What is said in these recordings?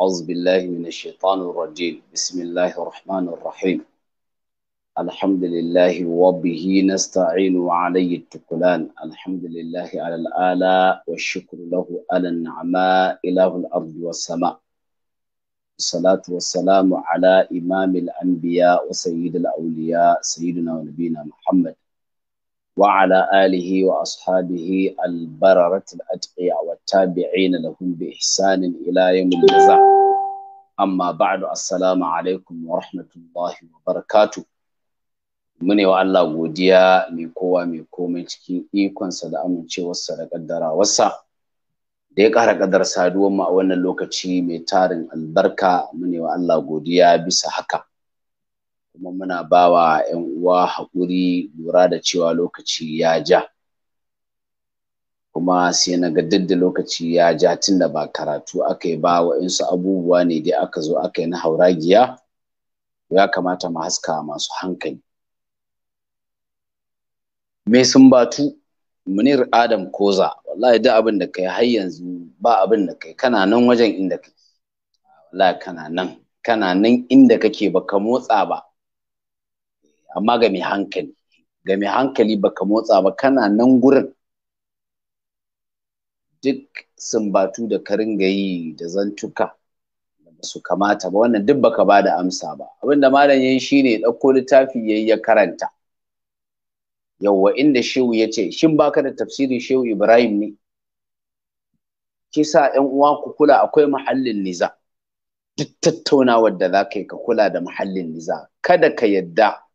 أعوذ بالله من الشيطان الرجيم بسم الله الرحمن الرحيم الحمد لله وبه نستعين وعليه التكلان الحمد لله على الآلاء والشكر له على النعماء إله الأرض والسماء الصلاة والسلام على إمام الأنبياء وسيد الأولياء سيدنا ونبينا محمد وعلى آله وأصحابه البررة الأتقياء والتابعين لهم بإحسان إلى يوم الجزاء أما بعد السلام عليكم ورحمة الله وبركاته mune wa Allah godiya mai kowa mai komai cikin ikonsa da amincewarsa da ƙaddarawarsa da ya ƙara ƙadar saduwar mu a wannan lokaci mai tarin albarka mune wa Allah godiya bisa haka kuma muna bawa 'yan uwa haƙuri lura da cewa lokaci ya ja kuma sai na ga duk da lokaci ya ja tunda ba karatu aka yi ba wa'insu abubuwa ne dai aka zo aka yi na hauragiya ya kamata mu haska masu hankali me sun batu munir adam koza wallahi duk abin da kai har yanzu ba abin da kai kana nan wajen inda kake wallahi kana nan kana nan inda kake ba ka motsa ba amma ga mai hankali ga mai hankali baka motsa ba kana nan gurin duk sumbatu da karinga yi da zantuka su kamata ba wannan duk baka ba da amsa ba abinda malam yayi shine ɗauko littafi yayi ya karanta yawwa inda shehu ya ce shin baka da tafsirin shehu ibrahim ne kisa yan uwa ku kula akwai mahallin niza duk tattaunawar da za ka ka kula da mahallin niza kada ka yadda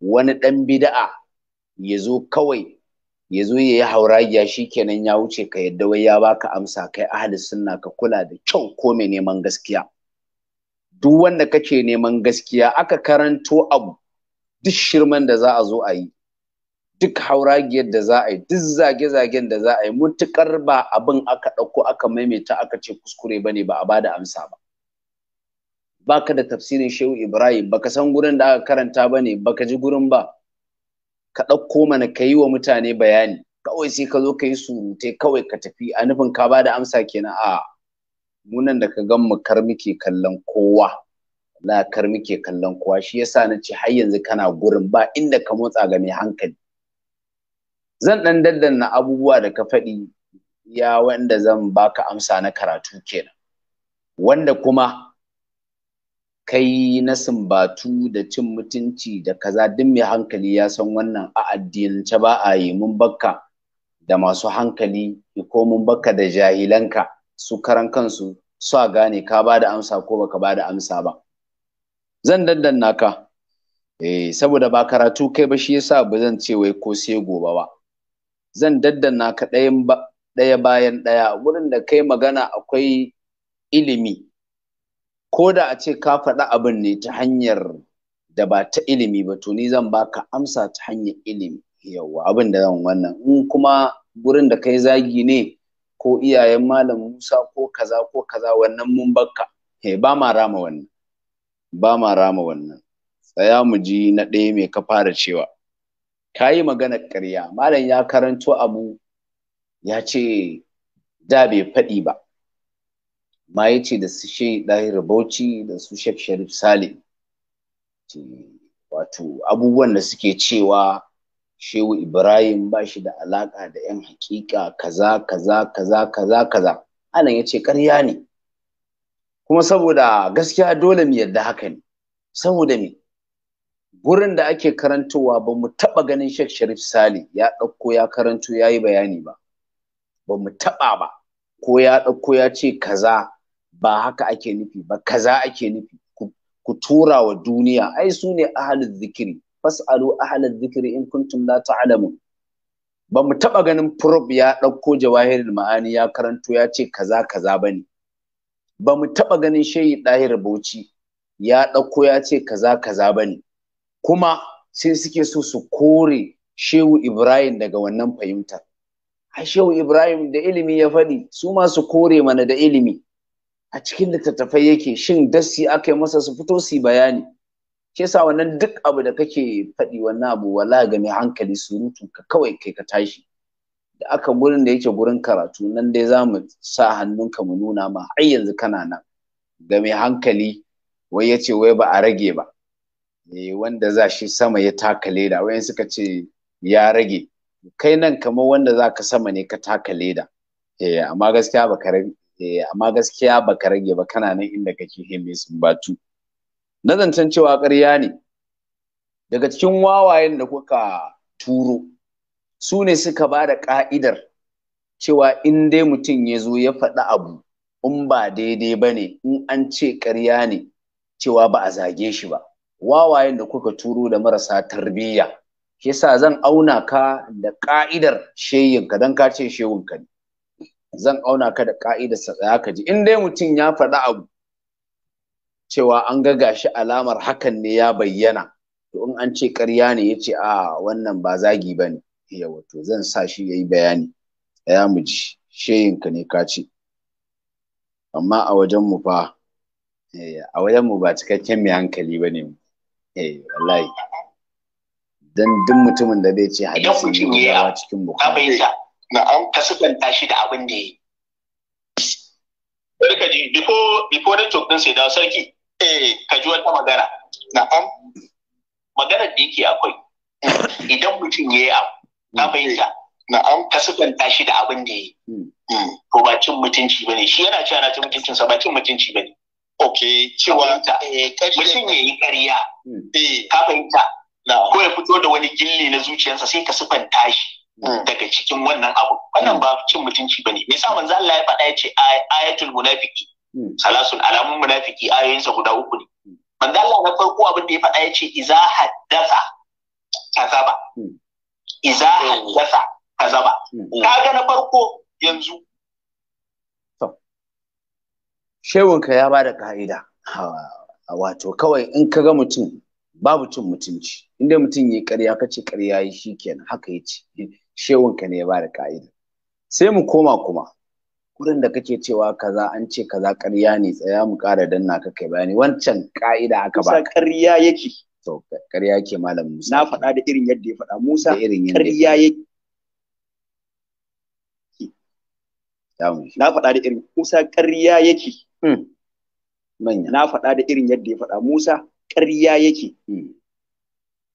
wani ɗan bida'a ya zo kawai ya zo ya yi hauragiya shi kenan ya wuce ka yadda wai ya baka amsa kai ahalis sunna ka kula da kyau ko mai neman gaskiya duk wanda kake neman gaskiya aka karanto abu duk shirman da za a zo a yi duk hauragiyar da za a yi duk zage-zagen da za a yi mutukar ba abin aka ɗauko aka maimaita aka ce kuskure ba ne ba a ba da amsa ba baka da tafsirin shehu ibrahim baka san gurin da aka karanta ba ne baka ji gurin ba ka ɗauko mana ka yi wa mutane bayani kawai sai ka zo ka yi surutai kawai ka tafi a nufin ka ba da amsa kenan a munan da ka gan mu kar muke kallon kowa la kar muke kallon kowa shi yasa na ce har yanzu kana gurin ba inda ka motsa ga mai hankali zan dan daddanna abubuwa da ka faɗi ya wanda zan baka amsa na karatu kenan wanda kuma kai na sumbatu da cin mutunci da kaza duk mai hankali ya san wannan a addinance ba a yi mun bakka da masu hankali ko mun bakka da jahilanka su karan kansu su sa gane ka ba da amsa ko baka ba da amsa ba zan daddanna ka eh saboda ba karatu kai ba shi yasa ba zan ce wai ko sai gobe ba zan daddanna ka ɗaya bayan ɗaya wurin da kai magana akwai ilimi ko da a ce ka faɗi abin ne ta hanyar da ba ta ilimi ba to ni zan baka amsa ta hanyar ilimi yawa abin da zan wannan in kuma gurin da kai zagi ne ko iyayen malam Musa ko kaza ko kaza wannan mun bakka he eh, ba ma rama wannan ba ma rama wannan tsaya mu ji na ɗaya mai ka fara cewa ka yi magana ƙarya malam ya karanto abu ya ce da bai faɗi ba ma ya ce da su she ɗahir bauchi da su shek sharif salim wato abubuwan da suke cewa shehu ibrahim ba shi da alaƙa da yan hakika kaza kaza kaza kaza kaza anan ya ce ƙarya ne kuma saboda gaskiya dole mu yarda haka ne saboda me gurin da ake karantowa ba mu taɓa ganin shek sharif sali ya ɗauko ya karanto ya yi bayani ba ba mu taɓa ba ko ya ɗauko ya ce kaza ba haka ake nufi ba kaza ake nufi ku tura wa duniya ai su ne ahalin zikiri fas'alu ahalin zikiri in kuntum la ta'lamu ba mu taba ganin prof ya ɗauko jawahirul ma'ani ya karanto ya ce kaza kaza bane ba mu taba ganin shehi ɗahir bauchi ya ɗauko ya ce kaza kaza bane kuma sai suke so su kore shehu ibrahim daga wannan fahimtar ai shehu ibrahim da ilimi ya faɗi su ma su kore mana da ilimi a cikin littattafai yake shin dasi aka yi masa su fito su bayani ke sa wannan duk abu da kake faɗi wannan abu wala ga mai hankali surutu ka kawai kai ka tashi da aka gurin da yake gurin karatu nan dai za mu sa hannunka mu nuna ma har yanzu kana nan ga mai hankali wai ya ce wai ba a rage ba eh, wanda za shi sama ya taka leda wayan suka ce ya rage kai nan kamar wanda za ka sama ne ka taka leda eh, amma gaskiya ba rage eh amma gaskiya baka rage ba kana nan inda kake mai sumbatu na zancen cewa ƙarya ne daga cikin wawayen da kuka turo su ne suka ba da ƙa'idar cewa in dai mutum ya zo ya faɗi abu in ba daidai ba ne in an ce ƙarya ne cewa ba a zage shi ba wawayen da kuka turo da marasa tarbiyya yasa zan auna ka da ƙa'idar sheyinka don ka ce shehunka ne zan auna ka da ka'idarsa tsaya ka ji in dai mutum ya faɗi abu cewa an ga gashi alamar hakan ne ya bayyana to in an ce ƙarya ne ya ce a wannan ba zagi ba ne yawa zan sa shi ya yi bayani tsaya mu ji sheyinka ne ka ce amma a wajen mu fa eh, a wajen mu ba cikakken mai hankali ba ne eh wallahi dan duk mutumin da zai ce hadisi ne cikin bukhari na'am ka sukanta shi da abin da yi ka ji before before network din sai dawo sarki eh ka ji wata magana na'am magana da yake akwai idan mutum ya yi abu na mm. fahimta na'am ka sukanta shi da abin da yi Ko mm. mm. ba cin mutunci ba ne? shi yana cewa na cin mutuncin sa ba cin mutunci ba ne. Ok, cewa mutum ya yi ƙarya ka fahimta eh, eh, ko ya fito da wani gilli na zuciyarsa sai ka sukanta shi Mm. daga cikin wannan abu wannan ba cin mutunci bane me yasa manzo Allah ya faɗa ya ce ayatul munafiki mm. salasun alamun munafiki ayoyinsa guda uku ne mm. manzo Allah na farko abin da ya faɗa ya ce iza haddasa kazaba iza haddasa kazaba kaga na farko yanzu shewunka ya ba da ka'ida wato kawai in ka ga mutum babu cin mutunci inda mutum ya karya kace karya yi shikenan haka yace Shewanka ne ya ba da ka'ida sai mu koma kuma wurin da kake cewa kaza an ce kaza ƙarya ne tsaya mu ƙara danna ka kai bayani wancan ka'ida aka ba ƙarya yake to ƙarya yake malam Musa na faɗa da irin yadda ya faɗa Musa ƙarya yake na faɗa da irin Musa ƙarya yake hmm. manya na faɗa da irin yadda ya faɗa Musa ƙarya yake hmm.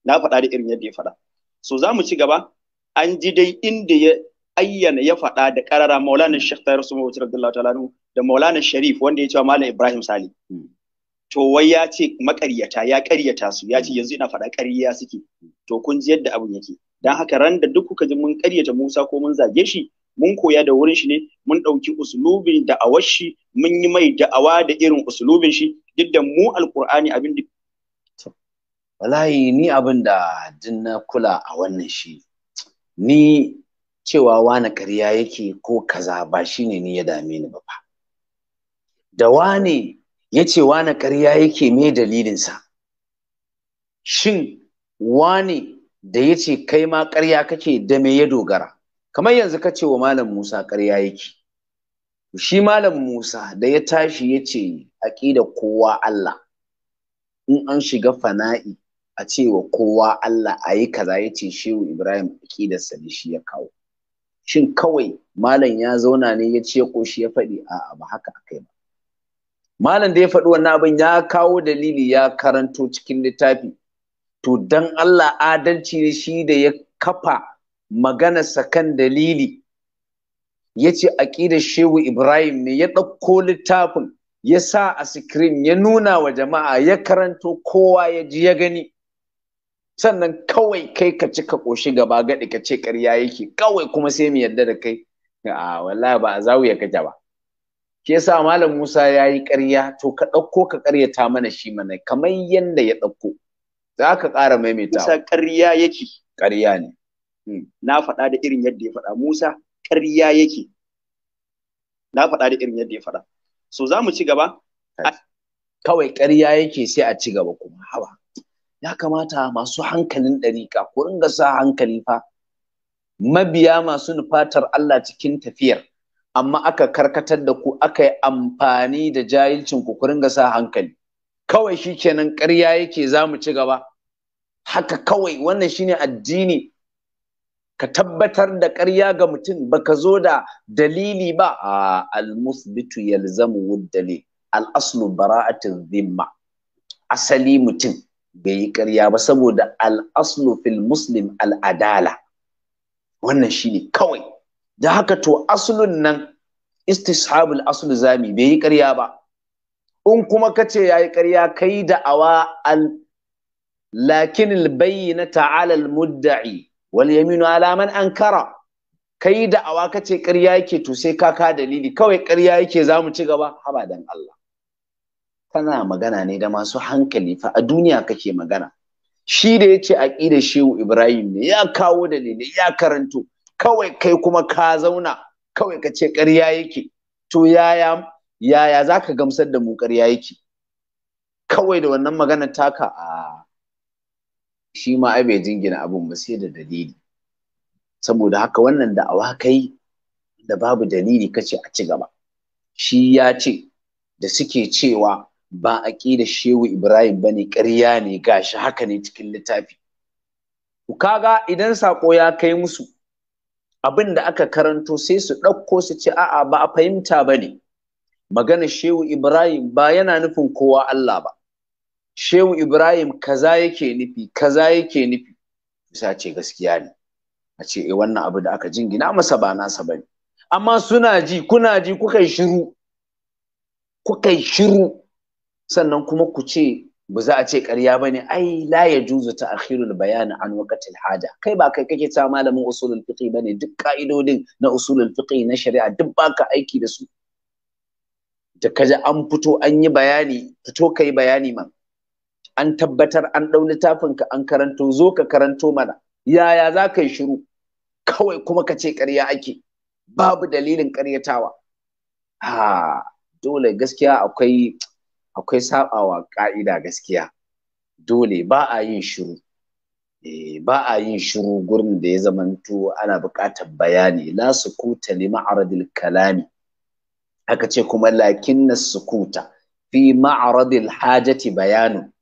na faɗa da irin yadda ya faɗa so za mu ci gaba an ji dai inda ya ayyana ya faɗa da karara maulana shekh tayar su mawuci radiyallahu da maulana sharif wanda ya ce wa malam ibrahim sali hmm. to wai ya ce makaryata ya karyata su ya ce hmm. yanzu ina faɗa ƙarya suke to kun ji yadda abin yake dan haka ran da duk kuka ji mun karyata musa ko mun zage shi mun koya da wurin shi ne mun ɗauki usulubin da'awar shi mun yi mai da'awa da irin usulubin shi duk da mu alkur'ani abin da wallahi ni abin da na kula a wannan shi ni cewa wane ƙarya yake ko kaza ba shine ni ya dame ni ba da wane ya ce wane ƙarya yake me dalilinsa shin wane da ya ce kai ma ƙarya kake da me ya dogara kamar yanzu ka ce wa malam musa ƙarya yake shi malam musa da ya tashi ya ce aƙida kowa allah in an shiga fana'i a ce wa kowa Allah a yi kaza ya ce shehu Ibrahim aƙidarsa ne shi ya kawo. Shin kawai malam ya zauna ne ya ce ƙoshi ya faɗi a ba haka akai ba. Malam da ya faɗi wannan abin ya kawo dalili ya karanto cikin littafi. To dan Allah adalci ne shi da ya kafa maganarsa kan dalili. Ya ce aƙidar shehu Ibrahim ne ya ɗauko littafin ya sa a sikirin ya nuna wa jama'a ya karanto kowa ya ji ya gani. sannan kawai kai ka ci ka ƙoshi gaba gaɗi ka ce ƙarya yake kawai kuma sai mu yadda da kai a wallahi ba a ya kake ba shi yasa malam Musa ya yi ƙarya to ka ɗauko ka ƙaryata mana shi mana kamar yanda ya ɗauko za ka ƙara maimaita Musa ƙarya yake ƙarya ne hmm. na faɗa da irin yadda ya faɗa Musa ƙarya yake na faɗa da irin yadda ya faɗa so za mu ci gaba kawai ƙarya yake sai a ci gaba kuma hawa ya kamata masu hankalin ɗariƙa ku ringa sa hankali fa mabiya masu nufatar Allah cikin tafiyar amma aka karkatar da ku aka yi amfani da jahilcin ku ku ringa sa hankali kawai shi kenan ƙarya yake za mu ci gaba haka kawai wannan shine addini ka tabbatar da ƙarya ga mutum baka zo da dalili ba a almusbitu yalzamu wuddali al aslu bara'atin zimma asali mutum bai yi ƙarya ba saboda al'aslu fil muslim al'adala wannan shi ne kawai da haka to aslun nan istishabul aslu zami bai yi ƙarya ba in kuma ka ce ya yi ƙarya kai da'awa al lakin albayyana ta'ala ta'alal muddai wal yaminu ala man ankara kai da'awa ka ce ƙarya yake to sai ka ka dalili kawai ƙarya yake za mu ci gaba haba dan Allah kana magana ne da masu hankali fa a duniya kake magana shi da ya ce aƙidar shehu ibrahim ne ya kawo dalilai ya karanto kawai kai kuma ka zauna kawai ka ce ƙarya yake to yaya yaya za ka gamsar da mu ƙarya yake kawai da wannan magana taka a shi ma ai bai jingina abin ba sai da dalili saboda haka wannan da'awa kai da babu dalili kace a ci gaba shi ya ce da suke cewa ba a da shehu ibrahim bane ƙarya ne gashi haka ne cikin littafi Ku kaga idan sako ya kai musu abin da aka karanto sai su ɗauko su ce a'a ba a fahimta bane. ne magana shehu ibrahim ba yana nufin kowa allah ba shehu ibrahim kaza yake nufi kaza yake nufi bisa ce gaskiya ne a ce eh wannan abu da aka jingina masa ba nasa ba ne amma suna ji kuna ji kuka yi shiru kuka yi shiru sannan kuma ku ce ba za a ce ƙarya ba ne ai la ya juzu ta akhirul bayani an waqatil hada kai ba kai kake ta malamin usulul fiqi bane duk ka'idodin na usulul fiqi na shari'a duk baka aiki da su da kaje an fito an yi bayani fito kai bayani man an tabbatar an ɗau littafin ka an karanto zo ka karanto mana yaya za ka shiru kawai kuma ka ce ƙarya ake babu dalilin ƙaryatawa ha dole gaskiya akwai akwai sabawa ƙa'ida gaskiya dole ba a yin shiru eh, ba a yin shiru gurin da ya zamanto ana buƙatar bayani la sukuta li ma'radil kalami aka ce kuma lakin na sukuta fi ma'radil hajati bayanu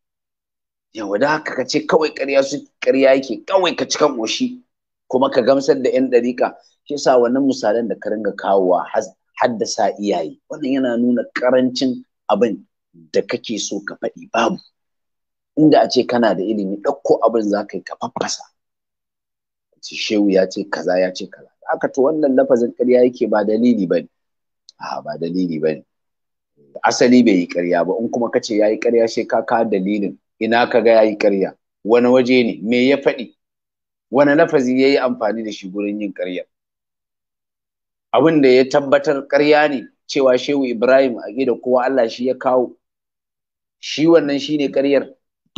yawa da haka ka ce kawai ƙarya su ƙarya yake kawai ka cikan oshi kuma ka gamsar da yan ɗarika shi sa wannan misalan da ka ringa kawowa haddasa iyaye wannan yana nuna ƙarancin abin da kake so ka faɗi babu inda a ce kana da ilimi ɗauko abin za ka yi ka faffasa ce shehu ya ce kaza ya ce kaza aka to wannan lafazin ƙarya yake ba dalili ba ne a ba dalili ba ne asali bai yi ƙarya ba in kuma kace ce ya yi ƙarya sai ka ka dalilin ina ka ga ya yi ƙarya wani waje ne me ya faɗi wani lafazi ya yi amfani da shi gurin yin ƙarya abin da ya tabbatar ƙarya ne cewa shehu ibrahim a gida kowa allah shi ya kawo shi wannan shine ƙaryar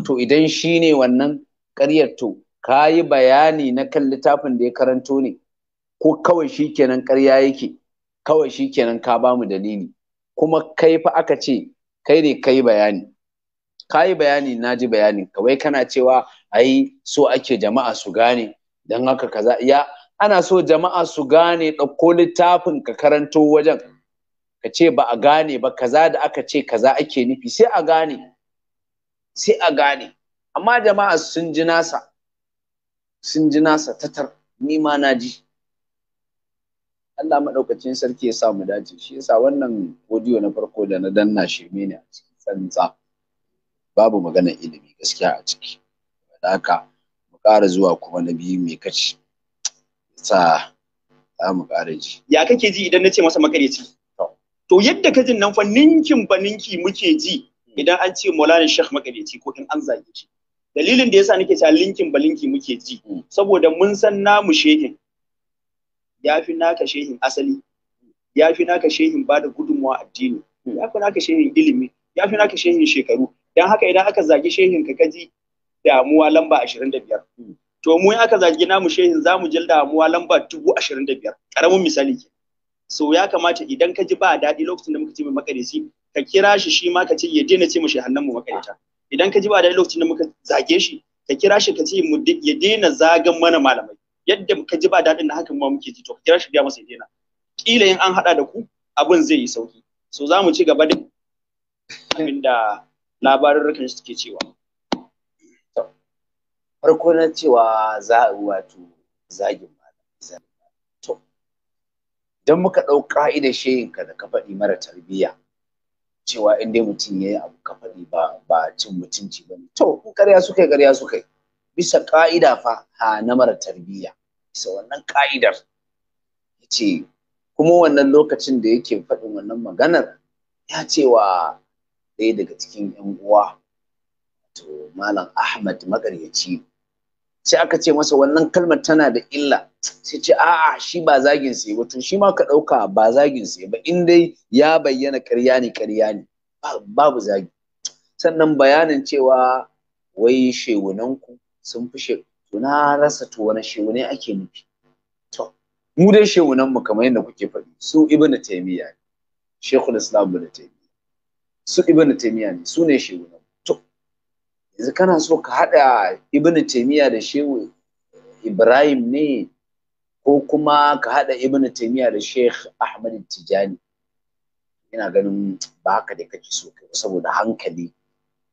to idan shine wannan karyar to ka yi bayani na kan littafin da ya karanto ne ko kawai shi kenan ƙarya yake kawai shi kenan ka ba mu dalili kuma kai fa aka ce kai ne kai bayani ka yi bayani na ji bayani kawai kana cewa ai so ake jama'a su gane don haka kaza ya ana so jama'a su gane ɗauko littafin ka karanto wajen ka ce ba a gane ba kaza da aka ce kaza ake nufi sai a gane sai a gane amma jama'a sun ji nasa sun ji nasa tatar ni ma na ji Allah maɗaukacin sarki ya sa mu dace shi yasa wannan audio na farko da na danna shi ne a cikin tsantsa babu magana ilimi gaskiya a ciki da haka mu ƙara zuwa kuma na biyu mai kaci sa za mu ƙara ji ya kake ji idan na ce masa makareci to yadda ka jin nan fa ninkin ba ninki muke ji idan an ce Maulana Sheikh Makareci ko in an zage shi dalilin da yasa nake cewa linkin ba linki muke ji mm. saboda mun san namu shehin yafi naka shehin asali yafi naka shehin ba da gudunmawa addini yafi naka shehin ilimi yafi naka shehin shekaru don haka idan aka zagi shehin ka kaji damuwa lamba ashirin da biyar mm. to mu in aka zagi namu shehin za mu damuwa lamba dubu ashirin da biyar ƙaramin misali ke so ya kamata idan ka ji ba daɗi lokacin da muka ce mai makarici ka kira shi shi ma ka ce ya daina ce mu hannun mu makarita idan ka ji ba daɗi lokacin da muka zage shi ka kira shi ka ce ya daina zagan mana malamai yadda ka ji ba daɗin na hakan ma muke ji to ka kira shi biya masa ya daina kila in an haɗa da ku abin zai yi sauki so za mu ci gaba da abin da labarurrukan suke cewa farko na cewa za a wato zagin idan muka ɗau ƙa'idar ka da ka faɗi mara tarbiyya cewa in dai mutum ya yi abu ka faɗi ba ba cin mutunci ba to in ƙarya suka yi ƙarya suka yi bisa ka'ida fa ha na mara tarbiyya bisa wannan ka'idar. ya ce kuma wannan lokacin da yake faɗin wannan maganar ya ce wa ɗaya daga cikin 'yan uwa to malam ahmad magaryaci sai aka ce masa wannan kalmar tana da illa sai ce a'a shi ba zagin sai ba to shi ma ka ɗauka ba zagin sai ba in dai ya bayyana ƙarya ne ƙarya ne babu zagi sannan bayanin cewa wai shewunanku sun fi she to na rasa to wani shewune ake nufi to mu dai shewunan mu kamar yadda kuke faɗi su ibnu taymiya ne shekul islam ibnu taymiya su ibnu taymiya ne su ne shewunan to yanzu kana so ka haɗa ibnu taymiya da shewu ibrahim ne ko kuma ka haɗa ibnu taimiyya da sheikh ahmad tijani ina ganin ba haka da kake so kai saboda hankali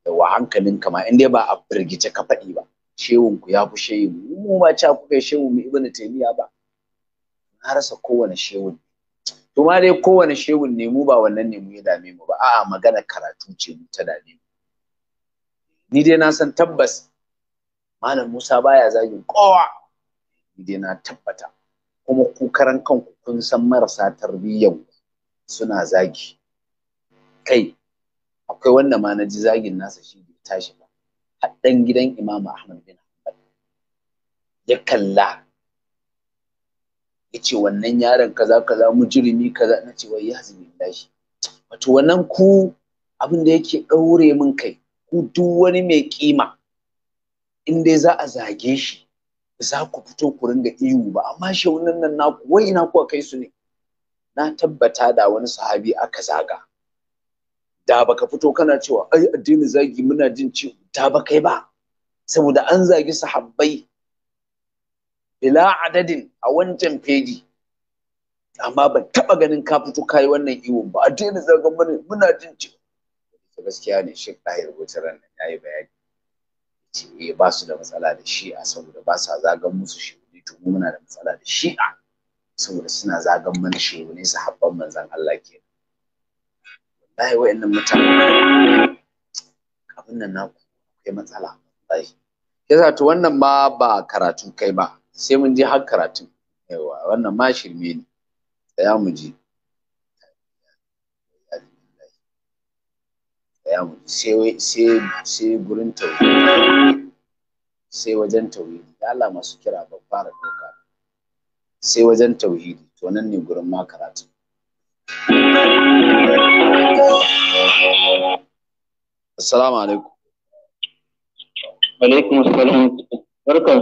da wa hankalin kama in dai ba a firgice ka faɗi ba shehun ku ya fi shehu mu ba ca ku kai shehu mu ibnu taimiyya ba na rasa kowane shehun to ma dai kowane shehun ne mu ba wannan ne mu ya dame mu ba a'a magana karatu ce mu ta dame mu ni dai na san tabbas malam Musa baya zagin kowa ni dai na tabbata kuma ku karan kanku kun san marasa tarbiyyar suna zagi kai akwai wanda ma na ji zagin nasa shi bai tashi ba haɗɗan gidan imamu ahmad bin hanbal ya kalla ya ce wannan yaron kaza kaza mujrimi kaza na ce wai ya lashi wato wannan ku abin da yake ɗaure min kai ku duk wani mai kima in dai za a zage shi za ku fito ku ringa ihu ba amma shaunan nan naku wai ina ku kai su ne na tabbata da wani sahabi aka zaga da baka fito kana cewa ai addini zagi muna jin ci da ba kai ba saboda an zagi sahabbai bila adadin a wancan feji amma ban taba ganin ka fito kai wannan iwon ba addini zagin muna jin ci gaskiya ne shi ɗaya, wutar nan yayi bayani ce eh ba su da matsala da shi'a saboda ba sa zagan musu shehune to mu muna da matsala da shi'a saboda suna zagan mana su sahabban manzon Allah ke wallahi wayannan mutane abin nan naku kai matsala wallahi yasa to wannan ma ba karatu kai ba sai mun je har karatun yawa wannan ma shirme ne tsaya mu ji tsaya sai sai gurin tauhidi sai wajen tauhidi da Allah masu kira ba fara doka sai wajen tauhidi to nan ne gurin ma karatu Assalamu alaikum. Alaikum assalam. Barka.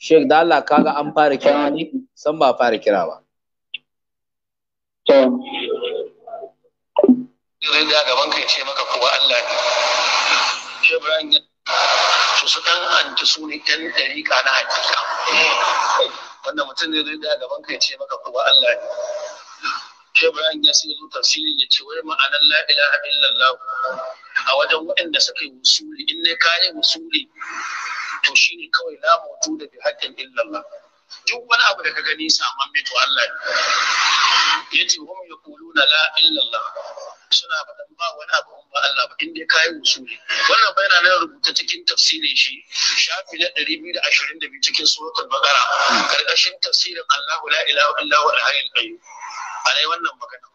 Sheikh da Allah kaga an fara kira ni san ba fara kira ba. zai da gaban kai ce maka kuwa Allah ne shi Ibrahim ya su su dan anti su ne yan dariƙa na hakika Wannan mutum zai da gaban kai ce maka kuwa Allah ne shi Ibrahim ya sai zo tafsiri ya ce wai ma'anar la ilaha illallah a wajen waɗanda suka yi wusuli in ne kayi wusuli to shi ne kawai la mawjuda bi haqqin illallah duk wani abu da ka gani saman to Allah ne Ya yace hum yaquluna la illallah suna faɗin ba wani abu ba Allah ba inda ka yi ne. wannan bayana nan rubuta cikin tafsirin shi shafi na ɗari biyu da ashirin da biyu cikin suratul bakara ƙarƙashin tafsirin Allahu la ilaha illa wa al-hayyul qayyum alai wannan magana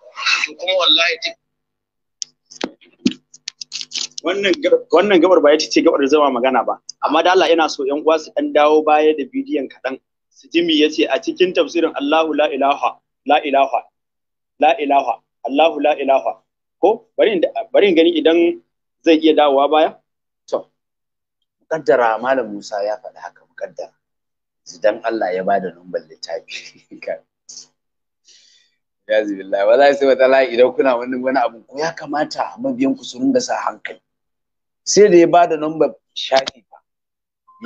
to kuma wallahi wannan gabar ba ita ce gabar da zama magana ba amma da Allah yana so yan uwa su dan dawo baya da bidiyon kaɗan su jimi ya ce a cikin tafsirin Allahu la ilaha la ilaha la ilaha Allahu la ilaha ko bari in gani idan zai iya dawowa baya to kaddara malam Musa ya faɗi haka kaddara. idan Allah ya bada numbar littafi ya zibillah wallahi sai wata la idan kuna wani wani abu ko ya kamata mabiyan ku su ringa sa hankali sai da ya bada numbar shafi fa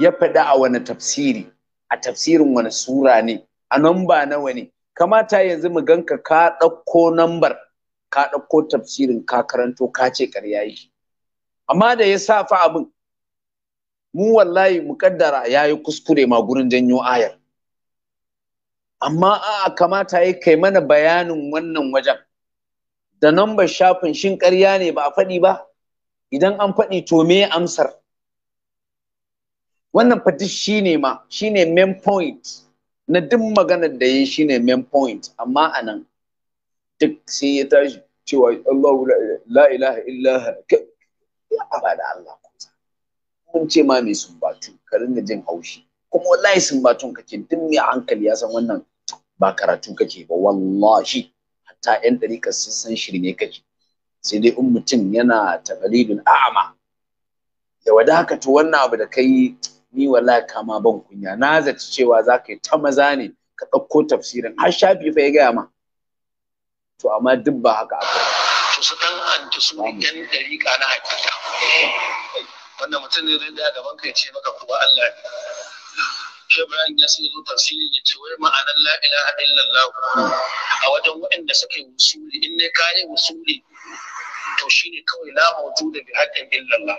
ya faɗi a wani tafsiri a tafsirin wani sura ne a namba nawa ne kamata yanzu mu ganka ka ɗauko nambar ka ɗauko tafsirin ka karanto ka ce ƙarya yake amma da ya sa fa abin mu wallahi mukaddara ya yi kuskure ma gurin janyo ayar amma a kamata ya kai mana bayanin wannan wajen da nambar shafin shin ƙarya ne ba a faɗi ba idan an faɗi to me amsar wannan fati shi ne ma shi ne main point na duk maganar da ya shi ne main point amma a nan duk sai ya tashi cewa Allah la ilaha illa ya abada Allah kusa mun ce ma mai sumbatu ka ringa jin haushi kuma wallahi sumbatun kake duk mai hankali ya san wannan ba karatu kake ba wallahi hatta yan dariƙar sun san shirme kake sai dai in mutum yana taqalidul a'ma ya wada haka to wannan abu da kai ni wallahi kama ban kunya na zaci cewa za yi ta maza ne ka ɗauko tafsirin har shafi fa ya gaya ma to amma duk ba haka aka to su dan an su yan dariƙa na hakika wanda mutum ne zai da gaban kai ce maka kuma Allah ne shi Ibrahim ya sai zo tafsiri ya ce wai ma'anar la ilaha illallah a wajen waɗanda suka yi wusuli in ne kayi wusuli to shine kawai la mawjuda bi haqqin illallah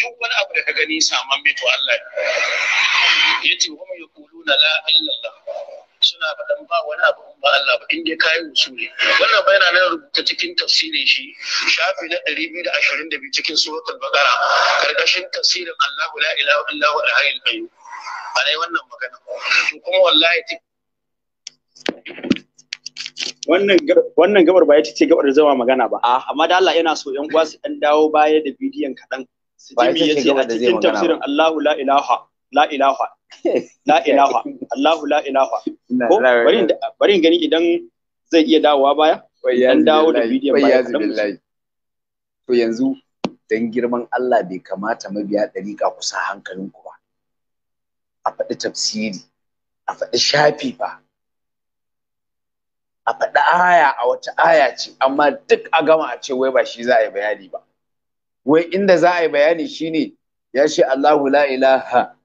duk wani abu da ka gani saman mai to Allah ne yace hum yaquluna la illallah suna faɗan ba wani abu in ba Allah ba in dai kayi usuli wannan bayana na rubuta cikin tafsirin shi shafi na 222 cikin suratul baqara karkashin tafsirin Allah la ilaha illa huwa al-hayyul qayyum alai wannan magana to kuma wallahi wannan wannan gabar ba ya ce gabar zama magana ba a ah, amma da Allah yana so yan uwa su dan dawo baya da bidiyon kaɗan su ji me yace a cikin tafsirin Allahu la ilaha la ilaha la Allahu ko idan zai iya dawowa baya dan dawo da bidiyon baya to yanzu dan girman Allah bai kamata mabiya ɗariƙa ku sa hankalin ku ba a faɗi tafsiri a faɗi shafi ba a faɗi aya a wata aya ce amma duk a gama a ce wai ba shi za a yi bayani ba wai inda za a yi bayani shine ya ce Allahu la ilaha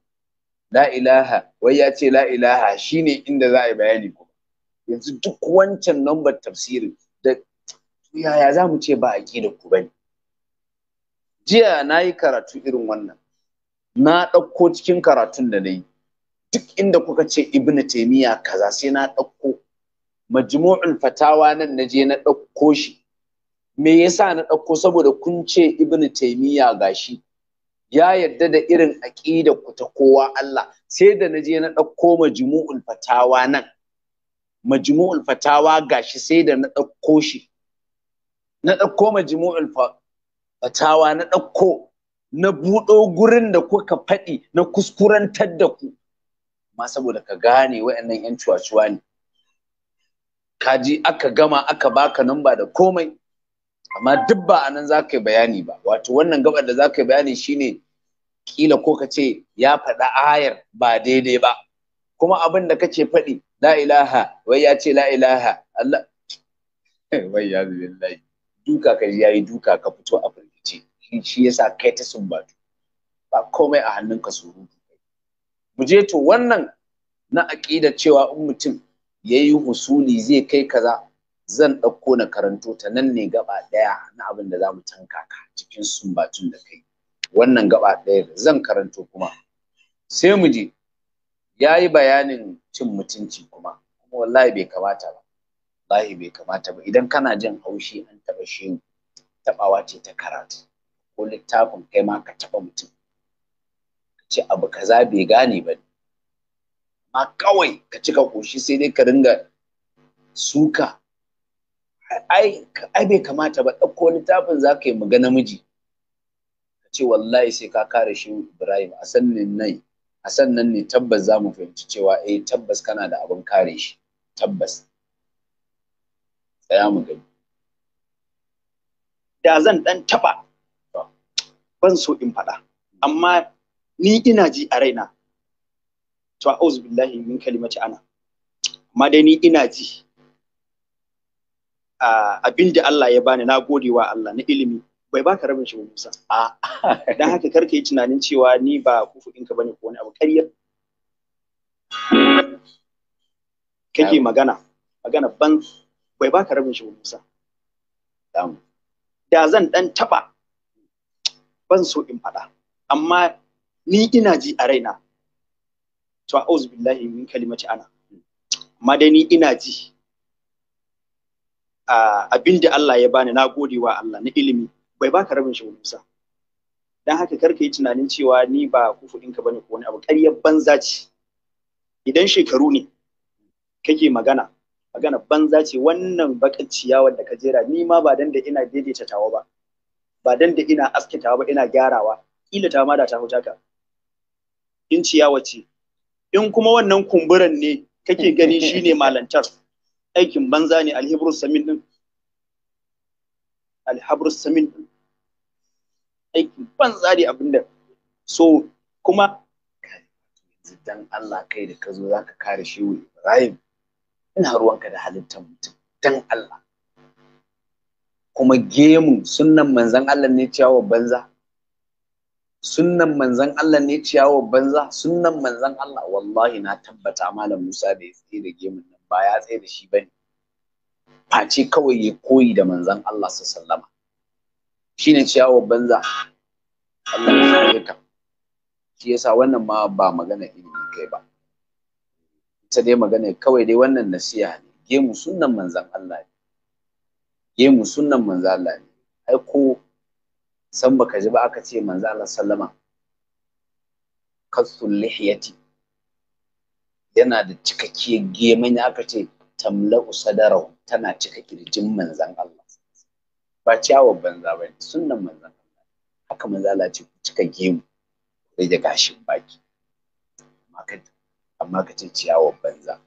la wai ya ce la ilaha shine inda za a yi bayani yanzu duk wancan lambar tafsirin da yaya za mu ce ba a da ku bane jiya na yi karatu irin wannan na ɗauko cikin karatun da na yi duk inda kuka ce ibn taimiya kaza sai na ɗauko majmu'ul fatawa nan na je na ɗauko shi me yasa na ɗauko saboda kun ce ibn taimiya gashi ya yarda da irin aƙidar ku ta kowa Allah sai da na je na ɗauko majmu'ul fatawa nan majmu'ul fatawa gashi sai da na ɗauko shi na ɗauko majmu'ul fatawa na ɗauko na buɗo gurin da kuka faɗi na kuskurantar da ku ma saboda ka gane wayannan 'yan cuwa-cuwa ne kaji aka gama aka baka namba da komai amma duk ba anan za ka yi bayani ba wato wannan gabar da za ka yi bayani shine kila ko ka ce ya faɗa ayar ba daidai ba kuma abin da kace faɗi la ilaha wai ya ce la ilaha Allah wai ya billahi duka ka ji yayi duka ka fito a firgice shi yasa kai ta sumbatu ba komai a hannunka surutu mu je to wannan na aƙida cewa in mutum yayi yi husuli zai kai kaza zan ɗauko na karanto ta nan ne gaba ɗaya na abin da za mu tanka ka cikin sumbatun da kai wannan gaba ɗaya zan karanto kuma sai mu je. ya yi bayanin cin mutunci kuma kuma wallahi bai kamata ba wallahi bai kamata ba idan kana jin haushi an taɓa shi taɓawa ce ta karatu ko littafin kai ma ka taɓa mutum ka ce abu kaza bai gane ba ma kawai ka cika ƙoshi sai dai ka ringa suka ai bai kamata ba ɗauko littafin za ka yi mu ga namiji ka ce wallahi sai ka kare shi ibrahim a sannan nan a sannan ne tabbas za mu fahimci cewa eh tabbas kana da abin kare shi tabbas tsaya mu gani da zan dan taba ban so in faɗa amma ni ina ji a raina to a'udhu billahi min kalimati ana amma dai ni ina ji abin da Allah ya bani na gode wa Allah na ilimi bai baka rabin shi Musa a dan haka karka yi tunanin cewa ni ba kufudin ka bane ko wani abu ƙarya kake magana magana ban bai baka rabin shi Musa da zan dan taba ban so in faɗa amma ni ina ji a raina to a'udhu billahi min kalimati ana amma dai ni ina ji abin da Allah ya bani na gode wa Allah na ilimi bai baka rabin shi Musa dan haka ka yi tunanin cewa ni ba kufudin ka bane ko wani abu ƙaryar banza ce idan shekaru ne kake magana magana banza ce wannan bakin ciyawar da ka jera ni ma ba dan da ina daidaita tawa ba ba dan da ina aske tawa ba ina gyarawa kila ta ma da ta huta ka in ciyawa ce in kuma wannan kumburan ne kake gani shine malantar aikin banza ne alhibrus samin din alhibrus samin din aikin banza ne abinda so kuma dan Allah kai da ka zo za ka kare Ibrahim ina ruwanka da halittar mutum dan Allah kuma gemu sunnan manzan Allah ne ciyawa banza sunnan manzan Allah ne ciyawa banza sunnan manzan Allah wallahi na tabbata malam Musa da ya tsaye da gemun ba ya tsaye da shi bane face kawai ya koyi da manzon Allah sallama shine cewa banza Allah ya shi yasa wannan ma ba magana ilimi kai ba ita dai magana kawai dai wannan nasiha ne mu sunnan manzon Allah ne mu sunnan manzon Allah ne ai ko san baka ji ba aka ce manzon Allah sallama kasul lihiyati yana da cikakkiyar geman aka ce tamla'u sadarau tana cika kirjin manzan Allah ba ciyawar banza ba ne sunnan manzan Allah haka manza Allah ce cika gemu sai da gashin baki amma ka ce ciyawar banza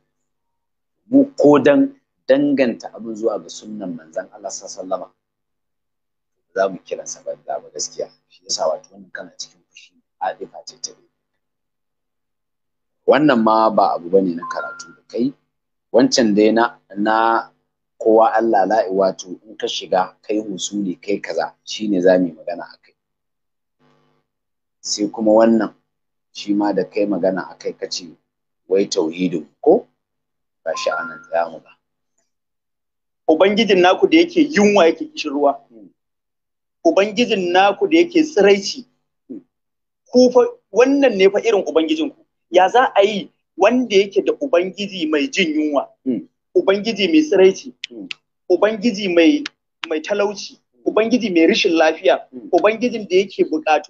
mu ko dan danganta abin zuwa ga sunnan manzan Allah sallama za mu kiransa banza ba gaskiya shi yasa wato wannan kana cikin fushi a ce ta wannan ma ba abu bane na karatu da kai wancan dai na na kowa Allah la'i wato in ka shiga kai husuli kai kaza shine za mu magana akai sai kuma wannan shi ma da kai magana akai kace wai tauhidin ko ba shi anan za mu ba ubangijin naku da yake yunwa yake kishin ruwa ubangijin naku da yake tsiraici ku fa wannan ne fa irin ubangijin ku ya za a yi wanda yake da ubangiji mai jin yunwa hmm. ubangiji mai tsiraici hmm. ubangiji mai talauci hmm. ubangiji mai rashin lafiya ubangijin da yake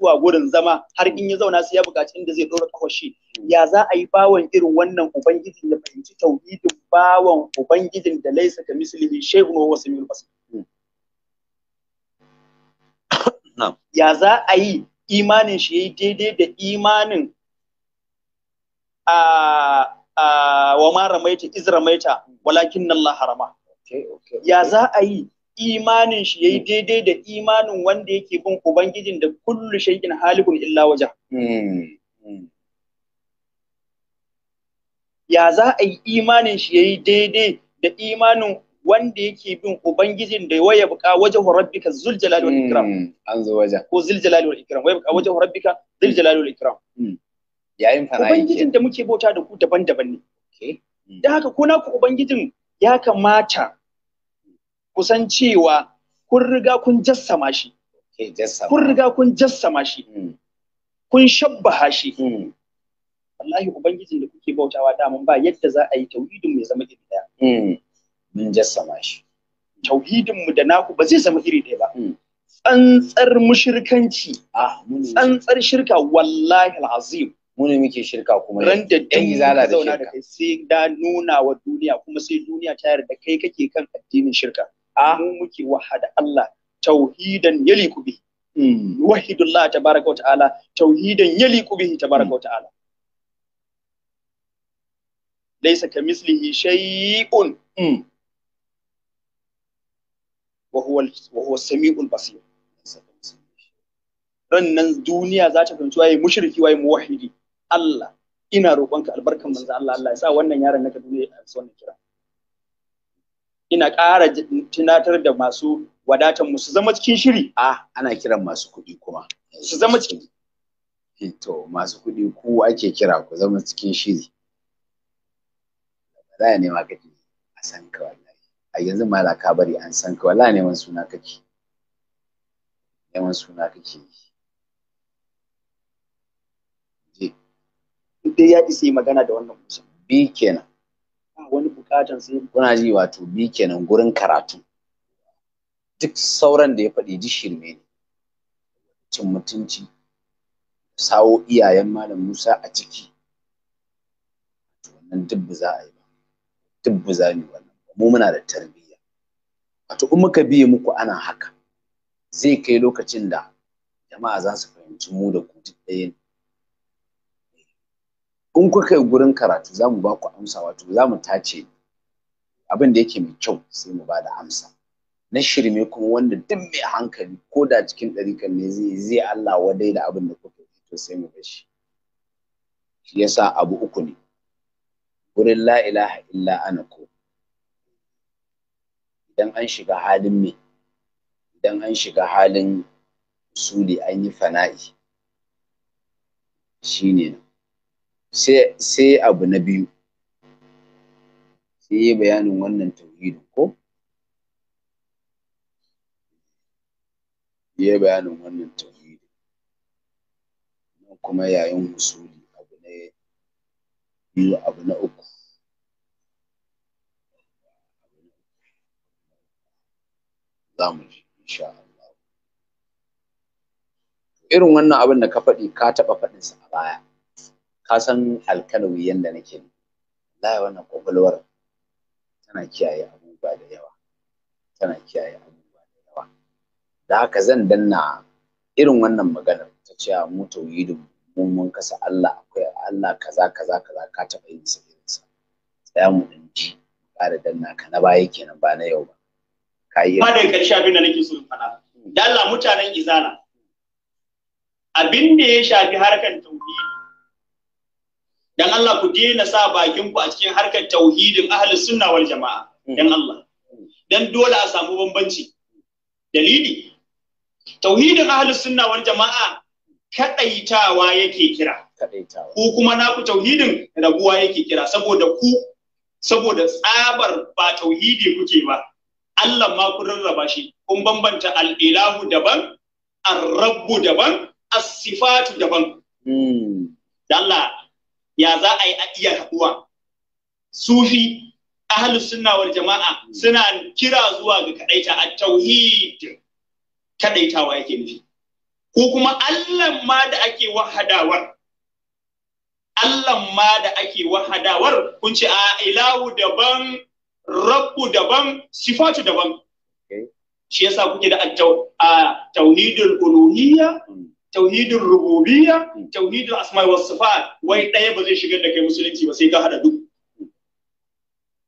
a gurin zama har in ya zauna sai ya bukaci inda zai dora kawashi ya za a yi bawan irin wannan ubangijin ya fahimci tauhidin bawan ubangijin da laisa ka mislihi shay'un wa wasu basir ya za a yi imanin shi ya yayi daidai da imanin wa ma ramaita iz ramaita walakin Allah harama ya za a yi imanin shi yayi daidai da imanin wanda yake bin ubangijin da kullu shaykin halikun illa wajh hmm, hmm. ya za a yi imanin shi yayi daidai da imanin wanda yake bin ubangijin da waya buka wajen rabbika zul jalali wal ikram hmm, an zo wajen ko zul jalali wal ikram waya buka wajen rabbika zul jalali wal ikram yayin fana ubangijin da muke bauta da ku daban-daban ne hmm. da haka ko naku ubangijin ya kamata ku san cewa kun riga kun jassama shi kun riga kun jassama shi hmm. kun shabbaha shi hmm. wallahi ubangijin da kuke bautawa daman ba yadda za a yi tauhidin mai zama iri ɗaya. mun jassama shi tauhidin mu da naku ba zai zama iri ɗaya ba tsantsar mushirkanci ah, tsantsar shirka wallahi alazim mu ne muke shirka kuma ran da dan zala da shirka kai sai da nuna wa duniya kuma sai duniya ta yarda kai kake kan addinin shirka mu muke wahada Allah tauhidan yali bi hmm. wahidullah tabaraka wa ta'ala tauhidan yali kubi tabaraka wa hmm. ta'ala laysa mislihi shay'un hmm. wa huwa wa huwa samiul basir rannan duniya za ta fahimci waye mushriki waye muwahhidi Allah ina roƙonka albarkan manzo Allah Allah ya sa wannan yaron naka Kaduna ya so wannan kira ina ƙara tunatar da masu wadatan mu su zama cikin shiri a ana kiran masu kuɗi kuma su zama cikin eh to masu kuɗi ku ake kira ku zama cikin shiri za ya nema kake a san ka wallahi a yanzu mala ka bari an san ka wallahi neman suna kake neman suna kake yi dai ya isa yi magana da wannan kusa bi kenan wani bukatan sai kuna ji wato bi kenan gurin karatu duk sauran da ya faɗi ji shirme ne cin mutunci sawo iyayen malam Musa a ciki wannan dubbu za a yi ba dubbu za mu wannan mu muna da tarbiyya wato in muka biye muku ana haka zai kai lokacin da jama'a za su fahimci mu da ku duk ɗaya ne in kuka yi gurin karatu za mu ba ku amsa wato za mu tace abin da yake mai kyau sai mu ba da amsa na shirme kuma wanda duk mai hankali ko da cikin kan ne zai zai Allah wadai da abin da kuka yi to sai mu bashi shi yasa abu uku ne gurin la ilaha illa ana ko idan an shiga halin me idan an shiga halin usuli an yi fana'i shine ne. sai abu na biyu sai yi bayanin wannan tauhidin ko yi bayanin wannan tauhidin nan kuma yayin husuli abu na biyu abu na uku irin wannan abin da ka faɗi ka taɓa faɗinsa a baya ka san alkalawi yanda nake lai wannan kwakwalwar tana kiyaye abubuwa da yawa tana kiyaye abubuwa da yawa da haka zan danna irin wannan maganar ta cewa mu tauhidin mu mun kasa Allah akwai Allah kaza kaza kaza ka taɓa yin sa irin sa tsaya mu dan ji ƙara danna ka na baya kenan ba na yau ba ka yi ba da ƙarshe abin da nake so in faɗa da Allah mutanen izala abin da ya shafi harkar tauhidi dan Allah ku daina sa bakin ku a cikin harkar tauhidin ahlus sunna wal jama'a hmm. dan Allah dan dole a samu bambanci dalili tauhidin ahlus sunna wal jama'a kadaitawa yake kira kadaitawa ku kuma naku tauhidin rabuwa yake kira saboda ku saboda tsabar ba tauhidi kuke ba Allah ma ku rarraba shi kun bambanta al-ilahu daban ar-rabbu daban as-sifatu daban hmm. Allah ya za a yi a iya haɗuwa sufi ahalus sunna wal jama'a suna kira zuwa ga kadaita a tauhid kadaitawa yake nufi ko kuma Allah ma da ake wahadawar Allah ma da ake wahadawar kun ce a ilahu daban rabbu daban sifatu daban shi yasa kuke da tauhidul uluhiyya hmm. tauhidin rububiyya tauhidin asma'i was sifat wai ɗaya ba zai shigar da kai musulunci ba sai ka hada duk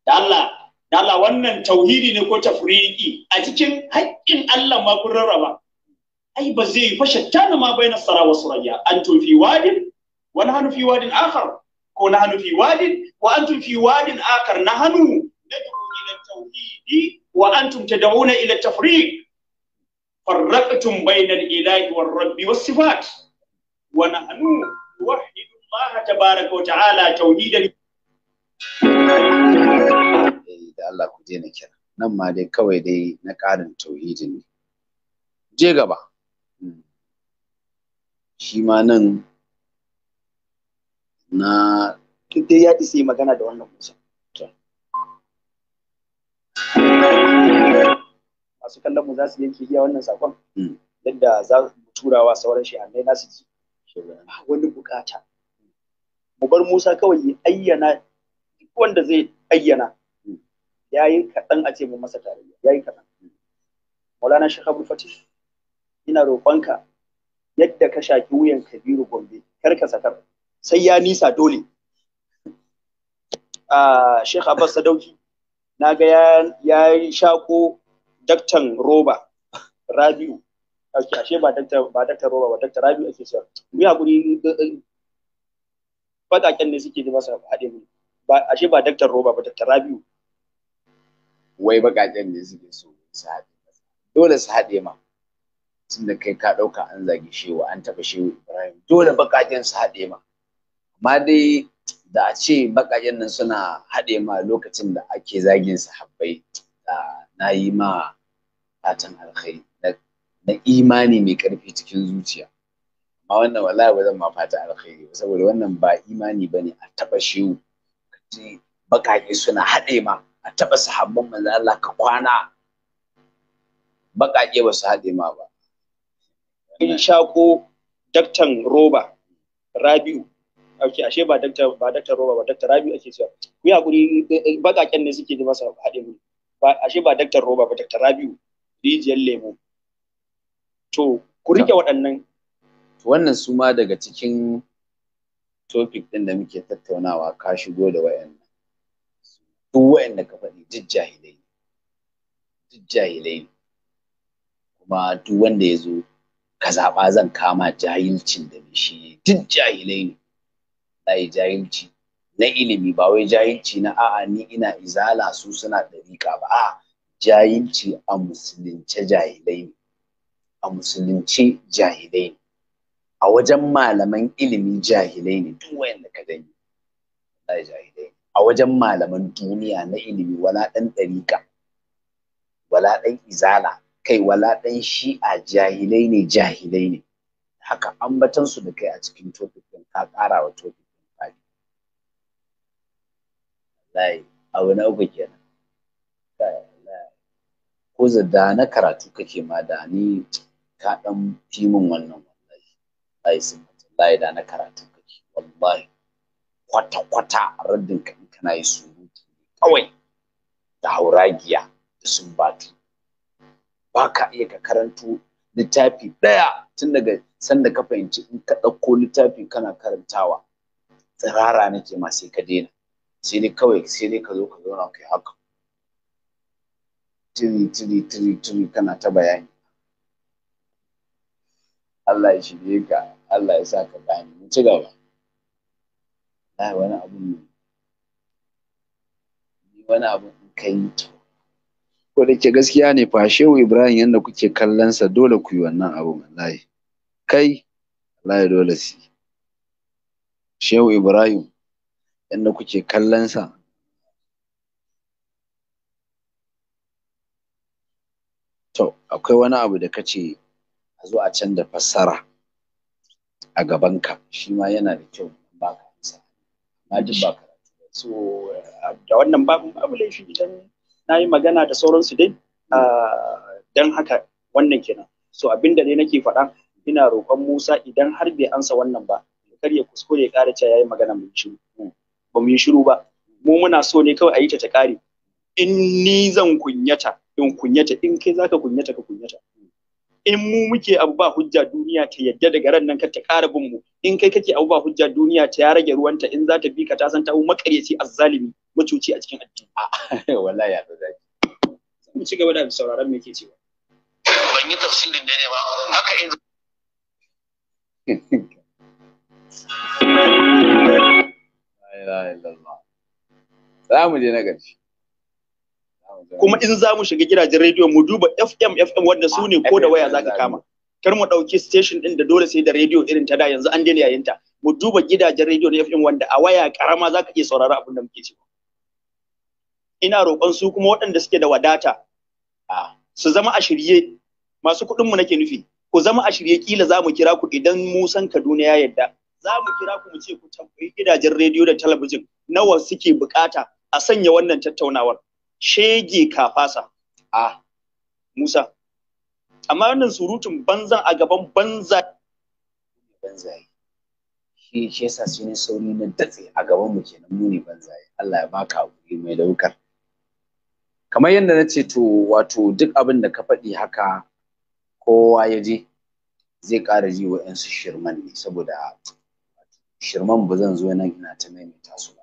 da Allah da Allah wannan tauhidi ne ko tafriqi a cikin haƙƙin Allah ma kun rarraba ai ba zai fashe tana ma bayan sara wa surayya antum fi wadin wa nahnu fi wadin akhar ko nahnu fi wadin wa antum fi wadin akhar nahnu nad'u ila tauhidi wa antum tad'una ila tafriq فرقتم بين الإله والرب والصفات ونحن نوحد الله تبارك وتعالى توحيدا Allah da ku daina kira nan ma dai kawai dai na ƙarin tauhidin ne je gaba hmm. shi ma nan na dai ya isa magana da wannan masu kallon mu za su yanke iya wannan sakon hmm. yadda za mu turawa sauran shehannai na su ji wani bukata mu bar Musa kawai ya ayyana duk wanda zai ayyana hmm. yi kaɗan a ce mu masa tarayya yi kaɗan hmm. Maulana Sheikh Abdul Fatih ina roƙonka yadda ka shaki wuyan Kabiru Gombe kar ka sakar sai ya nisa dole a ah, Sheikh Abbas Sadauki na ga ya shako daktan roba rabiu ake ashe ba daktar ba daktar roba ba daktar rabiu ake cewa mu ya guri fadaken ne suke ji masa haɗe mu ba ashe ba daktar roba ba daktar rabiu wai bakaken ne suke so su haɗe dole su haɗe ma da kai ka ɗauka an zagi shehu an taba shehu ibrahim dole bakaken su haɗe ma amma dai da a ce bakaken nan suna haɗe ma lokacin da ake zagin su Habbai. na yi ma fatan alkhairi na imani mai karfi cikin zuciya amma wannan wallahi ba zan ma fata alkhairi saboda wannan ba imani bane a taba shehu kaji bakake suna haɗe ma a taba sahabban manzo Allah ka kwana bakake ba su haɗe ma ba in ko daktan roba rabiu ake ashe ba daktan roba ba daktar rabiu ake cewa ku yi hakuri bakaken ne suke ji masa haɗe mu ba ashe ba daktar roba ba daktar rabiu rijiyar lemo to ku rike waɗannan wannan su ma daga cikin topic ɗin da muke tattaunawa ka shigo da wayannan duk wayanda ka faɗi duk jahilai duk jahilai kuma duk wanda ya zo ka zaɓa zan kama jahilcin da shi duk jahilai ne layi jahilci na ilimi ba wai jahilci na a'a ni ina izala su suna dariƙa ba a'a jahilci a musulunce jahilai ne a musulunce jahilai ne a wajen malaman ilimi jahilai ne duk wanda ka gani jahilai a wajen malaman duniya na ilimi wala ɗan ɗariƙa wala ɗan izala kai wala ɗan shi'a jahilai ne jahilai ne haka su da kai a cikin topic ɗin ka ƙara wa topic wallahi abu na uku kenan ko da na karatu kake ma da ni ka dan fi min wannan wallahi ai sun wallahi da na karatu kake wallahi kwata kwata raddin ka kana yi surutu kawai da hauragiya da sun batu ba ka iya ka karanto littafi ɗaya tun daga sanda ka fahimci in ka ɗauko littafi kana karantawa tsirara nake ma sai ka daina sai dai kawai sai dai ka zo ka zauna kai haka tiri tiri tiri tiri kana ta bayani Allah ya shirye ka Allah ya sa ka gane mu ci gaba ai wani abu ne ni wani abu in kai to ko da ke gaskiya ne fa Shehu Ibrahim yanda kuke kallon sa dole ku yi wannan abu wallahi kai wallahi dole si Shehu Ibrahim yadda kuke kallonsa to akwai wani abu da kace a zo a canza fassara a gabanka shi ma yana da kyau ba ka isa na ji ba karatu so eh, da wannan babu babu laifi idan na yi magana da sauransu dai ah, don haka wannan kenan so abinda dai nake faɗa ina roƙon Musa idan har bai ansa wannan ba kar ya kuskure ya ƙara cewa yayi magana mai ciwo hmm. ba mu yi shiru ba mu muna so ne kawai a yi ta ta kare in ni zan kunyata in kunyata in kai zaka kunyata ka kunyata in mu muke abu ba hujja duniya ta yadda daga ran nan ka ta ƙara bin mu in kai kake abu ba hujja duniya ta ya rage ruwanta in za ta bi ka ta san ta hu makaryaci azzalimi mutuci a cikin addini wallahi ya zaki mu ci gaba da sauraron me yake cewa ban yi tafsirin da ne ba haka in za mu je na ƙarshe kuma in za mu shiga gidajen rediyo mu duba fm fm wanda su ne ko da waya za ka kama kar mu ɗauki station ɗin da dole sai da rediyo irin ta da yanzu an daina yayinta mu duba gidajen rediyo na fm wanda a waya karama za ka iya saurara abin da muke cewa ina roƙon su kuma waɗanda suke da wadata su zama a shirye masu kuɗinmu nake nufi ku zama a shirye kila za mu kira ku idan mu san kaduna ya yadda za mu kira ku mu ce ku tambayi gidajen rediyo da talabijin nawa suke bukata a sanya wannan tattaunawar shege kafasa a Musa amma wannan surutun banzan a gaban banza banzaye shi shi sa shi ne sauri na datse a gaban mu kenan mu ne banzaye Allah ya baka hakuri mai daukar kamar yadda na ce to wato duk abin da ka faɗi haka kowa ya je zai ƙara ji wa su shirman ne saboda shirman ba zan zo nan ina ta maimaita su ba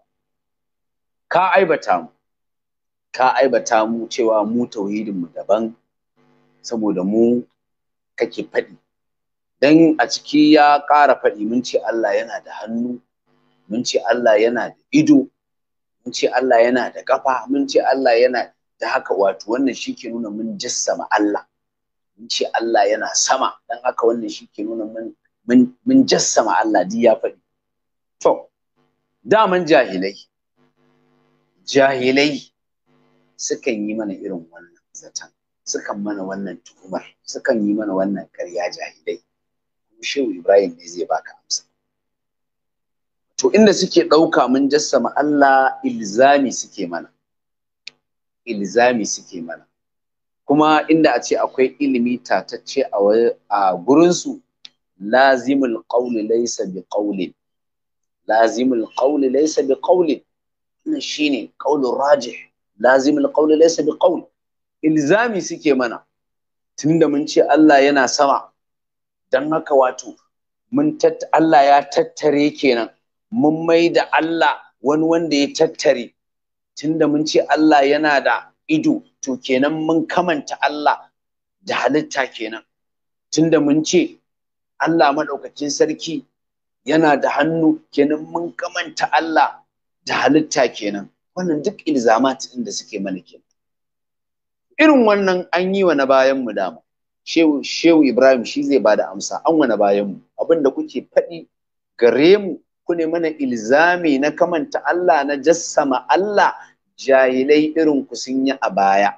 ka aibata mu ka aibata mu cewa mu tauhidin mu daban saboda mu kake faɗi dan a ciki ya ƙara faɗi mun ce Allah yana da hannu mun ce Allah yana da ido mun ce Allah yana da kafa mun ce Allah yana da haka wato wannan shi ke nuna mun ma Allah mun ce Allah yana sama dan haka wannan shi nuna mun mun jassama Allah duk ya faɗi to daman jahilai jahilai sukan yi mana irin wannan zaton sukan mana wannan tuhumar sukan yi mana wannan karya jahilai shehu ibrahim ne zai baka amsa to inda suke ɗauka mun jassama allah ilzami suke mana ilzami suke mana kuma inda a ce akwai ilimi tatacce a gurinsu lazimul qawli laysa bi ƙaulin lazimul qawli laysa bi qawlin wannan shine qawlur rajih lazimul qawli laysa bi qawl ilzami suke mana tunda mun ce Allah yana sama dan haka wato mun Allah ya tattare kenan mun mai da Allah wani wanda ya tattare tunda mun ce Allah yana da ido to kenan mun kamanta Allah da halitta kenan tunda mun ce Allah maɗaukacin sarki yana da hannu kenan mun kamanta Allah da halitta kenan wannan duk ilzamat din da suke mana irin wannan an yi wa na bayan mu dama shehu shehu Ibrahim shi zai bada amsa an wa na bayan mu abinda kuke faɗi gare mu ku ne mana ilzami na kamanta Allah na jassama Allah jahilai irin ku sun yi a baya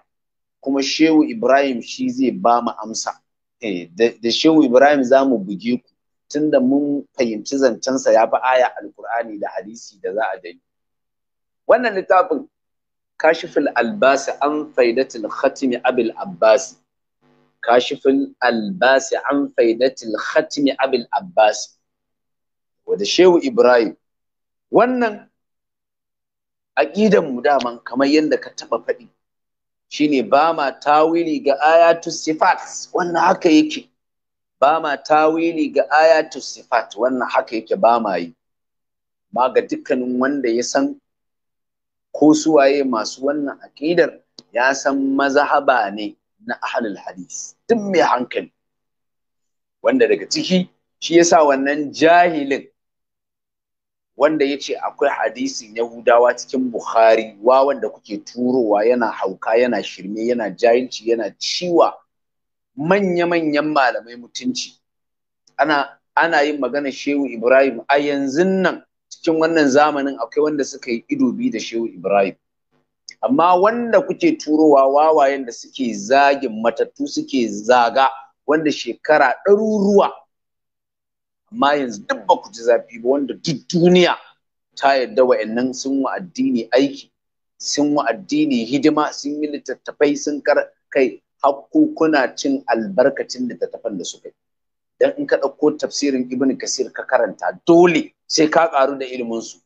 kuma shehu Ibrahim shi zai ba mu amsa eh, da shehu Ibrahim za mu buge ku tunda mun fahimci zancensa ya fi aya alkur'ani da hadisi da za a dai wannan littafin kashifin albasi an faidatul khatimi abil abbasi kashiful albasi an faidatul khatimi abil abbasi wada shehu ibrahim wannan aqidan mu dama kamar yadda ka taba faɗi shine ba ma tawili ga ayatu sifat wannan haka yake ba ma tawili ga ayatu sifat wannan haka yake ba ma yi ma ga dukkanin wanda ya san ko suwaye masu wannan aƙidar ya san mazahaba ne na ahlul hadis duk mai hankali wanda daga ciki shi yasa wannan jahilin wanda ya ce akwai hadisin yahudawa cikin bukhari wa wanda kuke turowa yana hauka yana shirme yana jahilci yana ciwa manya-manyan malamai mutunci ana ana yin magana shehu ibrahim a yanzu nan cikin wannan zamanin akwai wanda suka yi ido biyu da shehu ibrahim amma wanda kuke turowa wawayen da suke zagin matattu suke zaga wanda shekara ɗaruruwa amma yanzu duk ba ku ji zafi ba wanda duk duniya ta yadda wa'annan sun wa addini aiki sun wa addini hidima sun yi littattafai sun kai hakkukuna cin albarkacin littattafan da suka yi dan in ka ɗauko tafsirin ibn kasir ka karanta dole sai ka ƙaru da ilimin su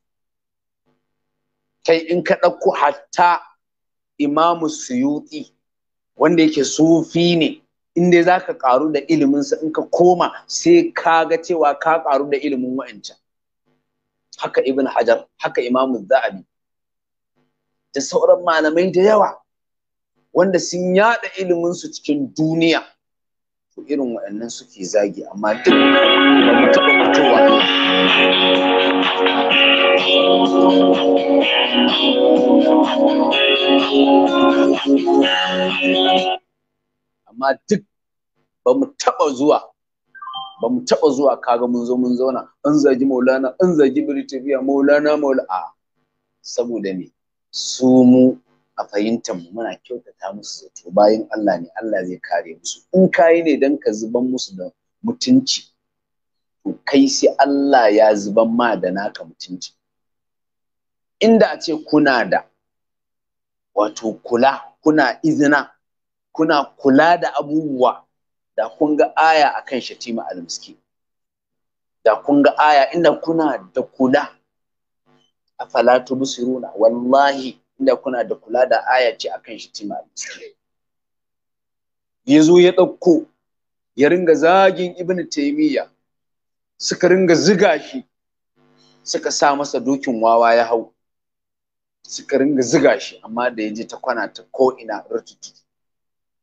kai in ka ɗauko hatta imamu suyuti wanda yake sufi ne inda dai za ka ƙaru da sa in ka koma sai ka ga cewa ka ƙaru da ilimin wa'ancan haka ibn hajar haka imamu za'abi da sauran malamai da yawa wanda sun yada ilimin su cikin duniya to irin waɗannan suke zagi amma duk ba mu taɓa fitowa amma duk ba mu taɓa zuwa ba mu taɓa zuwa kaga mun zo mun zauna an zagi maulana an zagi birtaniya maulana maula saboda ne su mu a fahimtar mu muna kyautata musu zato bayan Allah ne Allah zai kare musu in kayi ne dan ka zuban musu da mutunci to kai sai Allah ya zuban ma da naka mutunci inda a ce kuna da wato kula kuna izina kuna kula da abubuwa da kun ga aya akan shatima almiski da kun ga aya inda kuna da kula afala tubsiruna wallahi inda kuna da kula da aya ce akan shi tima ya zo ya ɗauko ya ringa zagin ibn taimiyya suka ringa ziga shi suka sa masa dokin wawa ya hau suka ringa ziga shi amma da ya je ta kwana ta ko'ina rututu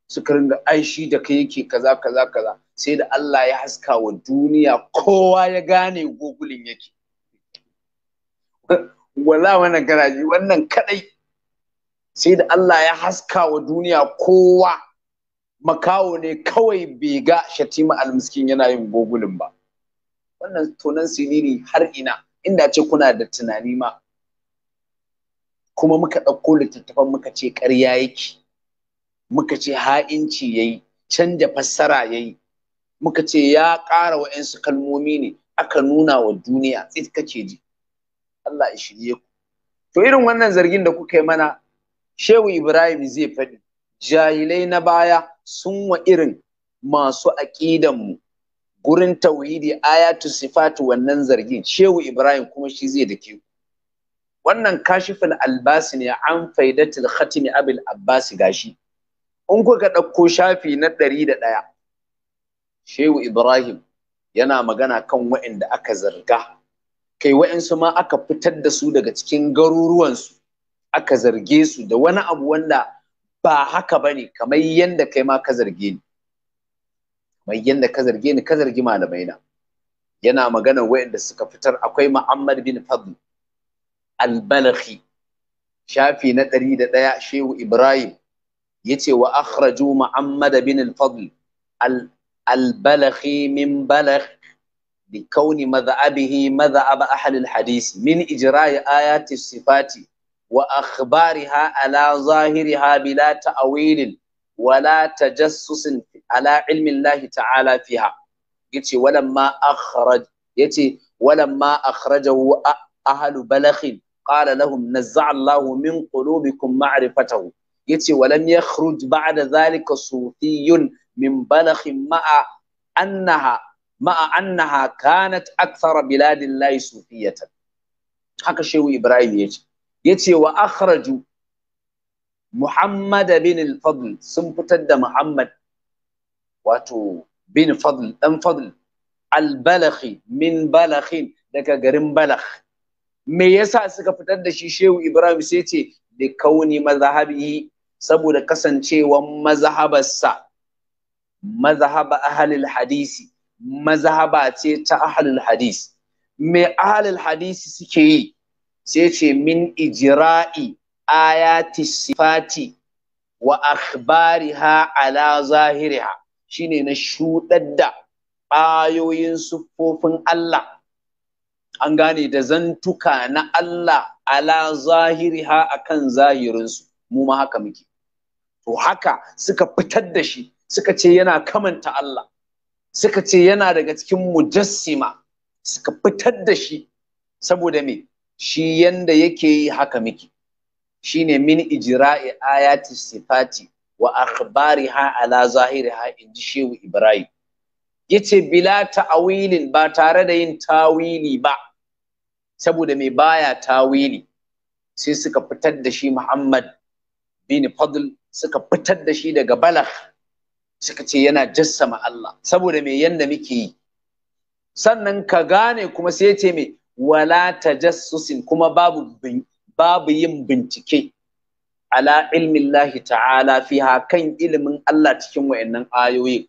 suka ringa aishi da kai yake kaza kaza kaza sai da Allah ya haska wa duniya kowa ya gane gogulin yake wala wannan garaji wannan kadai sai da Allah ya haska wa duniya kowa makawo ne kawai bai ga shatima almiskin yana yin gogulin ba wannan tonan siriri har ina inda ce kuna da tunani ma kuma muka ɗauko littattafan muka ce ƙarya yake muka ce ha'inci yayi canja fassara yayi muka ce ya ƙara wa'yansu kalmomi ne aka nuna wa duniya tsit kake ji Allah ya shirye ku to irin wannan zargin da kuka yi mana Shehu Ibrahim zai faɗi, jahilai na baya sun wa irin masu aƙidanmu gurin tauhidi ayatu sifatu wannan zargin Shehu Ibrahim kuma shi zai dake ku. Wannan kashifin albasi ne an faidatul khatimi abil abbasi gashi. In kuka ɗauko shafi na ɗari da ɗaya, Shehu Ibrahim yana magana kan waɗanda aka zarga, kai wa'insu ma aka fitar da su daga cikin garuruwansu. aka zarge su da wani abu wanda ba haka ba ne kamar yadda kai ma ka zarge ni kamar yadda ka zarge ni ka zargi malamai na yana magana wayanda suka fitar akwai Muhammad bin Fadl al-Balakhi shafi na ɗari da ɗaya Shehu Ibrahim yace wa akhraju Muhammad bin al-Fadl al-Balakhi min Balakh لكون مذهبه مذهب أهل الحديث من إجراء آيات الصفات wa akhbariha ala zahiriha bila ta'awilin wala tajassusin ala ilmin lahi ta'ala fiha yace walamma akhraj yace walamma akhrajahu ahlu balaghin qala lahum nazza'a Allahu min qulubikum ma'rifatahu yace walam yakhruj ba'da dhalika sufiyun min balaghin ma'a annaha ma'a annaha kanat akthara biladillahi sufiyatan haka shehu ibrahim yace yace wa akhraju Muhammad bin al-Fadl sun fitar da Muhammad wato bin Fadl dan Fadl al-Balakhi min balahin daga garin Balak. me yasa suka fitar da shi Shehu Ibrahim sai ce da kauni mazhabi saboda kasancewan mazhabarsa mazhaba ahlul hadisi mazhaba ce ta ahlul hadis me ahlul hadisi suke yi sai ce min ijirai ayati sifati wa akhbariha ala zahiriha shine na shudar da ayoyin siffofin Allah an gane da zantuka na Allah ala zahiriha akan zahirinsu mu ma haka muke to haka suka fitar da shi suka ce yana kamanta Allah suka ce yana daga cikin mujassima suka fitar da shi saboda me shi yanda yake yi haka miki ne min ijra'i ayati sifati wa ha ala zahiri ha inji shehu ibrahim yace bila ta'awilin ba tare da yin tawili ba saboda mai baya tawili sai suka fitar da shi muhammad bin fadl suka fitar da shi daga balagh suka ce yana jassama Allah saboda me yanda muke yi sannan ka gane kuma sai ce me wala tajassusin kuma babu babu yin bincike ala ilmin lahi ta'ala fiha kan ilimin Allah cikin wayannan ayoyin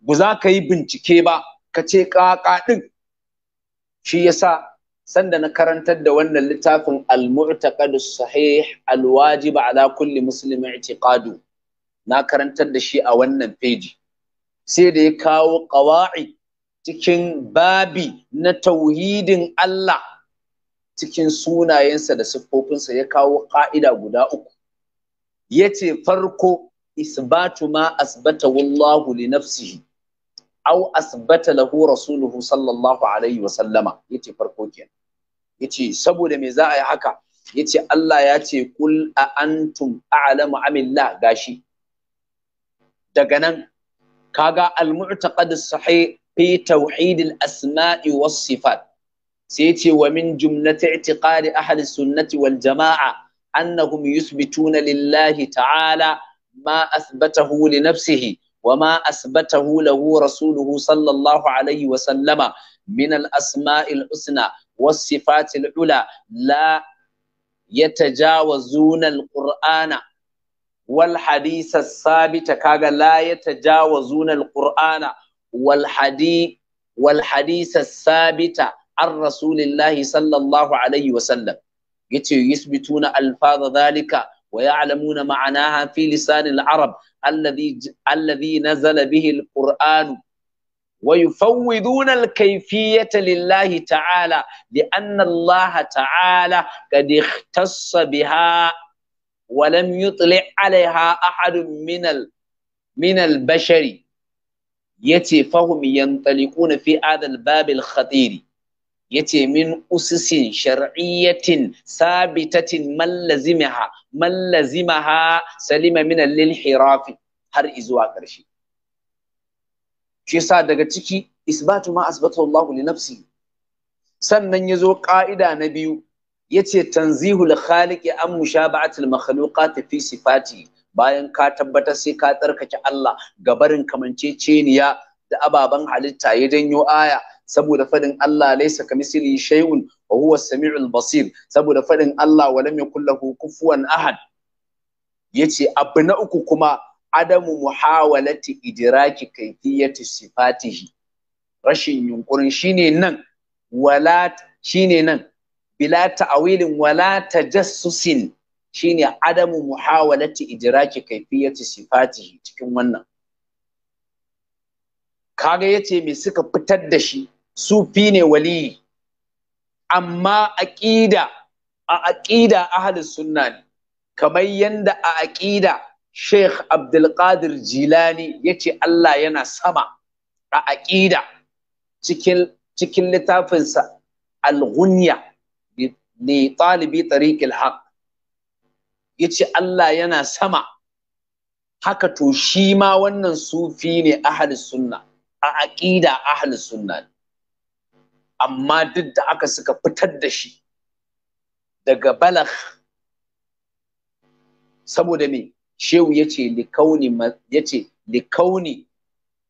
ba za ka yi bincike ba ka ce ƙaƙa ɗin shi yasa sanda na karantar da wannan littafin al-mu'taqad sahih al-wajib ala kulli muslimin i'tiqadu na karantar da shi a wannan feji sai da ya kawo qawaid cikin babi na tauhidin Allah cikin sunayensa da siffofinsa ya kawo ƙa'ida guda uku ya ce farko isbatu ma asbata wallahu li nafsihi au asbata lahu rasuluhu sallallahu alaihi wasallama ya ce farko ke!" ya ce saboda me za a yi haka ya ce Allah ya ce kul a antum a'lamu amillah gashi daga nan kaga al-mu'taqad sahih fi tauhidil asma'i was sifat sai ce wa min jumlati i'tiqadi ahli sunnati wal jama'a annahum yusbituna lillahi ta'ala ma athbatahu li nafsihi وما أثبته له رسوله صلى الله عليه وسلم من الأسماء الحسنى والصفات العلى لا يتجاوزون القرآن والحديث الثابت كذا لا يتجاوزون القرآن wal hadi wal hadisa sabita an rasulillahi sallallahu alaihi wasallam yace yusbituna alfaza zalika ويعلمون معناها في لسان العرب الذي الذي نزل به القرآن ويفوضون الكيفية لله تعالى لأن الله تعالى قد اختص بها ولم يطلع عليها أحد من من البشر yace fahum yantaliquna fi adal babil khatiri yace min ususin shar'iyyatin sabitatin mallazimaha mallazimaha salima min al-inhiraf har izuwa ƙarshe shi sa daga ciki isbatu ma asbata Allah li nafsi sannan yazo ƙa'ida na biyu yace tanzihul khaliqi an mushaba'atil makhluqati fi sifati bayan ka tabbatar sai ka tsarkake Allah ga barin kamanceceniya da ababen halitta ya janyo aya saboda fadin Allah laisa kamisili shay'un wa huwa as-sami'ul basir saboda fadin Allah wa lam yakul lahu kufuwan ahad yace abu na uku kuma adamu muhawalati idraki kayfiyati sifatihi rashin yunkurin shine nan wala shine nan bila ta'awilin wala tajassusin shine adamu muhawalati idraki kaifiyati sifatihi cikin wannan kaga yace me suka fitar da shi sufi ne wali. amma aqida a aqida ahlus sunna ne kamar yanda a aqida Sheikh Abdul Qadir Jilani yace Allah yana sama a aqida cikin cikin littafinsa Al-Ghunya li talibi tariqil haq Yace Allah yana sama haka to shi ma wannan sufi ne ahal sunna a aƙida ahal sunna amma duk da aka suka fitar da shi daga balagh saboda me shehu yace ce likauni ya ce likauni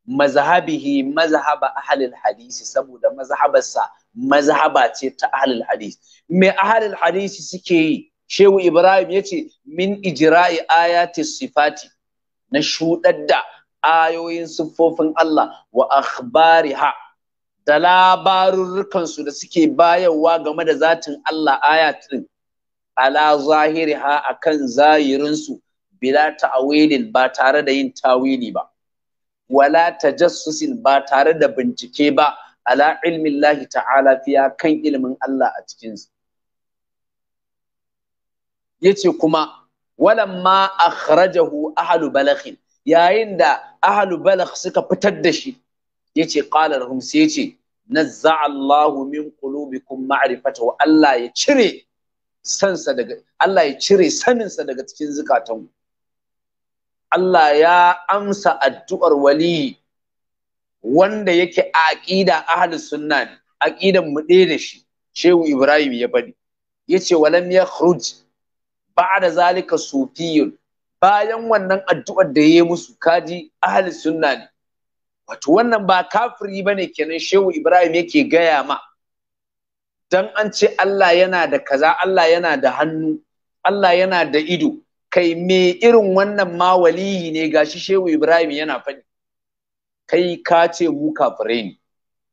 mazhabihi mazhaba ahlul hadisi saboda mazhabarsa mazhaba ce ta ahlul hadisi me ahlul hadisi suke yi shehu ibrahim ya ce min ijira'i ayati sifati na shuɗar da ayoyin siffofin Allah wa akhbariha da labarurrukansu da suke bayarwa game da zatin Allah ayatin ala zahiriha kan zahirinsu bila ta'awilin ba tare da yin tawili ba wala tajassusin ba tare da bincike ba ala ilmin lahi ta'ala fiya kan ilimin Allah a cikinsu yace kuma walamma akhrajahu ahlu balagh yayin da ahlu balagh suka fitar da shi yace qala lahum sai yace nazza Allahu min qulubikum ma'rifata wa Allah ya cire sansa daga Allah ya cire saninsa daga cikin zukatanku Allah ya amsa addu'ar wali wanda yake a aqida ahli sunna aqidan mu da shi Shehu Ibrahim ya bari yace walam yakhruj ba'da zalika sufiyun bayan wannan addu'ar da yayi musu kaji ahli sunna ne wato wannan ba kafiri bane kenan shehu ibrahim yake gaya ma dan an ce Allah yana da kaza Allah yana da hannu Allah yana da ido kai me irin wannan ma waliyi ne gashi shehu ibrahim yana faɗi kai ka ce mu kafirai ne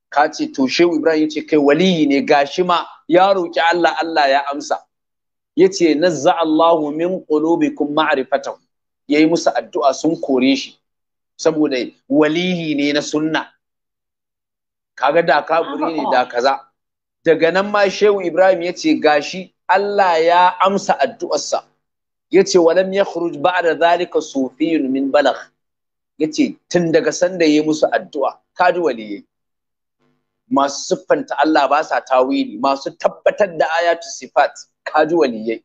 ka ce to shehu ibrahim yace kai waliyi ne gashi ma ya roki Allah Allah ya amsa yace nazza Allahu min qulubikum ma'rifatahu yayi musu addu'a sun kore shi saboda walihi ne na sunna kaga da kaburi ne da kaza daga nan ma Shehu Ibrahim yace gashi Allah ya amsa addu'arsa yace walam yakhruj ba'da zalika sufiyyun min balagh yace tun daga sanda yayi musu addu'a kadu waliyai masu siffanta Allah ba sa tawili masu tabbatar da ayatu sifat kaji waliyai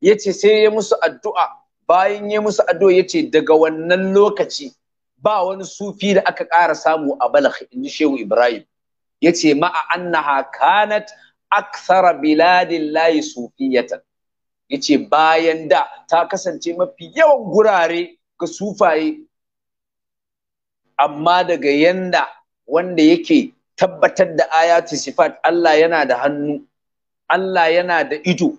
yace sai ya musu addu'a bayan ya musu addu'a yace daga wannan lokaci ba wani sufi da aka ƙara samu a balagh inji shehu ibrahim yace ma'a annaha kanat akthara biladillahi sufiyatan yace bayan da ta kasance mafi yawan gurare ga sufaye amma daga yanda wanda yake tabbatar da ayatu sifat Allah yana da hannu Allah yana da ido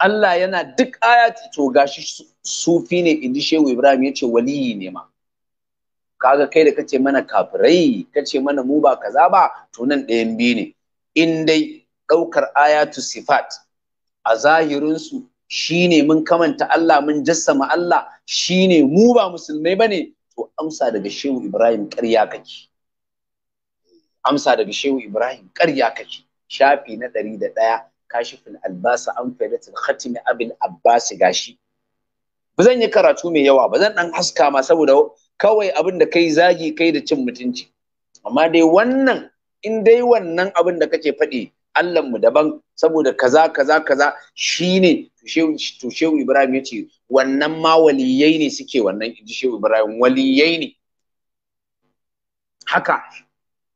Allah yana duk ayati to gashi sufi ne inda Shehu Ibrahim yace waliyi ne ma kaga kai da kace mana kafirai kace mana mu ba kaza ba to nan ɗayan biyu ne in dai ɗaukar ayatu sifat a zahirinsu su shine mun kamanta Allah mun jassama Allah shine mu ba musulmai bane to amsa daga Shehu Ibrahim ƙarya kake amsa daga Shehu Ibrahim ƙarya kake shafi na ɗari da ɗaya kashifin albasa an fayyatin khatimi abin abbasi gashi ba yi karatu mai yawa ba zan ɗan haska ma saboda kawai abin da kai zagi kai da cin mutunci amma dai wannan in dai wannan abin da kake faɗi Allah mu daban saboda kaza kaza kaza shine to shehu Ibrahim ce, wannan ma waliyai ne suke wannan inji shehu Ibrahim waliyai ne haka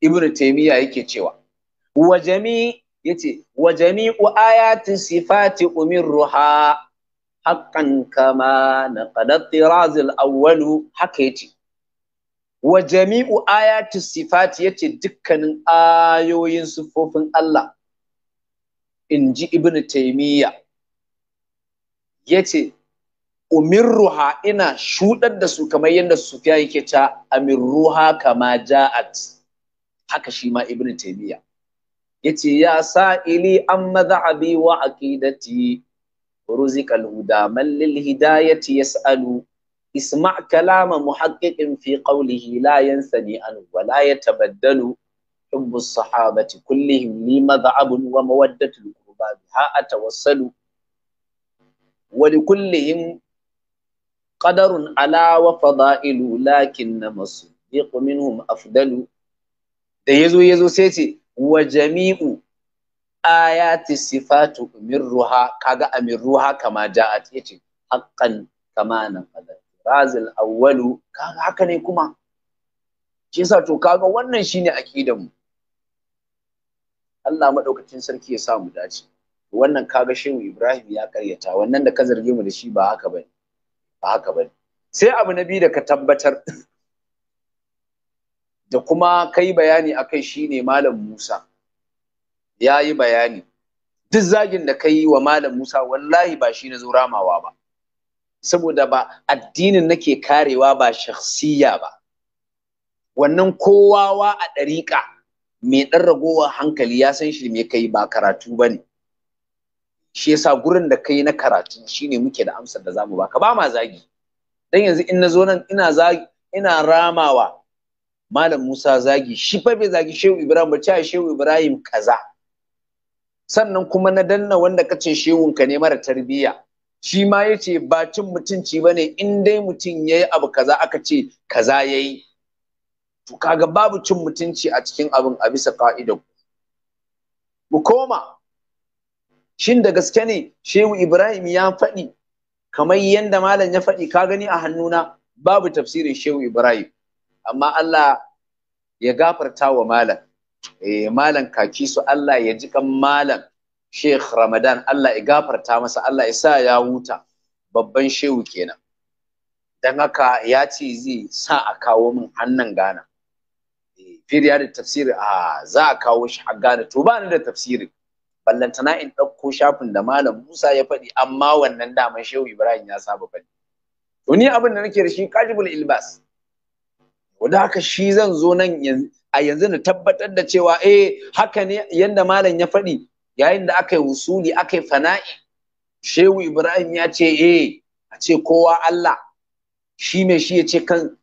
ibnu Taymiyyah yake cewa Wajami, yace wajami ayatin sifati ruha, haqqan kama naqadat tiraz al haka yace wajami jami'u ayati sifati yace dukkanin ayoyin sifofin Allah in ji ibnu Taimiyya. yace ruha ina shuɗar da su kamar yadda sufiya yake ta ruha kama ja'at haka shi ma ibnu Taimiyya. yace ya sa'ili an madhabi wa aqidati ruzik alhuda man lil hidayati yas'alu isma kalam muhaqqiqin fi qawlihi la yansani an ya tabaddalu. yatabaddalu hubbu sahabati kullihim li madhabun wa mawaddatu alqurba biha tawassalu. wa li kullihim qadarun ala wa fada'ilu lakinna masu yiqu minhum afdalu da yazo yazo sai ce wa jami'u ayati sifatu ruha kaga ruha kama ja'at yace haqqan kama nan razil awwalu kaga haka ne kuma shi yasa to kaga wannan shine akidan mu Allah madaukakin sarki ya sa mu dace wannan kaga shehu Ibrahim ya karyata wannan da ka zarge mu da shi ba haka bane ba haka bane sai abu na biyu da ka tabbatar da kuma kai bayani akai shine malam Musa ya bayani duk zagin da ka wa malam Musa wallahi ba shi na zo ramawa ba saboda ba addinin nake karewa ba shakhsiya ba wannan kowawa a dariƙa mai ɗan ragowar hankali ya san shi me kai ba karatu ba ne shi yasa gurin da kai na karatu shine muke da amsar da zamu baka ba ma zagi dan yanzu in na zo nan ina zagi ina ramawa malam Musa zagi shi fa bai zagi Shehu Ibrahim ba cewa Shehu Ibrahim kaza sannan kuma na danna wanda kace shehun ka ne mara tarbiyya shi ma yace ba cin mutunci bane in dai mutum yayi abu kaza aka ce kaza yayi to kaga babu cin mutunci a cikin abin a bisa ka'idar mu koma shin da gaske ne Shehu Ibrahim ya faɗi kamar yanda malam ya faɗi ka gani a hannuna babu tafsirin Shehu Ibrahim amma Allah ya gafarta wa malam eh malam kaki su Allah ya ji kan malam Sheikh Ramadan Allah ya gafarta masa Allah ya sa ya huta babban shehu kenan dan haka ya ce zai sa a kawo min hannun gana eh, firiya da tafsiri a za a kawo shi a gana to ba ni da tafsiri ballantana in ɗauko shafin da malam Musa ya faɗi amma wannan daman shehu Ibrahim ya saba faɗi to ni abin da nake da shi kajibul ilbas wanda haka shi zan zo nan a yanzu na tabbatar da cewa eh haka ne yanda malam ya faɗi yayin da aka yi wusuli aka yi fana'i shehu ibrahim ya ce eh a ce kowa allah shi mai shi ya ce kan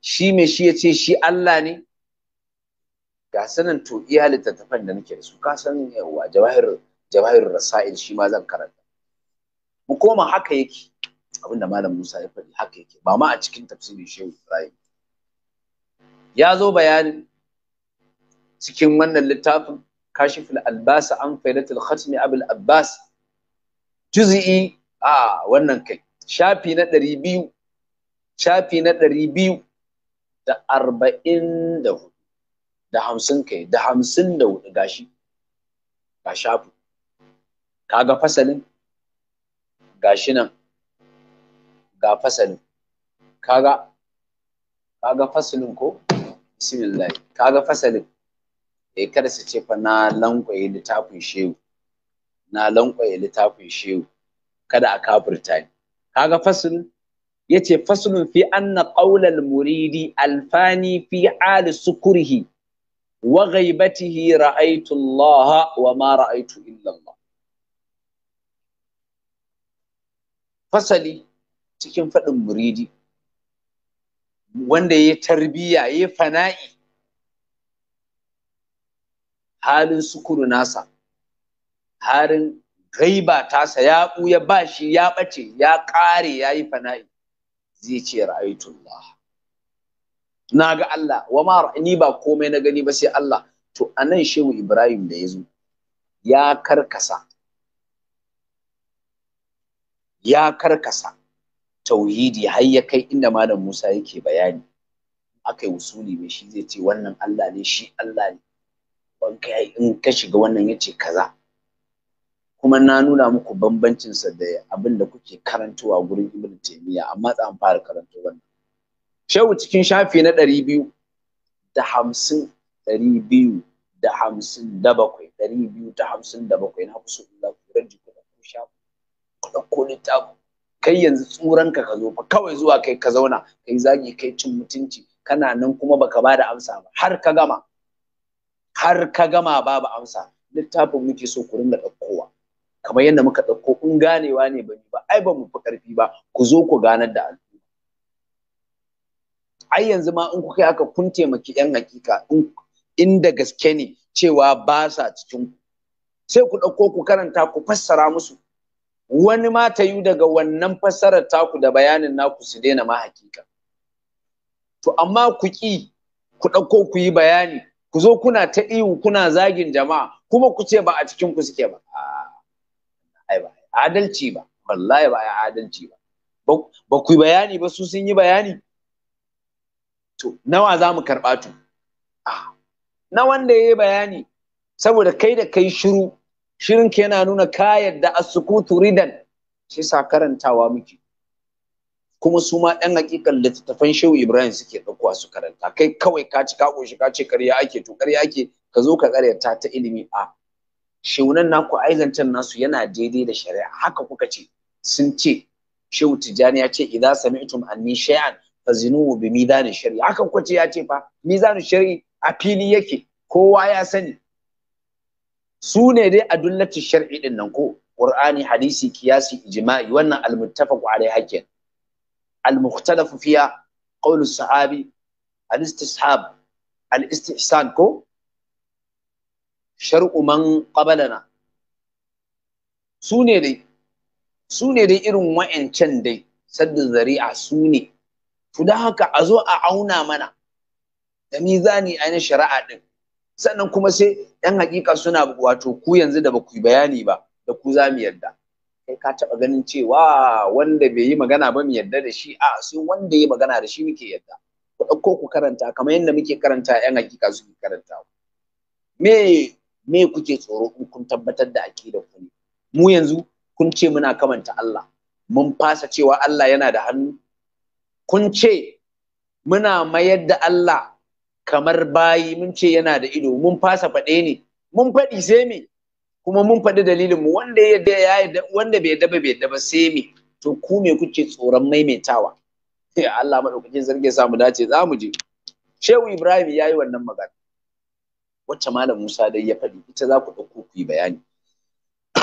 shi mai shi ya shi allah ne ga sanin to iya littattafan da nake da su ka san yawa jawahir jawahir rasail shi ma zan karanta mu koma haka yake abinda malam musa ya faɗi haka yake ba ma a cikin tafsirin shehu ibrahim ya zo bayani cikin wannan littafin kashiful albas an faidatul khatmi abul abbas juz'i a wannan kai shafi na ɗari biyu shafi na ɗari biyu da arba'in da hudu da hamsin kai da hamsin da hudu gashi ga shafi kaga fasalin gashi nan ga fasalin kaga kaga fasalin ko bismillah kaga fasalin eh kada su ce fa na lankwaye littafin shehu na lankwaye littafin shehu kada a kafirta ni kaga fasalin ce faslun fi anna qaulal muridi alfani fi al sukurihi wa ghaibatihi ra'aytu Allah wa ma ra'aytu illa Allah fasali cikin fadin muridi wanda ya tarbiya ya yi fana'i halin sukuru nasa halin gaiba tasa ya ɓuya ba shi ya ɓace ya ƙare ya yi fana'i zai ce ra'aytullah na ga Allah wa mara ni ba komai na gani ba sai Allah to a nan shehu Ibrahim da ya zo ya karkasa ya karkasa tauhidi har ya kai inda malam Musa yake bayani akai usuli mai shi zai ce wannan Allah ne shi Allah ne in ka shiga wannan yace kaza kuma na nuna muku bambancinsa da abin da kuke karantowa gurin ibn taymiya amma za fara karanto wannan shehu cikin shafi na ɗari biyu da hamsin ɗari biyu da hamsin da bakwai ɗari biyu da hamsin da bakwai na kusa da ku raji ku shafi ku ɗauko littafi kai yanzu tsuranka ka zo fa kawai zuwa kai ka zauna kai zagi kai cin mutunci kana nan kuma baka ba da amsa ba har ka gama har ka gama babu amsa littafin muke so ku ringa ɗaukowa kamar yadda muka ɗauko in ganewa ne bani ba ai ba mu fi ƙarfi ba ku zo ku ganar da al'umma ai yanzu ma in kuka aka kun taimaki yan hakika in da gaske ne cewa ba sa cikin sai ku ɗauko ku karanta ku fassara musu wani ma ta yi daga wannan fassarar taku da bayanin naku su daina ma hakika to amma ku ki ku ɗauko ku yi bayani ku zo kuna ta ihu kuna zagin jama'a kuma ku ce ba a cikin ku suke ba ai ba adalci ba wallahi ba adalci ba ba ku yi bayani ba su sun yi bayani to nawa za mu karɓa tu na wanda ya yi bayani saboda kai da kai shiru shirin ke yana nuna kayan da asukutu ridan sa karantawa muke kuma su ma ɗan hakikan littattafan shehu ibrahim suke ɗaukowa su karanta kai kawai ka ci ka ƙoshi ka ce ƙarya ake to ƙarya ake ka zo ka ƙaryata ta ilimi a shehunan naku aizancen nasu yana daidai da shari'a haka kuka ce sun ce shehu tijjani ya ce idan sami'tum anni shay'an fazinuhu bi mizanin shari'a haka kuka ce ya ce fa mizanin shari'a? a fili yake kowa ya sani su ne dai a dullaci shar'i din nan ko qur'ani hadisi kiyasi ijma'i wannan al-muttafaq alai hakken al-mukhtalaf fiya qawl sahabi al-istishab ko shar'u man qabalana su ne dai su ne dai irin wa'ancan dai sadda zari'a su ne to don haka a zo a auna mana da mizani a na shari'a din sannan kuma sai yan hakika suna wato ku yanzu da ba ku bayani ba da ku za mu yarda kai ka taɓa ganin cewa wanda bai yi magana ba mu yarda da shi a sai wanda ya magana da shi muke yarda ku ɗauko ku karanta kamar yadda muke karanta yan hakika suke karanta me me kuke tsoro in kun tabbatar da da ku mu yanzu kun ce muna kamanta Allah mun fasa cewa Allah yana da hannu kun ce muna mayar da Allah kamar bayi mun ce yana da ido mun fasa faɗe ne mun faɗi sai me kuma mun faɗi dalilin mu wanda ya wanda bai daba bai daba sai me to ku me kuke tsoron maimaitawa Allah madaukakin sarki ya mu dace za mu je Shehu Ibrahim ya yi wannan magana wacce Malam Musa dai ya faɗi ita za ku ɗauko ku yi bayani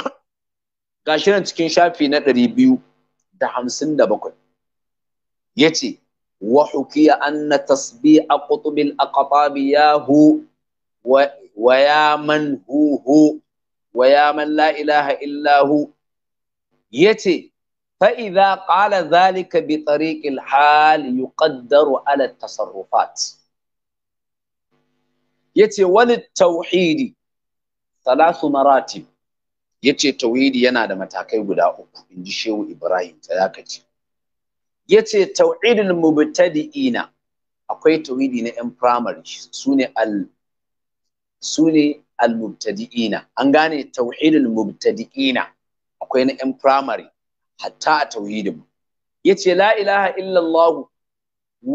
gashi nan cikin shafi na ɗari biyu da hamsin da bakwai ya وحكي أن تسبيح قطب الأقطاب يا هو ويا من هو هو ويا من لا إله إلا هو يتي فإذا قال ذلك بطريق الحال يقدر على التصرفات يتي وللتوحيد ثلاث مراتب يتي توحيد ينادى متاكي قد أكو إن شيو إبراهيم تلاكتي yace tauhidul mubtadi'ina akwai tauhidi na yan primary sune al sune al mubtadi'ina an gane tauhidul mubtadi'ina akwai na yan primary hatta a tauhidin yace la ilaha illallah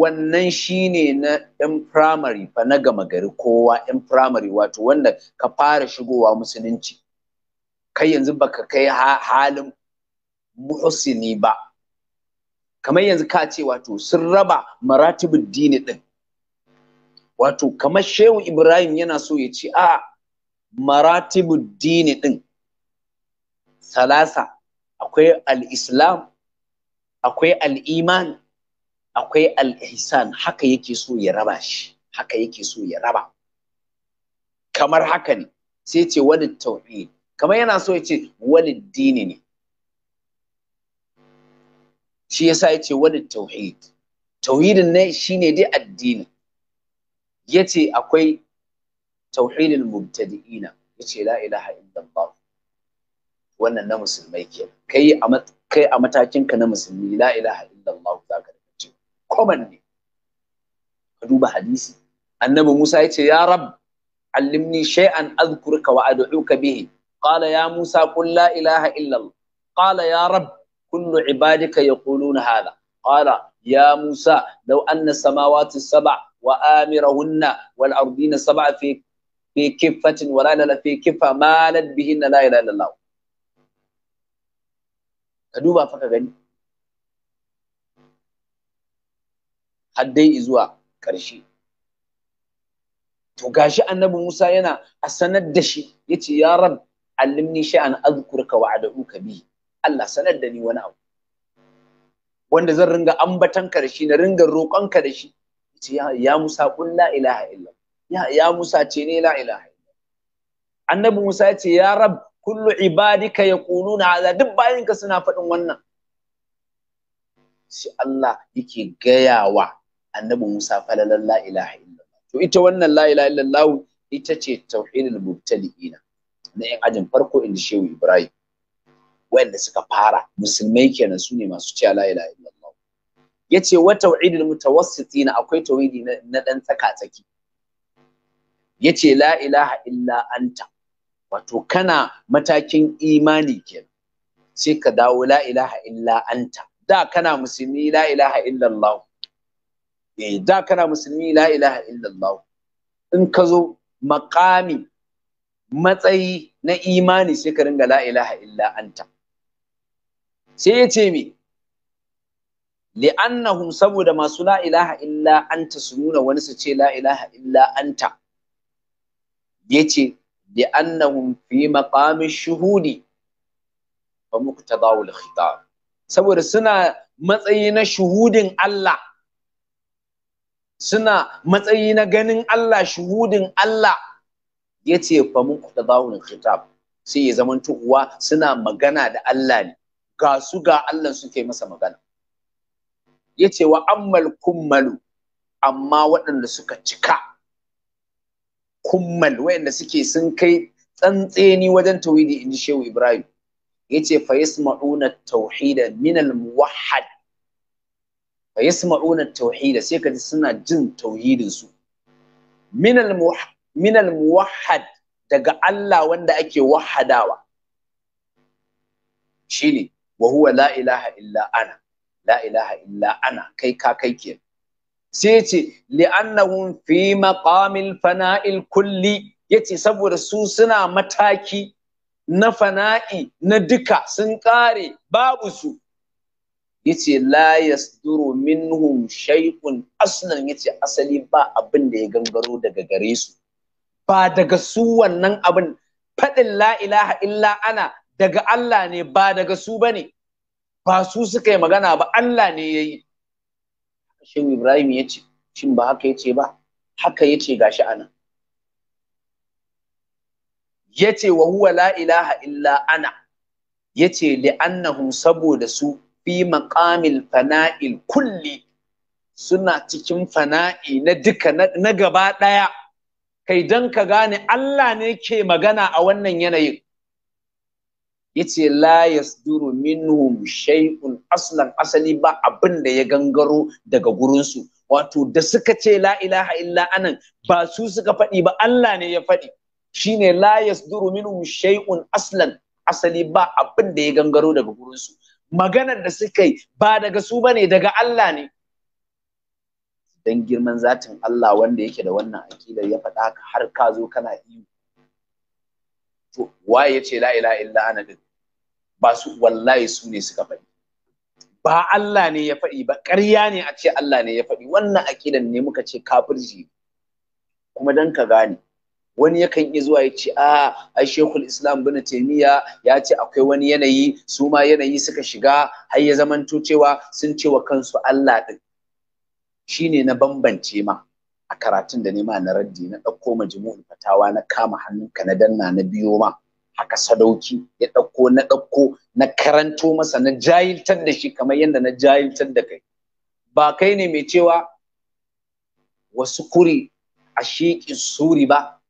wannan shine na yan primary fa na gama gari kowa yan primary wato wanda ka fara shigowa musulunci kai yanzu baka kai halin muhsini ba kamar yanzu ka ce wato sun raba maratibin dini din wato kamar shehu ibrahim yana so ya ce a maratibin dini din salasa akwai al-islam akwai al-iman akwai al-ihsan haka yake so ya raba shi haka yake so ya raba kamar haka ne sai ce wani tauhid kamar yana so ya ce wani dini ne shi ya sa ya ce wani tauhid tauhidin ne shi shine dai addini ce akwai tauhidul mubtadi'ina ce la ilaha illa illallah wannan na musulmai ke kai a kai a matakin ka na musulmi la ilaha illa Za ka da ce common ne ka duba hadisi annabi Musa ya ce ya rab allimni shay'an adhkuruka wa ad'uka bihi qala ya Musa qul la ilaha illa illallah qala ya rab kullu ibadika yaquluna hadha qala ya musa law anna samawati sab'a wa amirahunna wal ardina sab'a fi fi kiffatin wa la fi kiffa malat bihinna la ilaha illallah ka duba fa ka gani haddai to gashi annabi Musa yana a sanar da shi yace ya rab allimni sha'an azkurka wa ad'uka bi Allah sanar da ni wani abu wanda zan ringa ambatan ka da shi na ringa roƙon ka da shi ya Musa kun la ilaha illa ya ya Musa ce ne la ilaha illa annabi Musa ya ce ya rab kullu ibadika yaquluna hadha duk bayin ka suna faɗin wannan shi Allah yake gayawa annabi Musa falalan la ilaha illa to ita wannan la ilaha illa ita ce tauhidul mubtali'ina na yan ajin farko inda Shehu Ibrahim wanda suka fara musulmai kenan su ne masu cewa la ilaha illallah yace wa tauhidul mutawassitin akwai tauhidi na dan tsaka tsaki yace la ilaha illa anta wato kana matakin imani kenan sai ka dawo la ilaha illa anta da kana musulmi la ilaha illallah eh da kana musulmi la ilaha illallah in ka zo makami matsayi na imani sai ka ringa la ilaha illa anta sai ya ce me li'annahum saboda masu la'ilaha ilaha illa anta su nuna wani su ce la'ilaha ilaha illa anta yace li'annahum fi maqami shuhudi fa muqtadawul khitab saboda suna matsayi na shuhudin Allah suna matsayi na ganin Allah shuhudin Allah ya yace fa muqtadawul khitab sai ya zamanto uwa suna magana da Allah ne ga su ga Allah suke masa magana yace wa ammal kummalu amma waɗanda suka cika kummal waɗanda suke sun kai tsantseni wajen tauhidi in ji shehu ibrahim yace fa yasma'una tauhida min al muwahhad fa yasma'una tauhida sai kaji suna jin tauhidin su min al daga Allah wanda ake wahadawa shine wa huwa la ilaha illa ana la ilaha illa ana kai ka kai ke sai ce li'annahum fi maqamil fana'il kulli yace saboda su suna mataki na fana'i na duka sun kare babu su yace la yasduru minhum shay'un aslan yace asali ba abin da ya gangaro daga gare su ba daga su wannan abin faɗin la ilaha illa ana daga Allah ne ba daga su ba ne ba su suka yi magana ba Allah ne ya yi shehu ibrahim ya ce shin ba haka ya ce ba haka ya ce gashi anan ya ce wa huwa la ilaha illa ana ya ce li'annahum saboda su fi maqamil fana'il kulli suna cikin fana'i na duka na gaba ɗaya kai don ka gane Allah ne ke magana a wannan yanayin yace la yasduru minhum shay'un aslan asali ba abin ya gangaro daga gurinsu wato da suka ce la ilaha illa anan ba su suka faɗi ba Allah ne ya faɗi shine la yasduru minhum shay'un aslan asali ba abin ya gangaro daga gurinsu maganar da suka yi ba daga su bane daga Allah ne dan girman zatin Allah wanda yake da wannan akidar ya faɗa har ka zo kana iyo to waye ce la ilaha illa ana masu wallahi su ne suka faɗi ba Allah ne ya faɗi ba ƙarya ne a ce Allah ne ya faɗi wannan aƙidan ne muka ce kafirji kuma dan ka gane wani yakan iya zuwa ya ce a ai shekul islam bin taimiya ya ce akwai wani yanayi su ma yanayi suka shiga har ya zamanto cewa sun ce wa kansu Allah din shine na bambance ma a karatun da nema na raddi na ɗauko majmu'ul fatawa na kama hannunka na danna na biyo ma haka sadauki ya ɗauko na ɗauko na karanto masa na jahiltar da shi kamar yadda na jahiltar da kai ba kai ne mai cewa wasu kuri a shiƙi suri ba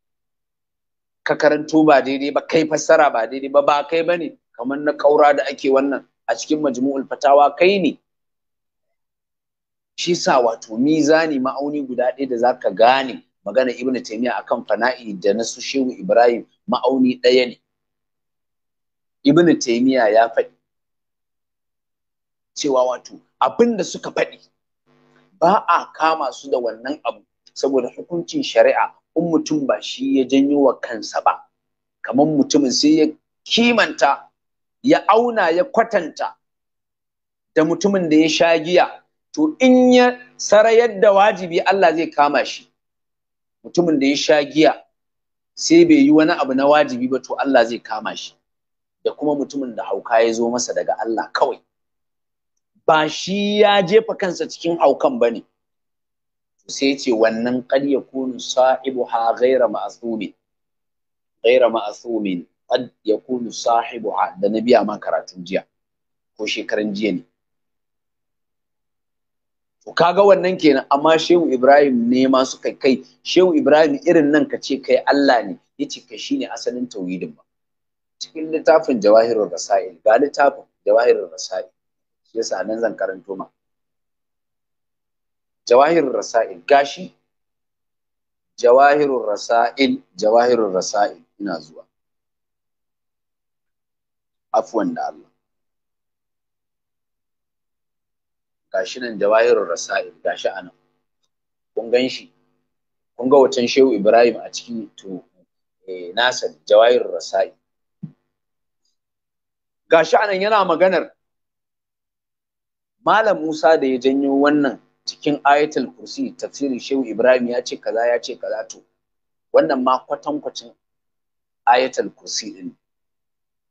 ka karanto ba daidai ba kai fassara ba daidai ba ba kai bane kamar na kaura da ake wannan a cikin majmu'ul fatawa kai ne shi sa wato mizani ma'auni guda ɗaya da zaka gane magana ibnu taymiya akan fana'i da na su shehu ibrahim ma'auni ɗaya ne ibn taymiya ya faɗi cewa wato abin da suka faɗi ba a kama su da wannan abu saboda hukuncin shari'a in mutum ba shi ya janyo wa kansa ba kamar mutumin sai ya kimanta ya auna ya kwatanta da mutumin da ya sha giya to in ya sarayar da wajibi Allah zai kama shi mutumin da ya sha giya sai bai yi wani abu na wajibi ba to Allah zai kama shi da kuma mutumin da hauka ya zo masa daga Allah kawai ba shi ya jefa kansa cikin haukan ba ne sai ce wannan qad yakunu sahibuha ghayra ma'sumin ghayra ma'sumin qad yakunu ha da na biya ma karatu jiya ko shekaran jiya ne to kaga wannan kenan amma shehu ibrahim ne ma suka kai shehu ibrahim irin nan ka ce kai Allah ne ya yace ka shine asalin tauhidin ba cikin littafin jawahirul rasail ga littafin jawahirul rasail shi yasa nan zan karanto ma jawahirul rasail gashi jawahirul rasail jawahirul rasail ina zuwa afwan da Allah gashi nan jawahirul rasail gashi anan kun gan shi kun ga watan shehu ibrahim a cikin to eh, nasa jawahirul rasail gashi anan yana maganar Malam Musa da ya janyo wannan cikin ayatul kursi tafsirin Shehu Ibrahim ya ce kaza ya ce kaza to wannan ma kwatankwacin ayatul kursi din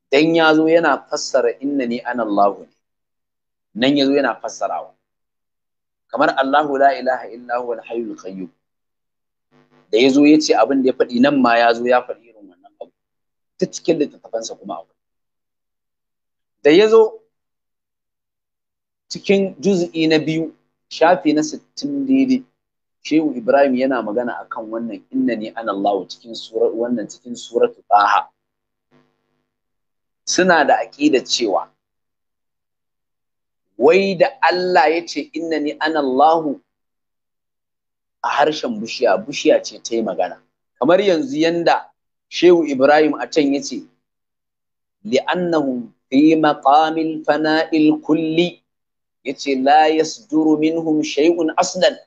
dan ya zo yana fassara inna ni ana Allahu ne nan ya zo yana fassarawa kamar Allahu la ilaha illa huwa al-hayyul qayyum da ya zo ya ce abin da ya faɗi nan ma ya zo ya faɗi irin wannan abu ta cikin littattafansa kuma abu da ya zo cikin juz'i na biyu shafi na sittin daidai shehu ibrahim yana magana akan wannan inna ni an cikin sura wannan cikin suratu taha suna da aqida cewa wai da Allah ya ce inna ni an a harshen bushiya bushiya ce ta yi magana kamar yanzu yanda shehu ibrahim a can ya ce li'annahum في مقام fana'il kulli yace لا يصدر minhum شيء اصلا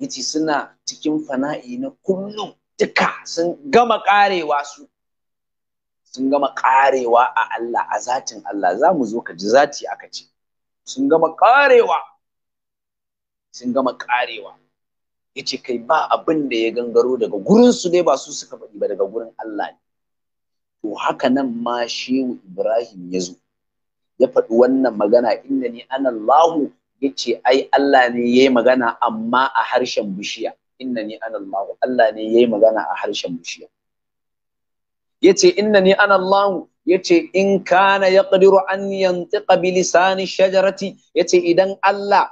يتي suna cikin fana'i na kullum duka sun gama karewa su sun gama karewa a Allah a zatin Allah za mu zo ka ji zati aka ce sun gama karewa sun gama karewa yace kai ba abin da ya gangaro daga gurin su dai ba su suka faɗi ba daga gurin Allah ne to haka nan ma shehu ibrahim ya zo ya faɗi wannan magana inda ni ana lahu ya ce ai allah ne ya yi magana amma a harshen bishiya inna ni ana lahu allah ne ya yi magana a harshen bishiya ya ce inna ni ana lahu ya ce in kana ya ƙadiru an yantiƙa bilisani shajarati ya ce idan allah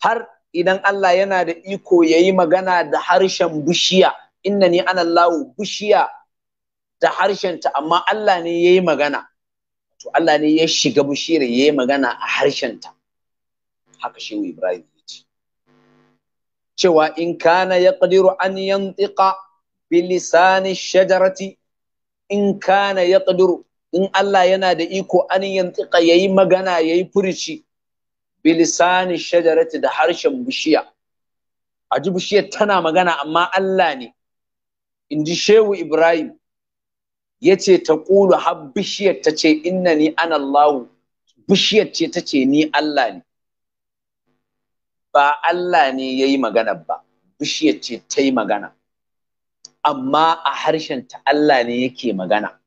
har idan allah yana da iko ya yi magana da harshen bishiya inna ni ana lahu bishiya da harshenta amma Allah ne ya yi magana to Allah ne ya shiga bushira ya yi magana a harshenta haka shehu Ibrahim ya ce cewa in kana ya ƙadiru an yantiƙa bilisani shajarati in kana ya in Allah yana da iko an yantiƙa ya yi magana ya yi furici bilisani shajarati da harshen bishiya a ji bishiyar tana magana amma Allah ne in ji shehu Ibrahim yace ƙulu har bishiyar ta ce innani ana Allah bishiyar ce ta ce ni Allah ne ba Allah ne yayi magana ba bishiyar ce ta yi magana amma a harshen ta Allah ne yake magana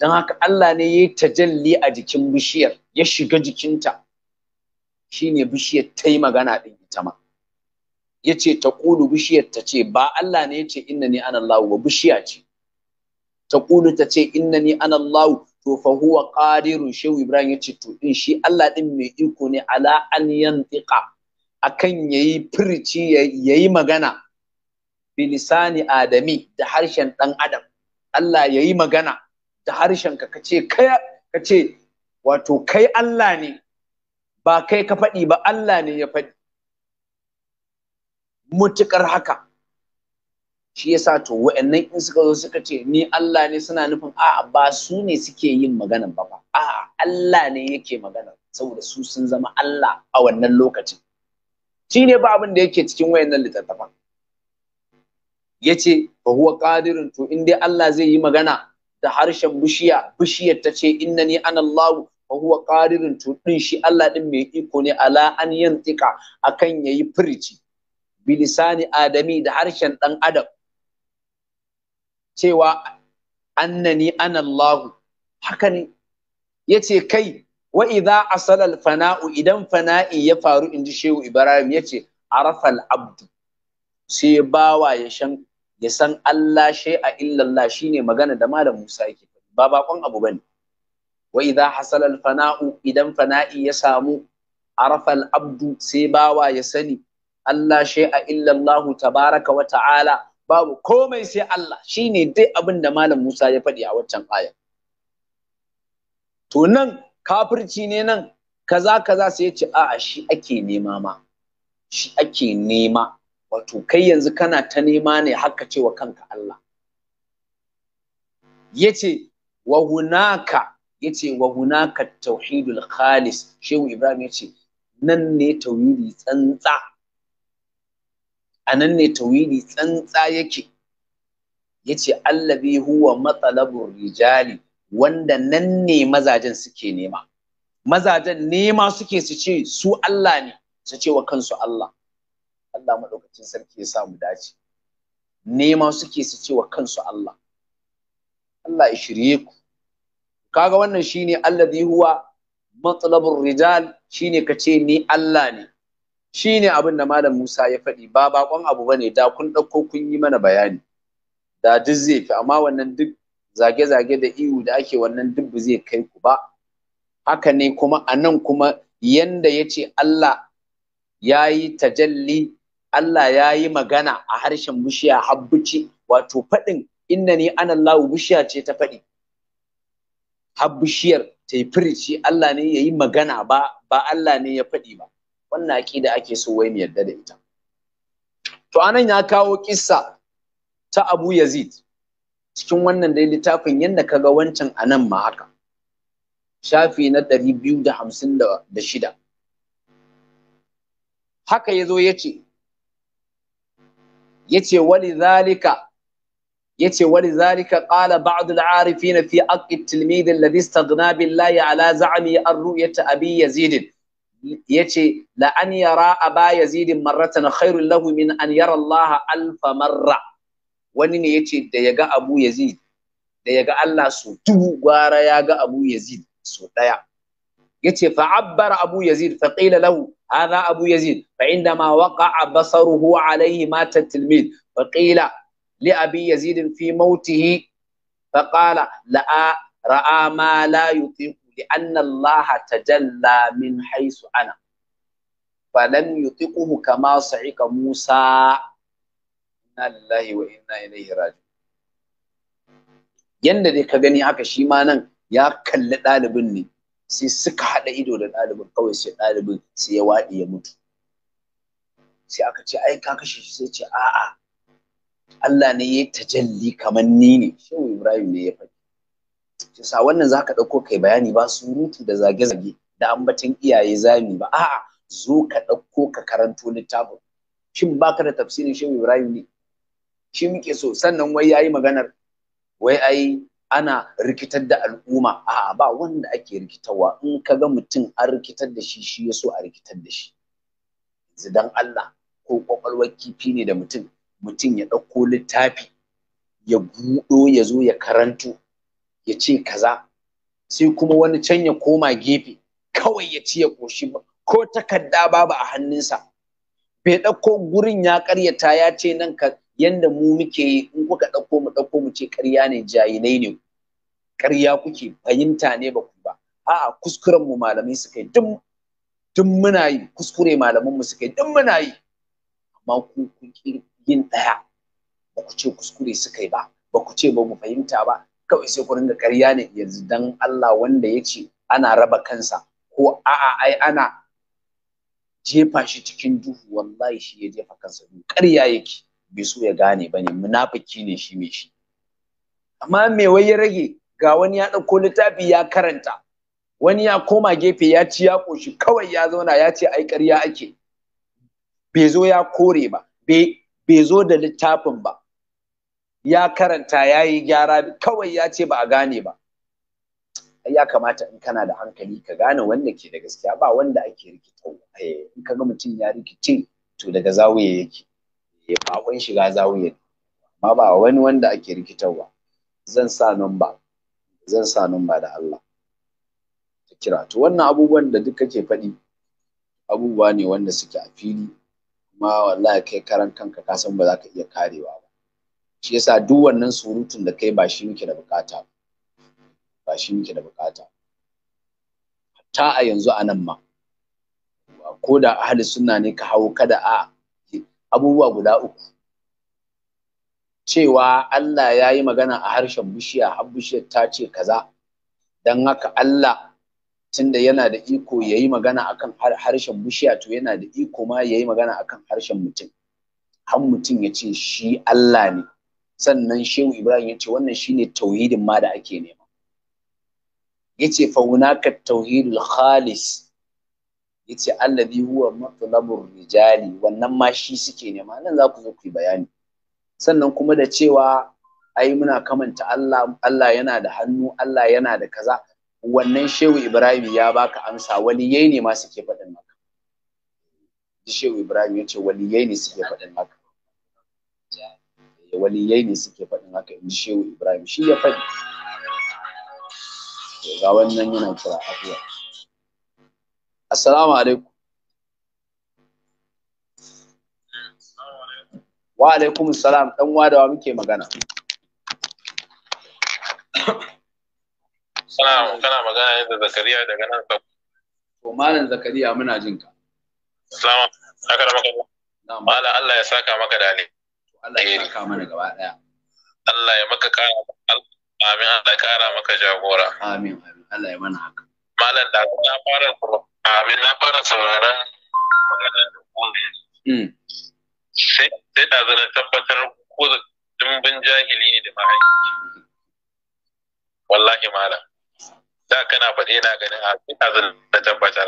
don haka Allah ne ya yi tajalli a jikin bishiyar ya shiga jikinta shine bishiyar ta yi magana ɗin ita ma Yace ce ta ƙulu bishiyar ta ce ba Allah ne ya ce inna ni ana Allah ba bishiya ce Ta taqulu ta ce innani ni Allah to fa huwa qadiru shehu Ibrahim ya ce to din shi Allah ɗin mai iko ne A an yantiqa akan yayi furci yayi magana bilisani adami da harshen ɗan adam Allah yayi magana da harshen ka kace kai wato kai Allah ne ba kai ka faɗi ba Allah ne ya faɗi mutukar haka shi yasa to wa'annan in suka zo suka ce ni Allah ne suna nufin a'a ba su ne suke yin maganan ba fa a'a Allah ne yake magana saboda su sun zama Allah a wannan lokacin shi ne ba abin da yake cikin wayannan littattafan yace fa huwa qadirun to in dai Allah zai yi magana da harshen bishiya bishiyar ta ce innani ana Allah fa huwa qadirun to din shi Allah din mai iko ne ala an yantika akan yayi firici bilisani adami da harshen dan adam cewa annani ana Allah haka ne kai wa idza asala al fana'u idan fana'i ya faru inji shehu ibrahim yace ce Arafal abdu sai bawa ya shan ya san Allah shay'a illallah shine magana da malam Musa yake ba bakon abu bane wa idza hasala al fana'u idan fana'i ya samu arafa abdu sai bawa ya sani Allah a illallah tabaraka wa ta'ala babu komai sai Allah shine dai abin da malam Musa ya faɗi a waccan aya to nan kafirci ne nan kaza kaza sai ya ce a'a shi ake nema ma shi ake nema wato kai yanzu kana ta nema ne haka cewa kanka Allah yace wa hunaka ce wa hunaka tauhidul khalis shehu ibrahim ya ce, nan ne tauhidi tsantsa a nan ne tawili tsantsa yake yace allazi huwa matsalabur rijali wanda nan ne mazajen suke nema mazajen nema suke su ce su Allah ne su ce wa kansu Allah Allah maɗaukacin sarki ya samu dace nema suke su ce wa kansu Allah Allah ya shirye ku kaga wannan shine allazi huwa matsalabur rijal shine kace ni Allah ne shi ne abin da malam musa ya faɗi ba bakon abu ba ne da kun ɗauko kun yi mana bayani da duk zai fi amma wannan duk zage-zage da ihu da ake wannan duk ba zai kai ku ba haka ne kuma a nan kuma yanda ya ce allah ya yi tajalli allah ya yi magana a harshen bishiya habbuci wato faɗin inna ni ana Allah bishiya ce ta faɗi habbishiyar ta yi firici allah ne ya yi magana ba ba allah ne ya faɗi ba wannan aƙida ake so wai mu yarda da ita to anan ya kawo kissa ta Abu Yazid cikin wannan dai littafin yadda kaga wancan anan ma haka shafi na ɗari haka yazo zo yace ce wali zalika yace wali zalika ƙala ba'd al na fi al tilmidin alladhi istaghna billahi ala za'ami an ru'yata abi yazid yace la an yara aba yazid marratan khairul lahu min an yara Allah alf marra wani ne yace da yaga Abu Yazid da yaga Allah su dubu gwara yaga Abu Yazid su daya yace fa abbara Abu Yazid fa qila lahu hadha Abu Yazid fa indama waqa'a basaruhu alayhi mata tilmid fa qila li Abi Yazid fi mautihi fa qala la ra'a ma la yutiq لأن الله تجلى من حيث أنا فلم يطقه كما صعق موسى إنا لله وإنا إليه راجعون yanda dai ka gani haka shi ma nan ya kalli ɗalibin ne sai suka haɗa ido da ɗalibin kawai sai ɗalibin sai ya waɗi ya mutu sai aka ce ai ka kashe shi sai ce a'a Allah ne ya tajalli kamar ni ne shehu Ibrahim ne ya faɗi sa wannan za ka ɗauko kai bayani ba surutu da zage-zage da ambatan iyaye zami ba a'a zo ka ɗauko ka karanto littafin shin baka da tafsirin shehu ibrahim ne shi muke so sannan wai yayi maganar wai ai ana rikitar da al'umma a'a ba wanda ake rikitarwa in ka ga mutum an rikitar da shi shi ya so a rikitar da shi zidan Allah ko kwakwalwar kifi ne da mutum mutum ya ɗauko littafi ya buɗo ya zo ya karanto ya ce kaza sai kuma wani can ya koma gefe kawai ya ci ya koshi ba ko takarda babu a hannunsa bai ɗauko gurin ya ƙaryata ya ce nan ka yanda mu muke yi in kuka ɗauko mu ɗauko mu ce ƙarya ne jayinai ne ƙarya kuke fahimta ne ba ku ba a'a kuskuren mu malamai suka yi duk duk muna yi kuskure malaman mu suka yi duk muna yi amma ku kun yin ɗaya ba ku ce kuskure suka yi ba ba ku ce ba mu fahimta ba kawai sai ku da karya ne yanzu dan Allah wanda ya ce ana raba kansa ko a'a ai ana jefa shi cikin duhu wallahi shi ya jefa kansa duhu karya yake bai so ya gane bane munafiki ne shi mai shi amma me wai ya rage ga wani ya ɗauko littafi ya karanta wani ya koma gefe ya ci ya ƙoshi kawai ya zauna ya ce ai ƙarya ake bai zo ya kore ba bai zo da littafin ba ya karanta ya yi gyara kawai ya ce ba a gane ba ya kamata in kana da hankali ka gane wanda ke da gaskiya ba wanda ake rikita eh, in ka ga mutum ya rikice to daga zawiya yake ya eh, kun shiga zawiya amma ba wani wanda ake rikitarwa zan sa numba zan sa numba da Allah ta kira to wannan abubuwan da duk kake faɗi abubuwa ne wanda suke a fili kuma wallahi kai karan kanka ka san ba za ka iya karewa ba shi yasa duk wannan surutun da kai ba shi muke da bukata ba shi muke da bukata ta a yanzu a nan ma ko da ahli sunna ne ka hawo kada a abubuwa guda uku cewa Allah ya yi magana a harshen bishiya har bishiyar ta ce kaza dan haka Allah tunda yana da iko ya yi magana akan harshen bishiya to yana da iko ma ya yi magana akan harshen mutum har mutum ya ce shi Allah ne sannan shehu ibrahim ya ce wannan shine tauhidin ma da ake nema ya ce faunaka tauhidul khalis ya ce allazi huwa matlabur rijali wannan ma shi suke nema nan za ku zo ku yi bayani sannan kuma da cewa ai muna kamanta Allah Allah yana da hannu Allah yana da kaza wannan shehu ibrahim ya baka amsa yayi ne ma suke faɗin maka shehu ibrahim ya ce yayi ne suke faɗin maka waliyai ne suke faɗin haka in ji shehu ibrahim shi ya faɗi ga wannan yana kira afiya assalamu alaikum wa alaikum salam dan wadawa muke magana Salam, kana magana ne da Zakariya daga nan ka. To malam Zakariya muna jin ka. Salam, haka da maka. Allah ya saka maka da Allah ya kawo mana gaba daya Allah ya maka kara amin Allah ya kara maka jagora amin amin Allah ya mana haka malam da na fara amin na fara sauraron maganar da kuma hmm. sai da zana tabbatar ko da dimbin jahili ne da mahaifi wallahi malam da kana faɗi na ganin a sai zana na tabbatar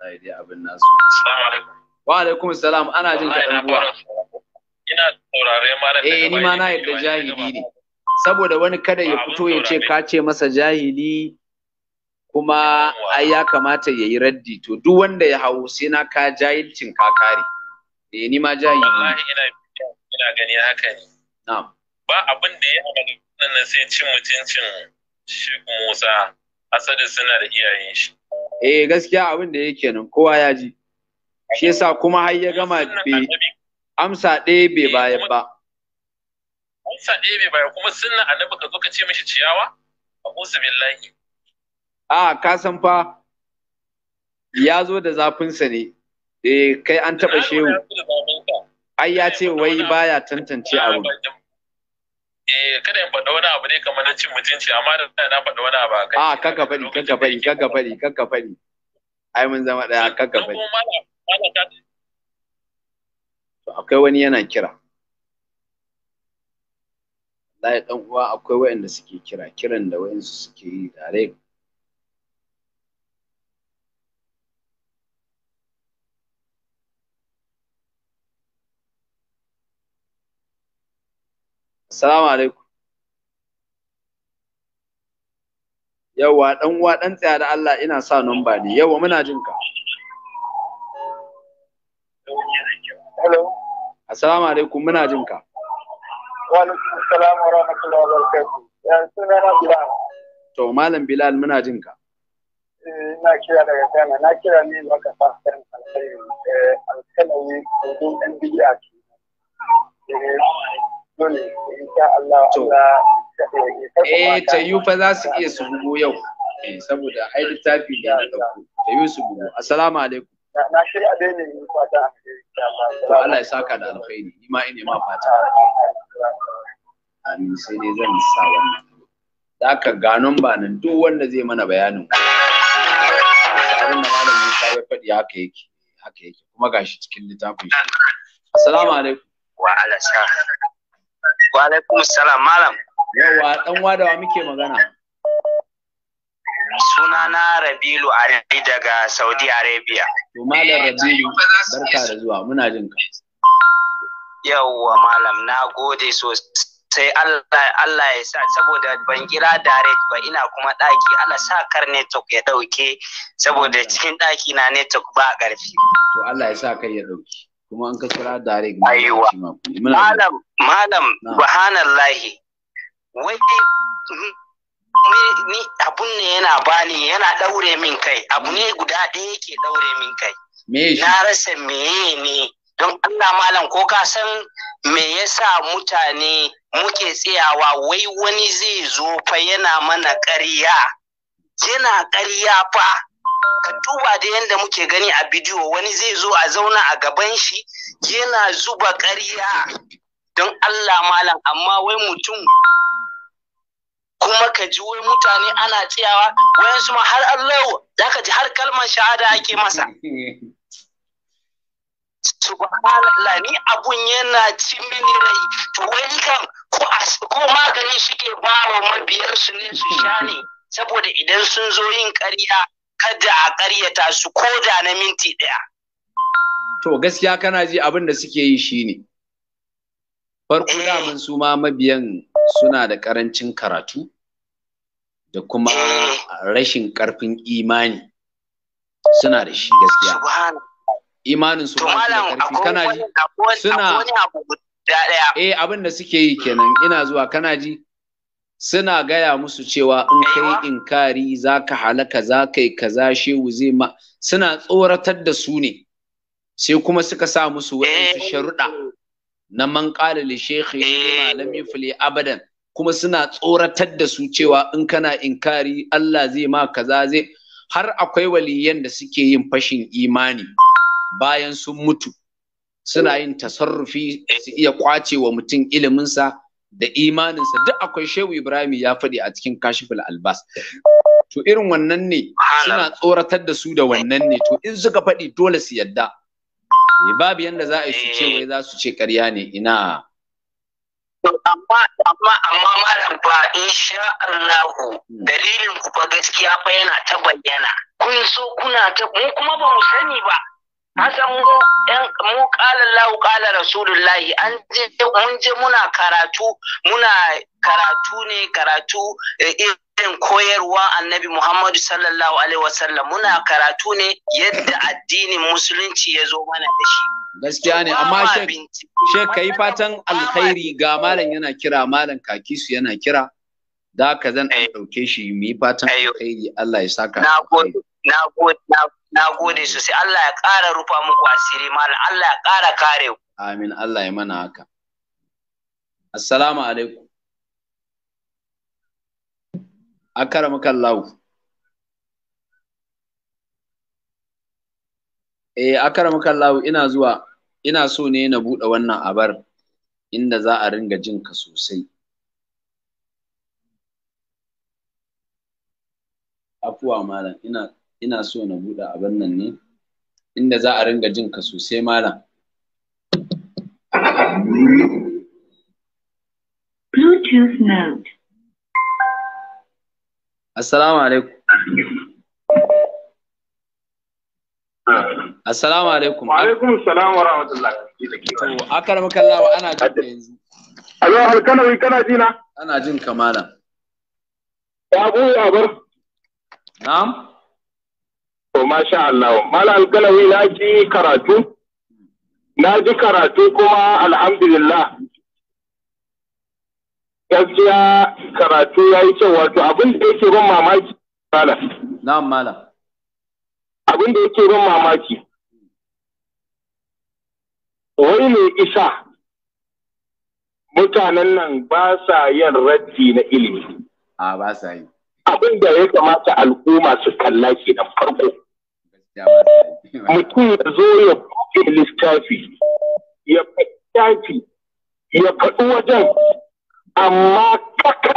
sai dai abin nasu assalamu alaikum wa alaikum assalam ana jin ka dan uwa ina saurare malam eh ni ma na yadda jahili ne saboda wani kada ya fito ya ce ka ce masa jahili kuma ai ya kamata ya yi raddi to duk wanda ya hawo sai na ka jahilcin ka kare eh ni ma jahili wallahi ina ina gani haka ne na'am ba abin da ya hana sannan sai cin mutuncin Sheikh Musa asali suna da iyayen shi eh gaskiya abin da yake nan kowa ya ji shi yasa kuma har ya gama bai amsa ɗaya bai eh, bayan ba amsa ɗaya bai bayan kuma sunna annabi ka zo ka ce mishi ciyawa a'udhu billahi a ka san fa ya zo da zafinsa ne eh kai an taɓa shehu ai ya ce wai baya tantance abu eh kada in faɗa wani abu ne kamar na cin mutunci amma da na faɗa wani abu a kai a kaka faɗi kaka faɗi kaka faɗi kaka faɗi ai mun zama ɗaya kaka faɗi to akwai wani yana kira Allah dan uwa akwai wayanda suke kira kiran da wayansu suke yi tare Assalamu alaikum. Yawwa ɗan uwa ɗan tsaya da Allah ina sa numba ne. Yawwa muna jin ka. Hello. Assalamu alaikum muna jin ka. Wa alaikum assalam wa rahmatullahi wa barakatuh. Ya suna na Bilal. To malam Bilal muna jin ka. Eh, ina kira daga Ghana, na kira ne maka fasikan alkhairi. Eh, Alkalawi kudin ɗan bidiya Eh Dole, insha Allah, Allah Eh, ta yi fa za su iya su bugu yau. Eh Saboda ai littafi ne na ɗauko. Ta yi su bugu. Assalamu alaikum. na shirya da ne yi fata Allah ya saka da alkhairi ni ma ina ma fata amin sai dai zan sa wannan da aka ganon ba nan duk wanda zai mana bayanin abin da malam Musa ya faɗi haka yake haka yake kuma gashi cikin littafin shi assalamu alaikum wa alaikum wa alaikum assalam malam yawa dan wadawa muke magana sunana Rabilu Ali daga Saudi Arabia. Malam Rabilu, barka da zuwa, muna jin ka. Yawwa malam, na gode sosai Allah ya sa saboda ban kira direct ba ina kuma ɗaki ana sa kar network ya ɗauke saboda cikin ɗaki na network ba ƙarfi. To Allah ya sa kar ya ɗauke, Kuma an ka kira direct Malam, malam, subhanallahi. Wai ni abun ne yana bani yana daure min kai abu ne guda ɗaya yake daure min kai na rasa meye ne don Allah malam ko ka san me yasa mutane muke tsayawa wai wani zai zo fa yana mana ƙarya yana ƙarya fa ka duba da yadda muke gani a bidiyo wani zai zo a zauna a gaban shi yana zuba ƙarya don Allah malam amma wai mutum kuma ka ji wai mutane ana tsayawa wayansu ma har Allah za ka ji har kalmar shahada ake masa subhanallah ni abun yana ci mini rai to wai kan ko ko magani shike ba wa mabiyar su ne su sha ne saboda idan sun zo yin ƙarya kada a ƙaryata su ko da na minti ɗaya to gaskiya kana ji abin da suke yi shine farko eh. daman su ma mabiyan suna da ƙarancin karatu da kuma rashin ƙarfin imani suna da shi gaskiya imanin su da ƙarfi kana ji suna eh abin da suke yi kenan ina zuwa kana ji suna gaya musu cewa in kai inkari za ka halaka za ka yi kaza shehu zai ma suna tsoratar da su ne sai kuma suka sa musu waɗansu eh. sharuɗa na man qala li shekhi eh. malami, abadan kuma suna tsoratar da su cewa in kana inkari Allah zai ma kaza zai har akwai waliyan da suke yin fashin imani bayan sun mutu suna eh. yin tasarrufi su iya kwace wa mutum iliminsa da imaninsa duk akwai shehu ibrahim ya faɗi a cikin kashiful albas to irin wannan ne suna tsoratar da su da wannan ne to in suka faɗi dole su yadda Eh, babu yanda za a yi su ce eh. wai za su ce ƙarya ne ina amma amma amma malam fa insha Allah hmm. dalilin ku fa gaskiya fa yana ta bayyana kun so kuna ta mu kuma ba mu sani ba Hasan mu ɗan mu ƙala Allahu ƙala Rasulullahi an je mun je muna karatu muna karatu ne karatu eh, irin koyarwa annabi Muhammadu sallallahu alaihi wasallam muna karatu ne yadda addinin musulunci ya zo mana da shi. Gaskiya ne, amma shi ka yi fatan alkhairi ga malam yana kira, malam kakisu yana kira, da ka zan eh. ɗauke shi mu yi fatan eh. alkhairi Allah ya saka. Na gode sosai, Allah ya ƙara rufa muku asiri, malam Allah ya ƙara kare ku. Amin, Allah ya mana haka. Assalamu alaikum. Akara akramakallahu eh akramakallahu ina zuwa ina so ne na buɗe wannan abar inda za a ringa jin ka sosai afuwa malam ina ina so na buɗe abin nan ne inda za a ringa jin ka sosai malam Bluetooth mode. Assalamu alaikum. Wa alaikum salam wa rahmatullah. To, akar makallawa ana jin ka yanzu. Alo halkanawi kana ji Ana jin ka malam. Ya bar. Na'am. To masha Allah. Malam alkanawi na ji karatu. Na ji karatu kuma gaskiya karatu ya yi kyau wato abin da yake ban mamaki mala na'am mala abin da yake ban mamaki wai ne isa mutanen nan ba sa yin raddi na ilimi a ba sa yi abin da ya kamata al'umma su kalla ke da farko mutum ya zo ya buɗe littafi ya faɗi ya faɗi wajen amma kaka,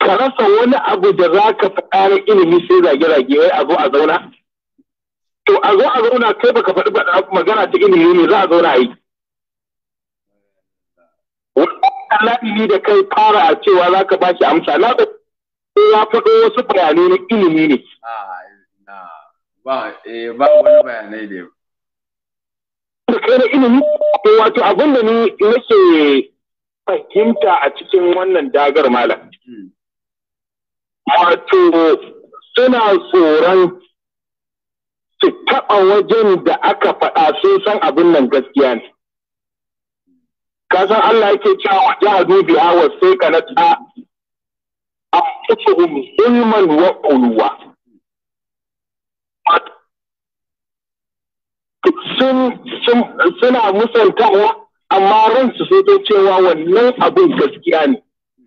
ka rasa wani abu da za ka faɗa na ilimi sai zage-zage wai a zo a zauna? To a zo a zauna kai baka faɗi magana ta ilimi ne za a zauna yi. Wannan ne da kai fara a cewa za ka bashi amsa na ko ya faɗo wasu bayanai na ilimi ne. Ba eh, wani bayanai da kai na ilimi, wato abin da ni nake fahimta a cikin wannan dagar malam. Hmm. Wato suna tsoron su taɓa wajen da aka faɗa sun san abin nan gaskiya ne. Kasan Allah yake cewa a dubi hawa sai ka na a kusa zulman wa ƙuluwa. Suna musantawa amma ransu so dai cewa wannan abin gaskiya ne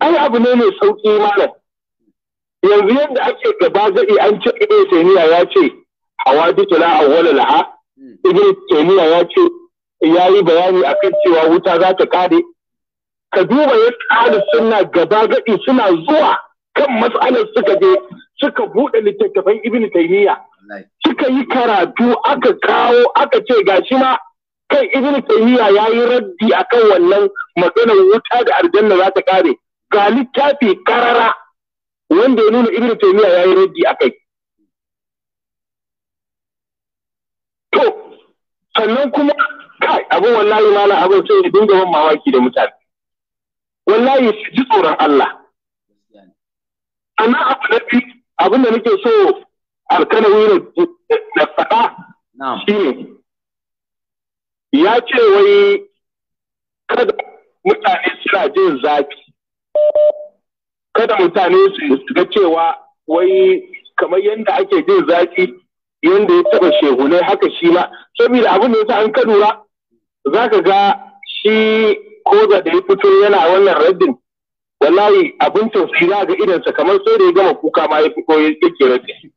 ai abu ne mai sauƙi malam yanzu yadda ake gaba gadi an ce ibn taymiya ya ce a hawadithu la awwala laha hmm. ibn taymiya ya ce ya yi bayani a kan cewa wuta za ta kare ka duba yadda ahlus suna gaba gaɗi suna zuwa kan matsalar suka je suka buɗe littattafan ibn taymiya suka yi karatu aka kawo aka ce ga shi ma kai ibn taymiya yi raddi akan wannan maganar wuta da aljanna za ta kare ga littafi karara wanda ya nuna ibn taymiya yi raddi akai to sannan kuma kai abin wallahi malam abin sai ya dinga ban mamaki da mutane wallahi ji tsoron Allah ana abu na abin da nake so alkanawi na faɗa shi ne ya ce wai kada mutane suna jin zafi kada mutane su ga cewa wai kamar yadda ake jin zafi yadda ya taba shehunai haka shi ma saboda abin da yasa an ka lura za ka ga shi ko da ya fito yana wannan raddin wallahi abin tausayi za ga idansa kamar sai da ya gama kuka ma ya fito ke raddin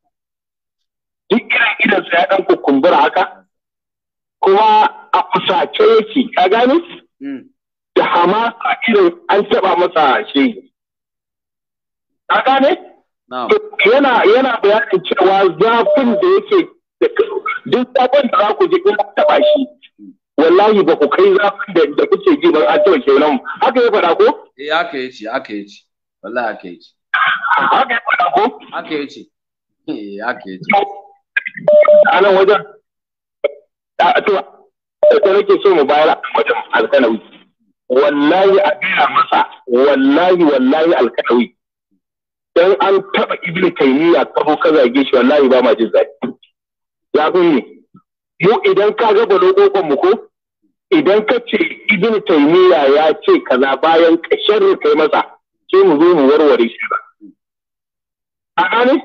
duk irin idansa ya dan kukumbura haka kuma a fusace yake ka gane hmm. da hamasa irin an taba masa shi ka gane yana yana bayanin cewa zafin da yake duk zafin da za ku ji in taba shi wallahi ba ku kai zafin da da kuke ji ba an taba kenan haka ya faɗa ko eh haka yace haka yace wallahi haka yace haka ya faɗa ko haka yace eh haka yace a nan wajen to ko nake so mu bayar a wajen alkanawi wallahi a gaya masa wallahi wallahi alkanawi dan an taba ibnu taymiya kafo ka zage shi wallahi ba ma jin zaki ya kunni mu idan ka ga balokokon mu ko idan ka ce ibnu taymiya ya ce kaza bayan kashar kai masa sai mu zo mu warware shi ba a gane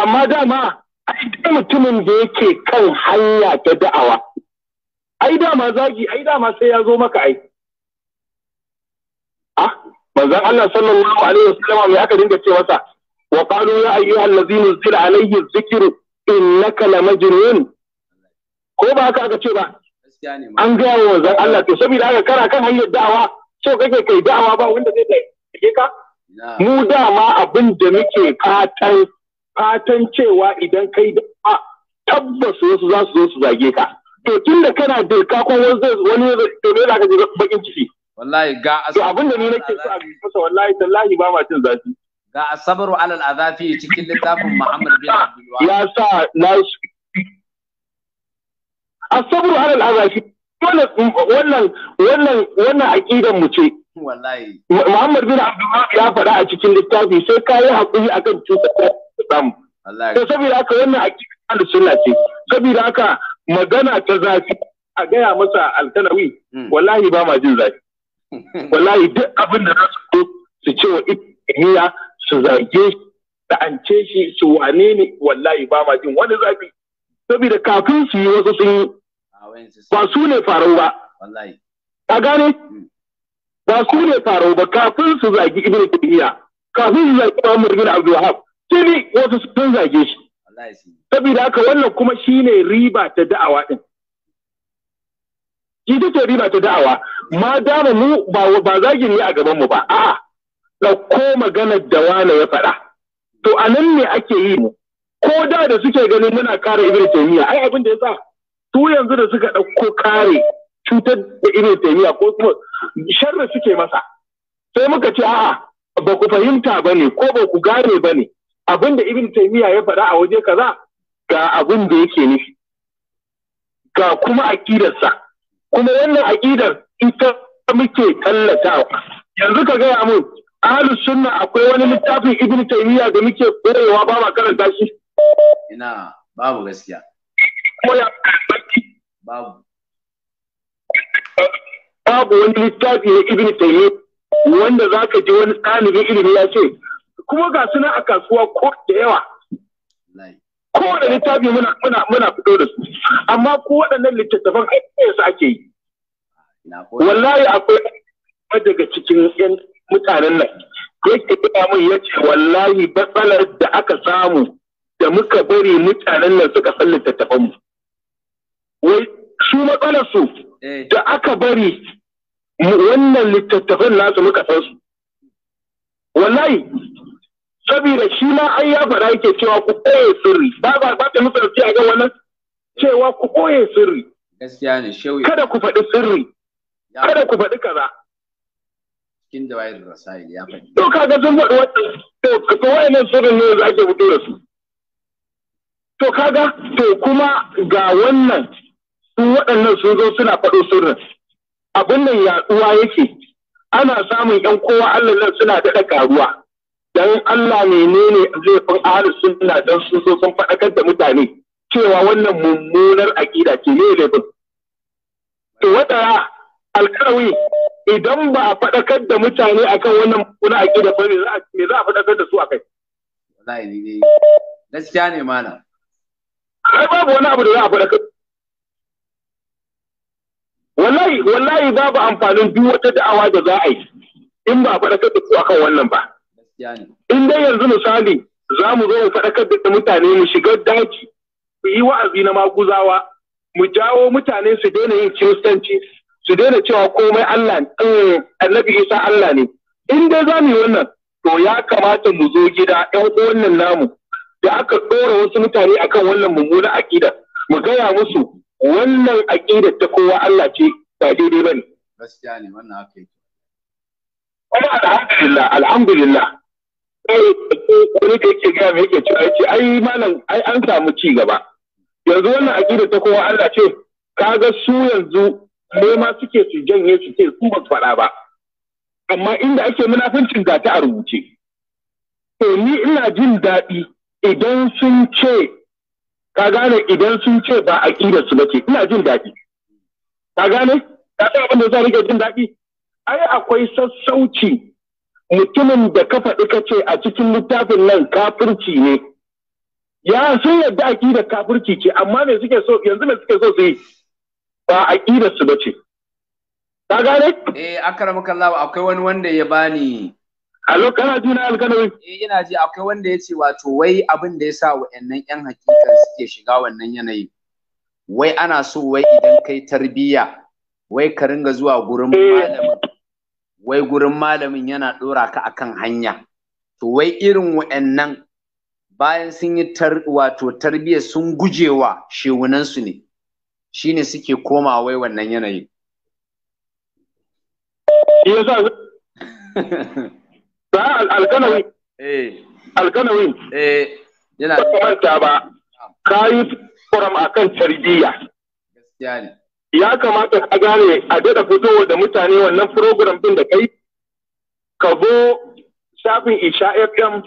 amma dama ai da mutumin da yake kan hanya ta da'awa ai dama zagi ai dama sai ya zo maka ai ah manzon Allah sallallahu alaihi wasallam me aka dinga ce masa wa qalu ya ayyuha allazina zira alaihi dhikru innaka lamajnun ko ba haka aka ce ba an gaya wa manzon Allah to saboda haka kana kan hanyar da'awa so kake kai da'awa ba wanda zai kai ka mu dama abin da muke fatan fatan cewa idan kai da a tabbas wasu za su zo su zage ka to tun da kana doka ko wani to me za ka je bakin ciki wallahi ga to abin da ni nake sa a masa wallahi tallahi ba ma cin zafi ga wa alal azafi cikin littafin Muhammad bin Abdul ya sa na wa alal azafi wannan wannan wannan aqidan mu ce wallahi Muhammad bin Abdul ya faɗa a cikin littafi sai kai hakuri akan cutar samu to saboda haka wannan hakika da sunna ce saboda haka magana ta zafi a gaya masa alkanawi hmm. wallahi ba ma jin zafi wallahi duk abin da za su su ce wa ibniya su zage shi da an ce shi su wane ne wallahi ba ma jin wani zafi saboda kafin su yi wasu sun yi ah, ba su ne farau ba ka gane hmm. ba su ne faru ba kafin su zagi ibnu tabiya kafin su zagi Muhammad bin Abdul Wahhab tuni wasu sun zage shi saboda haka wannan kuma shine riba ta da'awa ce riba ta da'awa ma dama mu ba zagin zagi ne a gaban mu ba a ɗauko maganar da wani ya faɗa to a nan ne ake yi mu ko da da suke ganin muna kare irin taimiyya, ai abin da ya sa su yanzu da suka ɗauko kare cutar da irin taimiyya ko kuma sharra suke masa sai muka ce a'a ba ku fahimta ba ne ko ba ku gane ba ne abin da ibn taymiya ya faɗa a waje kaza ga abin da yake nufi ga kuma aƙidarsa kuma wannan aƙidar ita muke tallatawa yanzu ka gaya mun ahlus sunna akwai wani littafin ibn taymiya da muke korewa ba ma karanta shi ina babu gaskiya babu babu wani littafi na ibn taymiya wanda zaka ji wani ɗalibin ilimi ya ce kuma ga suna a kasuwa ko da yawa kowane littafi muna muna muna fito da su amma ko waɗannan littattafan aikin su ake yi wallahi akwai daga cikin yan mutanen nan yake gaya min ya ce wallahi batsalar da aka samu da muka bari mutanen nan suka san littattafan mu wai su matsalar su eh. da aka bari wannan littattafan nasu muka san su wallahi saboda shi ma an ya faɗa yake cewa ku koye sirri ba ba ba ta musu a ga wannan cewa ku koye sirri gaskiya ne shehu kada ku faɗi sirri kada ku faɗi kaza da wayar rasail ya faɗi to kaga sun faɗi wannan to ko wayannan sirrin ne da ake fito da su to kaga to kuma ga wannan su waɗannan sun zo suna faɗo sirrin abin nan yaɗuwa yake ana samun ƴan kowa Allah nan suna daɗa karuwa dan Allah menene zai fin ahli sunna dan sun zo sun faɗakar da mutane cewa wannan mummunar aƙida ce ne laifin to wata alkarawi idan ba a faɗakar da mutane akan wannan mummunar aqida ba me za a faɗakar da su akai wallahi ne gaskiya ne malam ai babu wani abu da za a faɗakar wallahi wallahi babu amfanin duk wata da'awa da za a yi in ba a faɗakar da su akan wannan ba in dai yanzu misali za mu zo mu faɗakar da mutane mu shiga daji mu yi wa'azi na maguzawa mu jawo mutane su daina yin kiristanci su daina cewa komai Allah eh, annabi Isa Allah ne in dai za mu yi wannan to ya kamata mu zo gida ɗan wannan namu da aka ɗora wasu mutane akan wannan mummuna aƙida mu gaya musu wannan aƙida ta kowa Allah ce ba daidai ne. gaskiya ne wannan haka yi. kuma alhamdulillah alhamdulillah wani ka yake gaya mai yake cewa yace ai malam ai an samu ci gaba yanzu wannan aqida ta kowa Allah ce kaga su yanzu nema suke su janye su ce su ba faɗa ba amma inda ake munafincin ga ta a rubuce to ni ina jin daɗi idan sun ce ka gane idan sun ce ba aqidar su ce. ina jin daɗi ka gane ka san abin da zan rike jin daɗi ai akwai sassauci mutumin da ka faɗi ka ce a cikin littafin nan kafirci ne ya sun yadda aƙidar kafirci ce amma me suke so yanzu me suke so su yi ba aƙidar su bace ka gane eh akramakallahu akwai wani wanda ya bani allo kana juna alkalami? Eh ina ji akwai wanda ya ce wato wai abin da ya sa wa'annan 'yan hakikan suke shiga wannan yanayi. Wai ana so wai idan kai tarbiyya wai ka ringa zuwa gurin eh. malamin wai gurin malamin yana ɗora ka akan hanya to wai irin wa'annan bayan sun yi wato tarbiyya sun gujewa shewunansu ne shine suke koma wai wannan yanayi alkanawin eh. eh, yana ba yi kuram akan tarbiyya gaskiya ne ya kamata ka gane a daɗa fitowa da mutane wannan program ɗin da kai ka zo shafin isha fm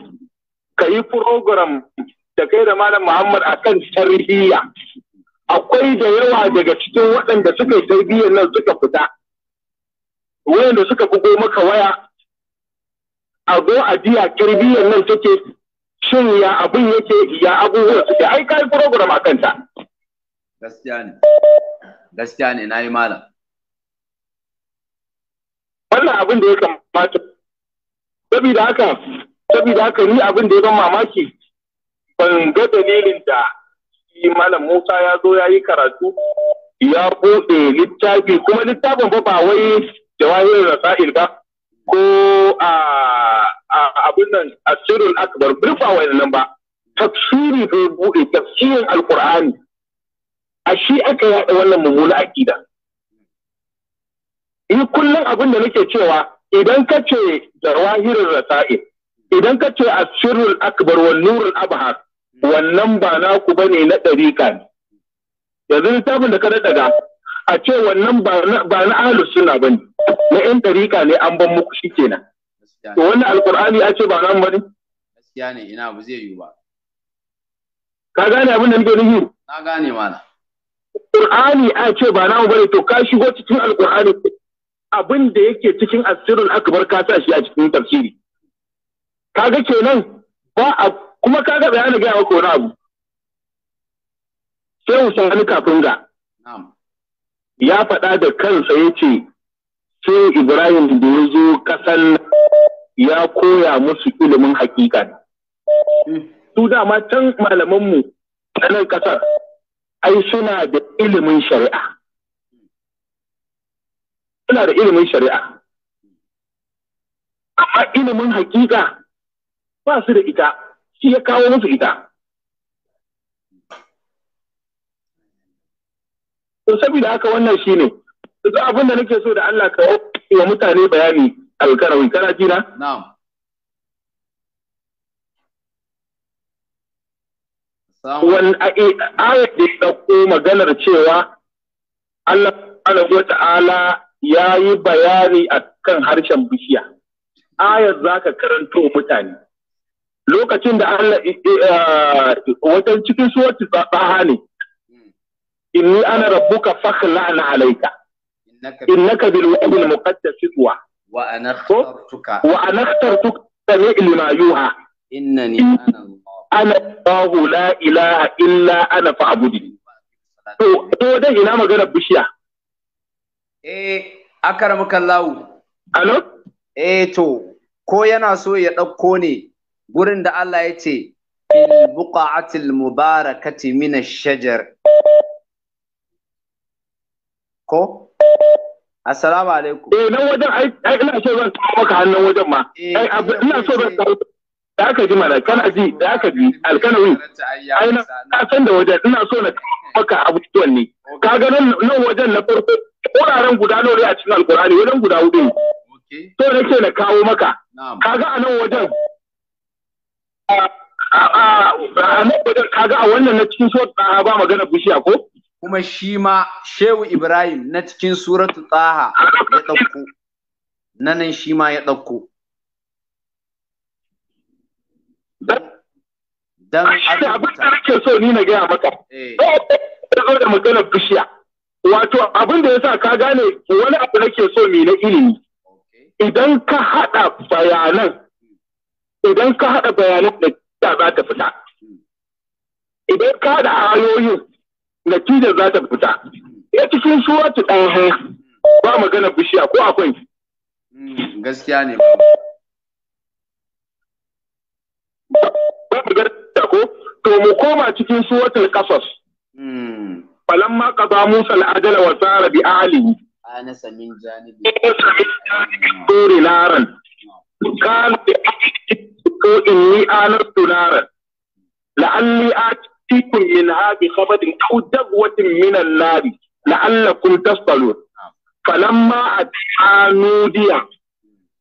ka yi program da kai da malam muhammad a kan tarbiyya akwai da yawa daga cikin waɗanda suka yi tarbiyyar nan suka fita wayanda suka bugo maka waya a zo a biya tarbiyyar nan take shin ya abin yake ya abubuwa suke ai kai program a kanta. gaskiya ne gaskiya ne na yi malam wannan abin da ya kamata saboda haka saboda haka ni abin da ya ban mamaki ban ga dalilin da shi malam Musa ya zo ya yi karatu ya buɗe littafi kuma littafin ba ba wai jawahirin rasa'il ba ko a abin nan asirul akbar birfa nan ba tafsiri zai buɗe tafsirin Alƙur'ani. a shi aka yaɗa wannan mummuna aƙida in kullum abin da nake cewa idan ka ce wahirin rasa'in, idan ka ce asirul akbar wa nurul abhar wannan ba naku ne na ɗarika ne yanzu littafin da ka daga a ce wannan ba na suna ba ne, na yan ɗarika ne an ban muku shi kenan. to wannan Alƙur'ani ya ce ba nan ne? gaskiya ne ina ba zai yiwu ba ka gane abin da nake nufi na gane mana Qur'ani a ce ba namu bane to ka shigo cikin Alqur'ani abin da yake cikin asirin akbar ka sa shi a cikin tafsiri kaga kenan ba a kuma kaga bayani ga maka wani abu sai Usman kafin ga ya faɗa da kansa yace sai Ibrahim da ya zo kasan ya koya musu ilimin hakika eh. su dama can malamanmu a nan kasar ai suna da ilimin shari'a suna da ilimin shari'a amma ilimin hakika ba su da ita shi ya kawo musu ita to saboda haka wannan shi shine abin da nake so da Allah ka wa mutane bayani alkarawi kana jina na'am Wani eh, ayat da ya ɗauko maganar cewa Allah subhanahu ta'ala ya yi bayani a kan harshen bishiya. Ayat za ka karanto mutane. Lokacin da Allah eh, eh, wajen cikin suwarci tsaha ne, hmm. inni ana rabbuka fakhla na alaika. Innaka bil wabil muqaddas fitwa. Wa ana akhtartuka. Wa ana akhtartuka sami'il ma yuha. Innani ana ana bahu la ilaha illa ana abudi to ko wajen ina magana bishiya eh akaramuka Kallawu. alo eh to ko yana so ya ɗauko ne gurin da Allah ya ce fil buqa'atil mubarakati min shajar ko assalamu alaikum eh nan wajen ai ina so zan kawo maka hannun wajen ma eh, ai ina so zan eh, eh. kawo da aka ji mana kana ji da aka ji alkanawi ai na san da wajen ina so na maka abubuwan ne ka ga nan wajen na farko wuraren guda nawa a cikin alkurani wajen guda hudu ne to ke na kawo maka ka ga a nan wajen a nan wajen ka ga a wannan na cikin so ba magana bishiya ko kuma shi ma shehu ibrahim na cikin suratu taha ya ɗauko na nan shi ma ya ɗauko dan abin da nake so ni na gaya maka eh. da zo da maganar bishiya wato abin da yasa ka gane wani abu nake so ni na ilimi idan ka haɗa bayanan idan ka haɗa bayanan da ta za ta fita hmm. idan ka haɗa ayoyin natijar za ta fita hmm. ya cikin suratu ɗaya ba magana bishiya ko akwai hmm, gaskiya ne ko to mu koma cikin suwatul qasas hmm. falamma qada musa al-ajala wa sara bi ahlihi anasa min janibi turi naran kan ko inni anastu naran la'alli atikum minha bi khabarin aw dagwatin min an-nar la'allakum tastalun ah. falamma atiha nudiya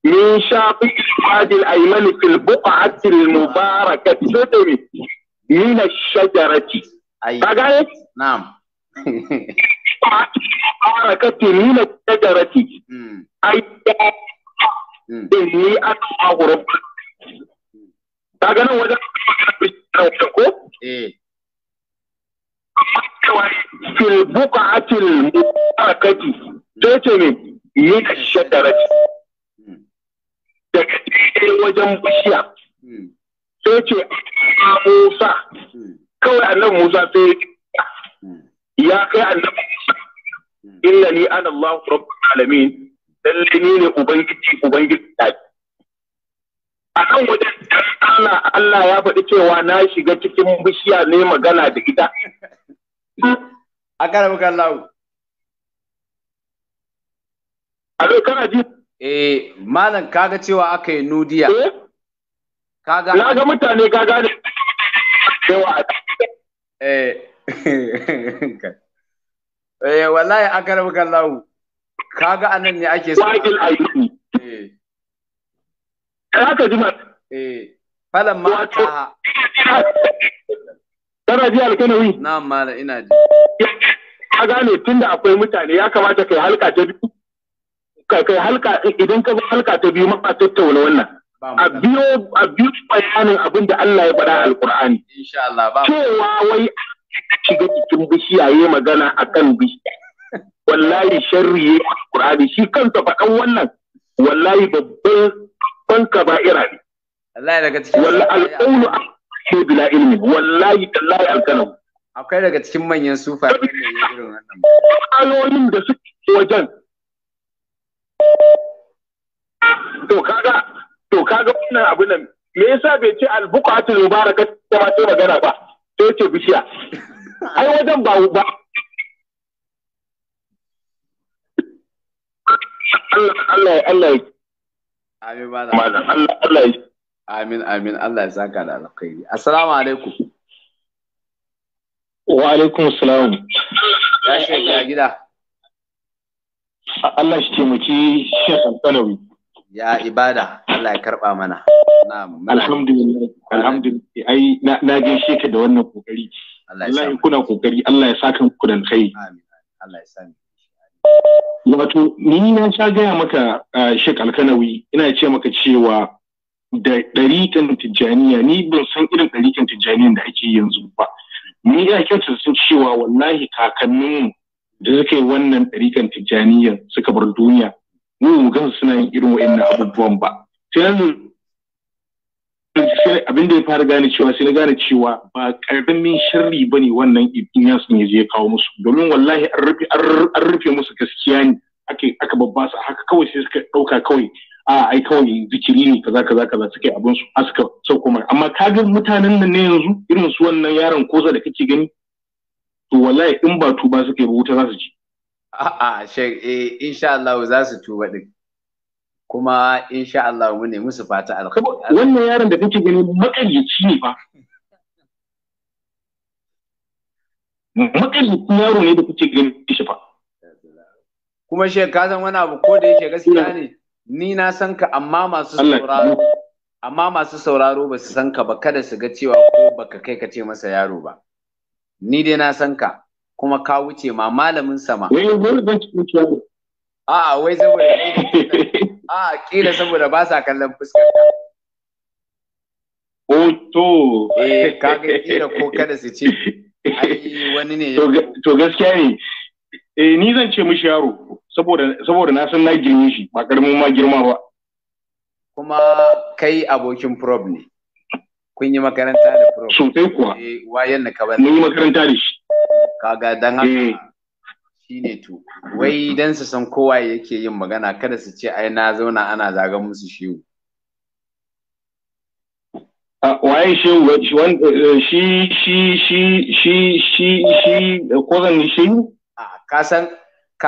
من شاطئ الوادي الأيمن في البقعة المباركة تدمي من الشجرة أيوة. نعم المباركة من الشجرة أي إني أدعو ربك kaga nan wajen rauta ko? fil buqatil mubarakati sai ce ne min shadarati da kai wajen bishiya hmm. sai ce ah, Musa hmm. kawai annan Musa sai ya hmm. kai annan Musa inna ni ana Allah rabbul alamin lalle ni ne ubangiji ubangiji ta a kan wajen dan Allah Allah ya faɗi cewa na shiga cikin bishiya ne magana da ita a muka Allah. a kana ji Eh, malam kaga cewa aka yi nudiya. Eh? Kaga Na ga mutane ka gane cewa eh eh wallahi akarbu kallahu kaga anan ne ake so eh haka jima eh falan ma ta Kana ji alkanawi? Na'am malam ina ji. Ka gane tunda akwai mutane ya kamata kai halka ta biyu kai halka idan ka bar halka ta biyu ma tattauna wannan a biyo a biyo bayanin abin da Allah ya faɗa alqur'ani insha Allah ba cewa wai shiga cikin bishiya yayi magana akan bishiya wallahi sharri yayi alqur'ani shi kansa faɗan wannan wallahi babban ban kaba'ira ne wallahi daga cikin wallahi al-qawlu shi bila ilmi wallahi tallahi alkalam akwai daga cikin manyan sufa ne irin wannan ayoyin da suke wajen to kaga to kaga wannan abu nan me yasa bai ce albuqatul mubarakat ta ba sai magana ba sai ce bishiya ai wajen ba ba Allah Allah amin ba Allah Allah amin amin Allah ya saka da alkhairi assalamu alaikum wa alaikum salam ya shiga gida Allah shi taimaki Sheikh Salawi. Ya ibada, Allah ya karba mana. Alhamdulillah, alhamdulillah. Ai na ji ka da wannan kokari. Allah ya kuna kokari, Allah ya saka ku da kai. Allah ya sani. Wato, ni na sha gaya maka Sheikh Alkanawi, ina ce maka cewa da ɗarikan tijjaniya ni ban san irin ɗarikan tijjaniyan da ake yanzu ba. Ni ya kyautar sun cewa wallahi kakanninmu da suka yi wannan ɗarikan tijjaniya suka bar duniya mu mu gansu suna yin irin wa'annan abubuwan ba sai abin da ya fara gane cewa sai na gane cewa ba karamin sharri ba ne wannan ibn yasin ya ya kawo musu domin wallahi an rufe musu gaskiya ne aka babba su haka kawai sai suka ɗauka kawai a ai kawai zikiri ne kaza kaza kaza suke abin su aska sau kuma amma kaga mutanen nan ne yanzu irin su wannan yaron koza da kake gani to wallahi in ba tuba suke, yi wuta za su ci. a'a shek eh insha Allah za su tuba din kuma insha Allah mu ne musu fata alkhairi wannan yaron da kake gani makayyaci ne fa makayyacin yaro ne da kake gani shi fa kuma shek ka san wani abu ko da yake gaskiya ne ni na san ka amma masu sauraro amma masu sauraro ba su san ka ba kada su ga cewa ko baka kai ka ce masa yaro ba ni dai na san ka kuma ka wuce ma malamin sama a wai saboda a kila saboda ba sa kallon fuskar oh, to eh ga kila ko kada su ce ai wani ne to gaskiya ne eh ni zan ce mishi yaro saboda saboda na san na girme shi ba karamin ma girma ba kuma kai abokin prob ne kun yi makaranta da prof Sun kai kuwa eh, wayan na kaban mun yi makaranta da shi kaga dan haka eh. shine to wai dan su san kowa yake yin magana kada su ce ai na zauna ana zagan musu shehu waye shehu shi eh, shi shi shi shi shi shi ko zan kozan shehu ka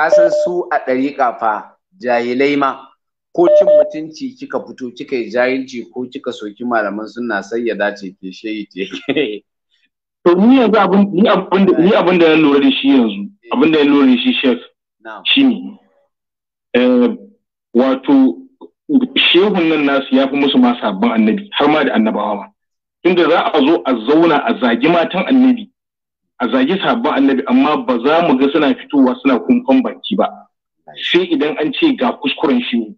san su a ɗariƙa fa jahilai ma ko cin mutunci kika fito kika yi jahilci ko kika soki malaman sunna sai ya dace ke shehi ke to ni yanzu abin ni abin da ni abin da na lura da shi yanzu eh. abin da na lura da shi chef shine eh wato shehun nan nasu ya fi musu ma sabon annabi har ma da annabawa ma tunda za a zo a zauna a zagi matan annabi a zagi sabon annabi amma ba za mu ga suna fitowa suna kumfan baki ba sai idan an ce ga kuskuren shi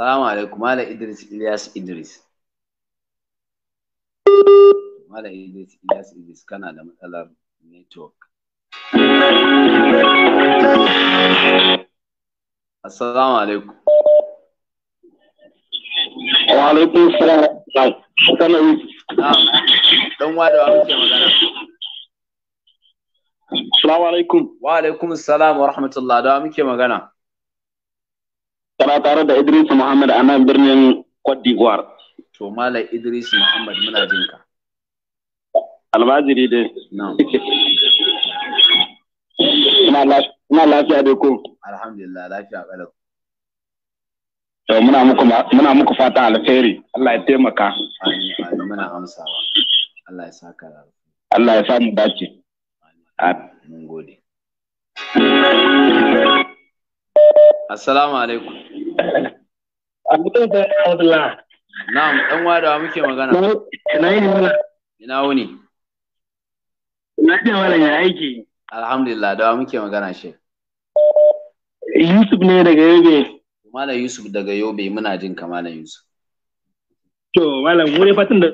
Assalamu alaikum, Malam Idris Ilyas Idris. Malam Idris Ilyas Idris kana da matsalar network. Assalamu alaikum. Wa alaikum salam. alaikum. Dan wa da muke magana. Assalamu alaikum. Wa alaikum salam wa rahmatullah. Da muke magana. Tara tare da Idris Muhammad a nan birnin Cote d'Ivoire. To Malam Idris Muhammad muna jin ka. Almajiri dai. Ina lafiya da ku. Alhamdulillah lafiya kalau. To muna muku muna muku fata alheri. Allah ya taimaka. Amin muna amsawa. Allah ya saka lafiya. Allah ya samu dace. Mun gode. Assalamu alaikum. Abdul Abdullah. Na'am, dan wadawa muke magana. Ina yi mana. Ina wuni. Na ce wani ya aiki. Alhamdulillah, wa muke magana shi. Yusuf ne daga Yobe. Malam Yusuf daga Yobe muna jin ka Malam Yusuf. To, Malam, wuri fatan da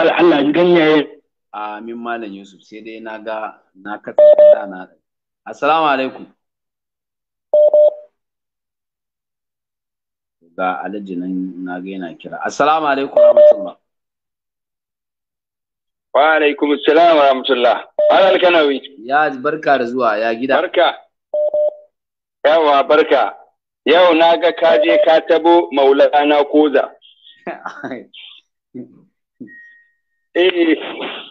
Allah ganyaye amin malam yusuf sai dai na ga na katsa dana assalamu alaikum ga alhaji nan na ga yana kira assalamu alaikum rahmatullah wa alaikum assalam wa rahmatullah alal kanawi ya barka da zuwa ya gida barka yawa barka yau na ga ka je ka tabo maulana koza eh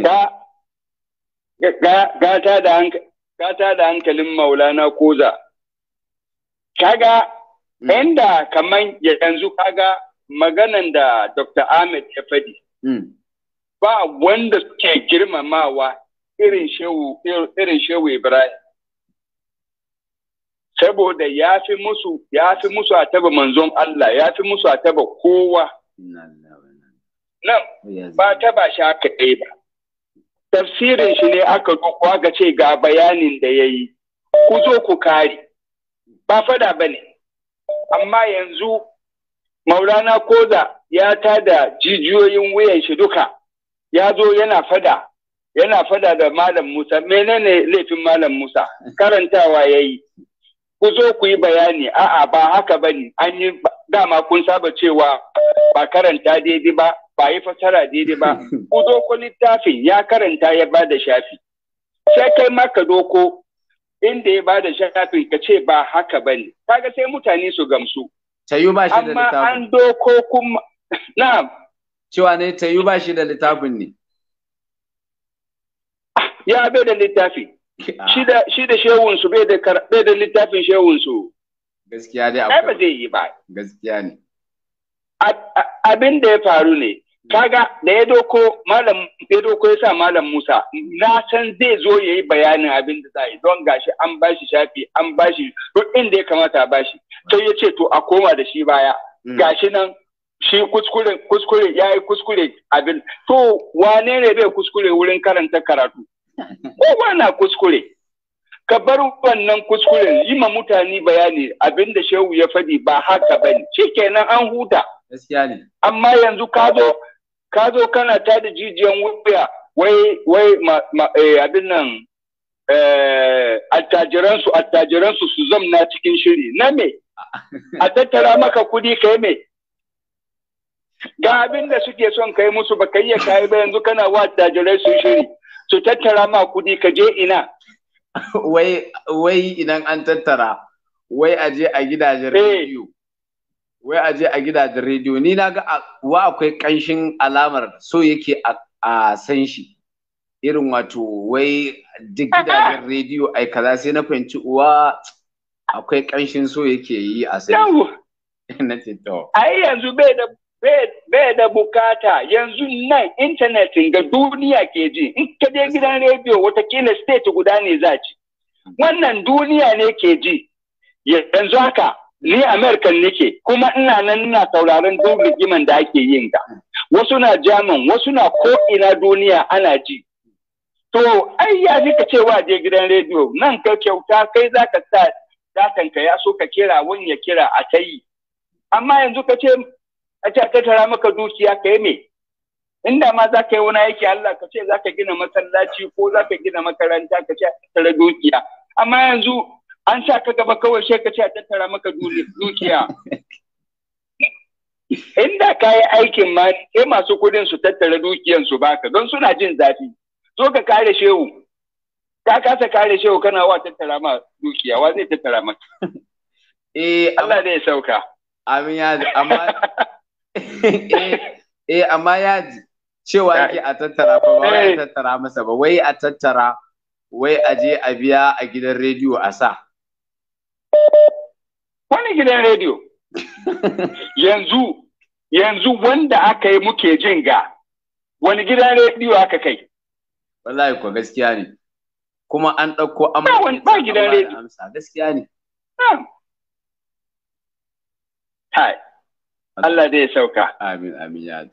Gata da hankalin maulana koza. Kaga, hmm. inda kaman yanzu kaga maganan da Dr. Ahmed ya fadi. Hmm. Ba wanda suke girmamawa irin shehu Ibrahim. Saboda ya fi musu, ya fi musu a taba manzon Allah, ya fi musu a taba kowa. Nan, ba taba shaka haka ɗaya ba. tafsirin shi ne aka doko ga ce ga bayanin da ya yi ku zo ku kari, ba fada ba ne amma yanzu maulana koza ya tada jijiyoyin wuyan shi duka ya zo yana fada yana fada da malam musa menene laifin malam musa karantawa ya yi ku zo ku yi bayani a'a ba haka ba ne an yi dama kun saba cewa ba karanta daidai ba ba yi fasara daidai ba ku zo ku littafin ya karanta ya ba da shafi sai kai maka doko inda ya ba da shafin ka ce ba haka ba ne kaga sai mutane su gamsu tayu ba shi da littafin amma an doko kuma na'am cewa ne tayu ba shi da littafin ne ya bai da littafi Ah. shi da bai da littafin shewunsu. gaskiya dai abu ba zai yi ba gaskiya ne abin da ya faru ne hmm. kaga da ya doko malam ya doko ya sa malam Musa na san zai zo ya yi bayanin abin da za yi don gashi an bashi shafi an bashi duk inda ya kamata a bashi sai ya ce to a koma da shi baya hmm. gashi nan shi kuskure kuskure ya yi kuskure abin to wane ne bai kuskure wurin karanta karatu Kowa na kuskure. Ka bar wannan kuskuren yi ma mutane bayani abinda shehu ya fadi ba haka ba ne. Shikenan an huta. Amma yanzu ka zo ka zo kana ta da jijiyan wuya wai wai eh, abin nan eh, attajiransu su zamna cikin shiri na me a tattara maka kudi kai me ga abin da suke son kai musu ba kai ya kai ba yanzu kana wa attajirai su shiri su tattara ma kuɗi ka je ina wai idan an tattara wai a je a gidajen eh. rediyo wai a je a gidajen rediyo ni na ga wa akwai ƙanshin alamar so yake a san shi irin wato wai duk gidajen rediyo ai kaza sai na fahimci wa akwai ƙanshin so yake yi a san shi ai yanzu bai da bai da bukata yanzu nan intanet ga duniya ke ji in ka je gidan rediyo watakila state guda ne za ci wannan duniya ne ke ji yanzu haka ni american nake kuma ina nan ina sauraron duk rigiman da ake yin ga wasu na german wasu na ko ina duniya ana ji to ai ya ji ka cewa je gidan rediyo nan ka kyauta kai za ka sa datanka ya so ka kira wani ya kira a ta yi amma yanzu ka ce a ce tattara maka dukiya ka yi me inda ma za ka yi wani aiki Allah ka ce za ka gina masallaci ko za ka gina makaranta ka ce tattara dukiya amma yanzu an sa ka gaba kawai sai ka ce tattara maka dukiya inda ka yi aikin ma sai masu kudin su tattara dukiyan su baka don suna jin zafi zo ka kare shehu ka kasa kare shehu kana wa tattara ma dukiya wa zai tattara maka eh Allah ne ya sauka amin ya amma Eh, eh amma ya ji cewa yake a tattara ba wai a eh. tattara masa ba wai a tattara wai a je a biya a gidan rediyo a sa wani gidan rediyo yanzu yanzu wanda aka yi muke jin ga wani gidan rediyo aka kai wallahi ko gaskiya ne kuma an ɗauko an ba gidan rediyo gaskiya ne ah. Hai. Allah dai ya sauka. Amin amin ya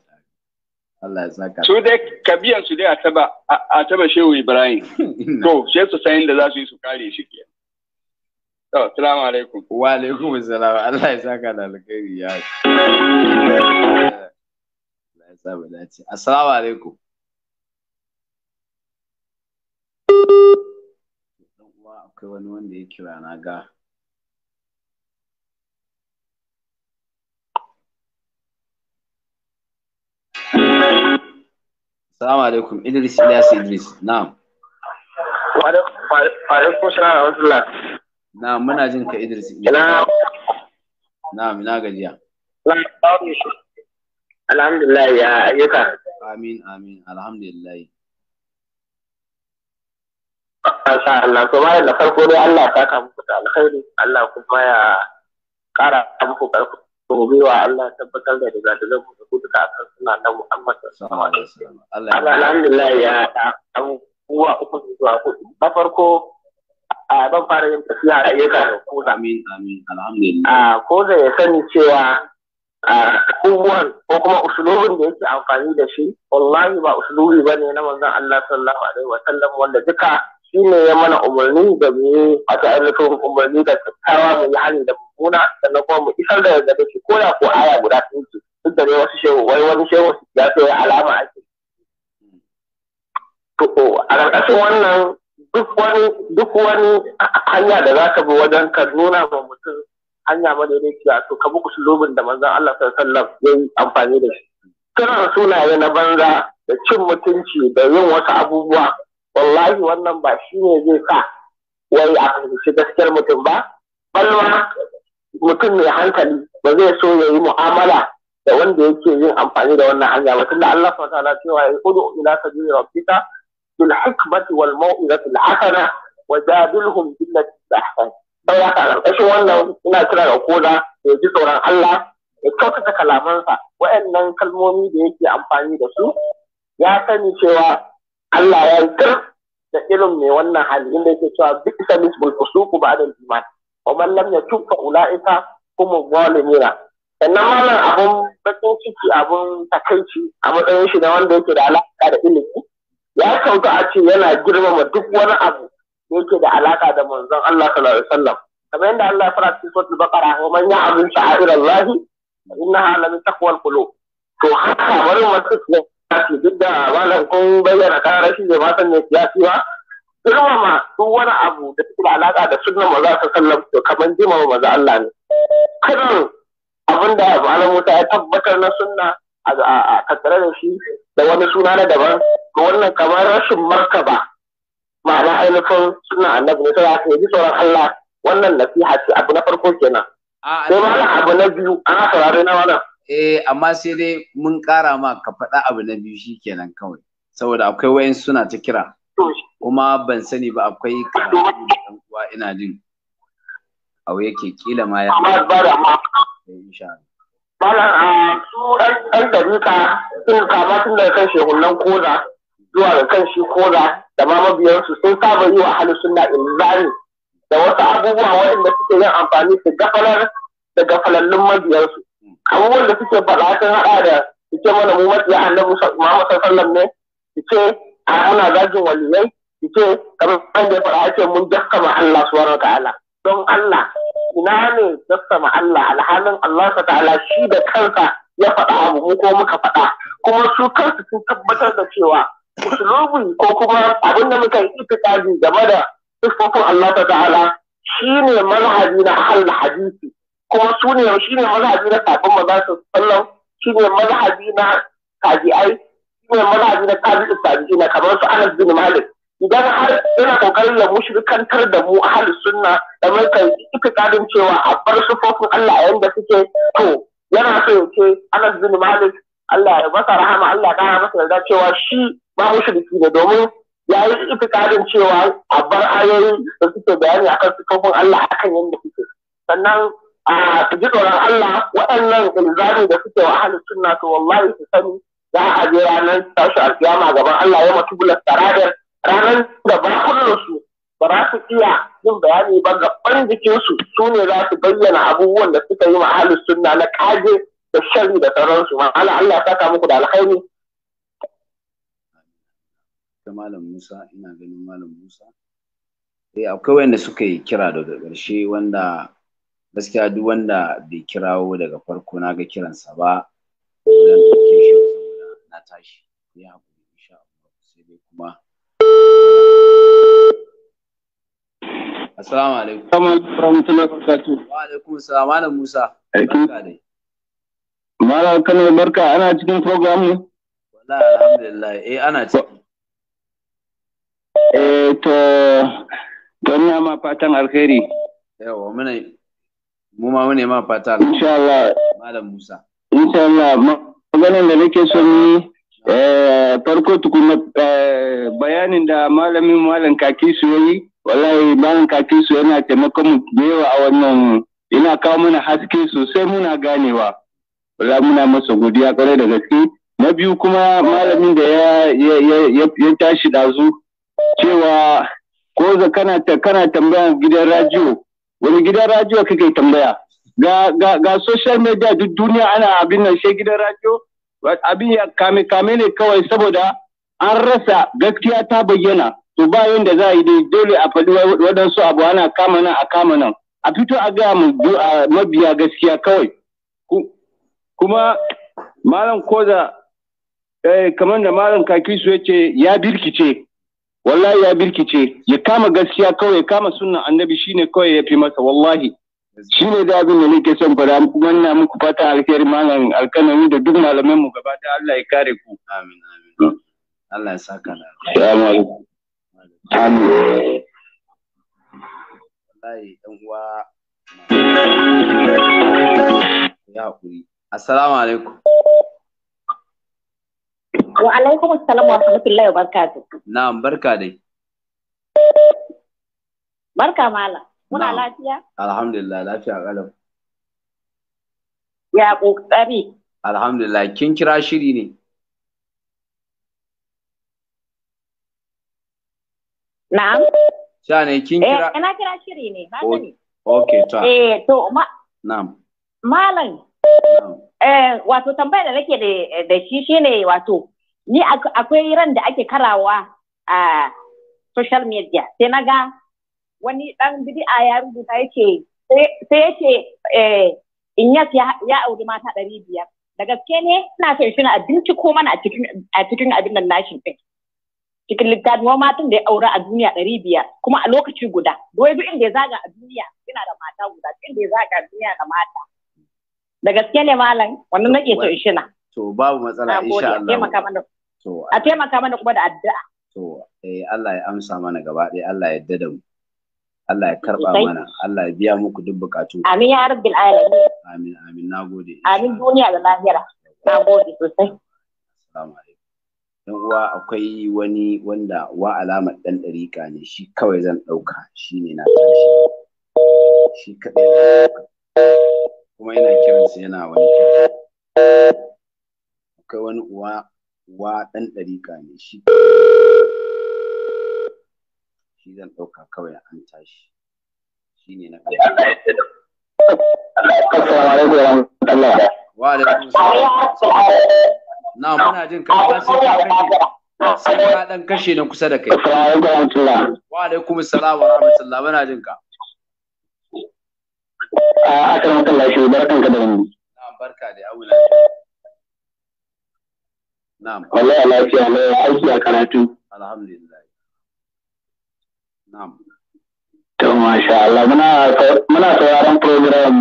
Allah ya saka. Su dai kabiyan su dai a taba a taba Shehu Ibrahim. To sai su san da za su yi su kare shi ke. To salamu alaikum. Wa alaikum assalam. Allah ya saka da alkhairi ya. Allah ya saba dace. Assalamu alaikum. Dan uwa akwai wani wanda ya kira na ga Salamu alaikum Idris Ilyas Idris. Na'am. Na'am muna jin ka Idris Na'am ina gajiya. Alhamdulillah ya ayyuka. Amin amin alhamdulillah. Allah da farko dai Allah ta da alkhairi Allah kuma ya kara muku gobe wa Allah tabbatar da daga da zamu da duka akan suna na Muhammad sallallahu alaihi wasallam Allah alhamdulillah ya abubuwa uku zuwa hudu na farko a ban fara yin tafiya a ayyuka da ku amin amin alhamdulillah a ko da ya sani cewa abubuwan ko kuma usulubin da yake amfani da shi wallahi ba usulubi bane na manzon Allah sallallahu alaihi wasallam wanda duka shine ya mana umarni da mu wata ainihin umarni da kyakkyawa mu yi hali da mu Kuna sannan kuma mu isar da yadda take ko da ko aya guda sun su duk da ne wasu shehu wai wani shehu ya so ya alama ake to a ƙarƙashin wannan duk wani duk wani hanya da za ka bi wajen ka nuna ma mutum hanya madaidaiciya to ka bi lobin da manzon Allah sallallahu alaihi wasallam yi amfani da shi kiran sunaye na banza da cin mutunci da yin wasu abubuwa wallahi wannan ba shi ne zai sa wai a fahimci gaskiyar mutum ba balma mutum mai hankali ba zai so ya yi mu'amala da wanda yake yin amfani da wannan hanya ba tunda Allah subhanahu wa ta'ala cewa ya kudu ila sabili rabbika bil hikmati wal mau'izati al hasana wa jadilhum lati ahsan sai ya karkashin wannan ina kira ga koda ya ji tsoron Allah ya kyautata kalamansa waɗannan kalmomi da yake amfani da su ya sani cewa Allah ya yi da irin mai wannan hali inda yake cewa bisa misbul usuku ba'da iman wa ya lam yatub fa ulaika hum zalimuna sannan wannan abun bakin ciki abun takaici a matsayin shi na wanda yake da alaka da ilimi ya kyauta a ce yana girmama duk wani abu da yake da alaka da manzon Allah sallallahu alaihi wasallam kamar yadda Allah ya fara cikin suratul baqara wa man ya'mal sha'airallahi fa innaha la taqwal qulub to haka bari mu tsaya duk da malam kun bayyana karashin da ba san ne siyasi ba girmama duk wani abu da suke da alaƙa da sunan maza ta sallam to kamar girmama maza Allah ne kan abin da malam wuta ya tabbatar na sunna a tattare da shi da wani suna na daban ga wannan kamar rashin martaba ma'ana ainihin suna annabi ne sai ya ji sauran Allah wannan nasiha ce abu na farko kenan sai malam abu na biyu ana saurari na wannan eh amma sai dai mun ƙara ma ka faɗa abu na biyu shi kenan kawai saboda akwai wayan suna ta kira kuma ban sani ba akwai karatu da ɗan uwa ina jin awo yake kila ma ya eh, ah, su ɗan ɗarika sun kama tun daga kan shehunan koda, zuwa ga kan shi koda da ma biyarsu, sun saba yi wa halin suna inzari da wasu abubuwa waɗanda suke yin amfani su gafalar da gafalallun mabiyansu abubuwan da suke faɗa sun haɗa da su ce mana mu matsiya annabi ne su ce ana zagin waliyai ce kamar da ya faɗa ake mun jakkama Allah subhanahu ta'ala don Allah ina ne jakkama Allah alhalin Allah ta'ala shi da kansa ya faɗa abu mu ko muka faɗa kuma su kansu sun tabbatar da cewa musulmi ko kuma abin da muka yi itikadi game da siffofin Allah ta'ala shi ne manhaji na ahal hadisi kuma su ne shi ne manhaji na sabon maza su shi ne manhaji na tabi'ai ne mazaji na tabi'u na kamar su Anas bin Malik idan har yana kokarin ya mushrikantar da mu ahli sunna da mai kai itikadin cewa a bar sufofin Allah a yanda suke to yana so ya ce Anas bin Malik Allah ya masa rahama Allah ya masa yarda cewa shi ba mushriki ne domin ya yi itikadin cewa a bar ayoyi da suke bayani akan sufofin Allah akan yanda suke sannan a ji tsoron Allah waɗannan ilzami da suke wa ahli sunna to wallahi su sani za a je ranar tashi alkiyama gaban Allah ya mutu bulan saradar ranar da bakunan su ba za su iya yin bayani ba gaban jikinsu su ne za su bayyana abubuwan da suka yi mahalin sunna na kaje da shari da sauransu ma'ala Allah ya saka muku da alkhairi da malam Musa ina ganin malam Musa eh akwai wanda suka yi kira daga ƙarshe wanda gaskiya duk wanda bai kirawo daga farko na ga kiransa ba na tashi ya haƙuri insha Allah sai dai kuma Assalamu alaikum. Assalamu alaikum warahmatullahi wabarakatuh. Wa alaikum assalam Malam Musa. Barka dai. Malam Kano barka ana cikin program ne? Wallahi alhamdulillah eh ana ciki. Eh to don ya ma fatan alkhairi. Yawa muna mu ma muna ma fatan. Insha Allah. Malam Musa. Insha Allah maganin da nake son yi eh, farko tukuna eh, bayanin da malamin malam kaki su yi wallahi malam kaki su yana taimakon mu da yawa a wannan yana kawo mana haske sosai muna ganewa Wala muna masa godiya kwarai da gaske na biyu kuma malamin da ya tashi dazu cewa ko kana tambayan gidan rajiyo wani gidan rajiyo kake tambaya ga ga ga social media duk duniya ana abin nan sai gidan radio abin ya kame kame ne kawai saboda an rasa gaskiya ta bayyana to ba yanda za a yi dai dole a faɗi waɗansu abu ana kama nan a kama nan a fito a ga mu mabiya gaskiya kawai kuma malam koza eh, kamar da malam kakisu ya ce ya birkice wallahi ya birkice ya kama gaskiya kawai ya kama sunan annabi shine kawai ya fi masa wallahi shi ne da abin da nake son fara wannan muku fata alheri malam alkanami da duk malamai mu gaba da Allah ya kare ku amin amin Allah ya saka na assalamu alaikum amin wallahi dan uwa ya hakuri assalamu alaikum wa alaikum assalam wa rahmatullahi wa barakatuh na'am barka dai barka malam Muna lafiya? Alhamdulillah lafiya ƙalam. Ya ƙoƙari. Alhamdulillah kin kira shiri ne. Na'am. Sha ne kin kira? Eh, ina kira shiri ne, ba sani. Okay, ta. Eh, to ma Na'am. Malam. Eh, wato tambayar da nake da shi shine wato ni akwai ran da ake karawa a social media sai na ga wani dan bid'a ya rubuta yake sai yake eh, in ya auri mata ɗari biyar da gaske ne ina son shi na abinci ko mana a cikin abin nan nashin ɗin cikin littafin wa matan da ya aura a duniya ɗari biyar kuma a lokaci guda dole duk inda ya zaga a duniya yana da mata guda duk inda ya zaga a duniya da mata da gaske ne malam wannan nake so shi na to babu matsala insha Allah a taimaka mana kuma da addu'a to eh Allah ya amsa mana gaba ɗaya Allah ya yarda da mu Allah ya karba mana Allah ya biya muku duk bukatu amin ya rabbil alamin amin amin nagode amin duniya da lahira nagode sosai assalamu alaikum dan uwa akwai wani wanda wa alamar dan dariƙa ne shi kawai zan dauka shine na tashi shi kadai kuma yana kiransa yana wani kira akwai wani uwa wa dan dariƙa ne shi shi zan ɗauka kawai an tashi shi ne na na muna jin kai sai kashe na kusa da kai wa alaikum salam wa rahmatullah muna jin ka a da na barka da aula lafiya na aiki a karatu alhamdulillah To masha Allah muna sauraron program.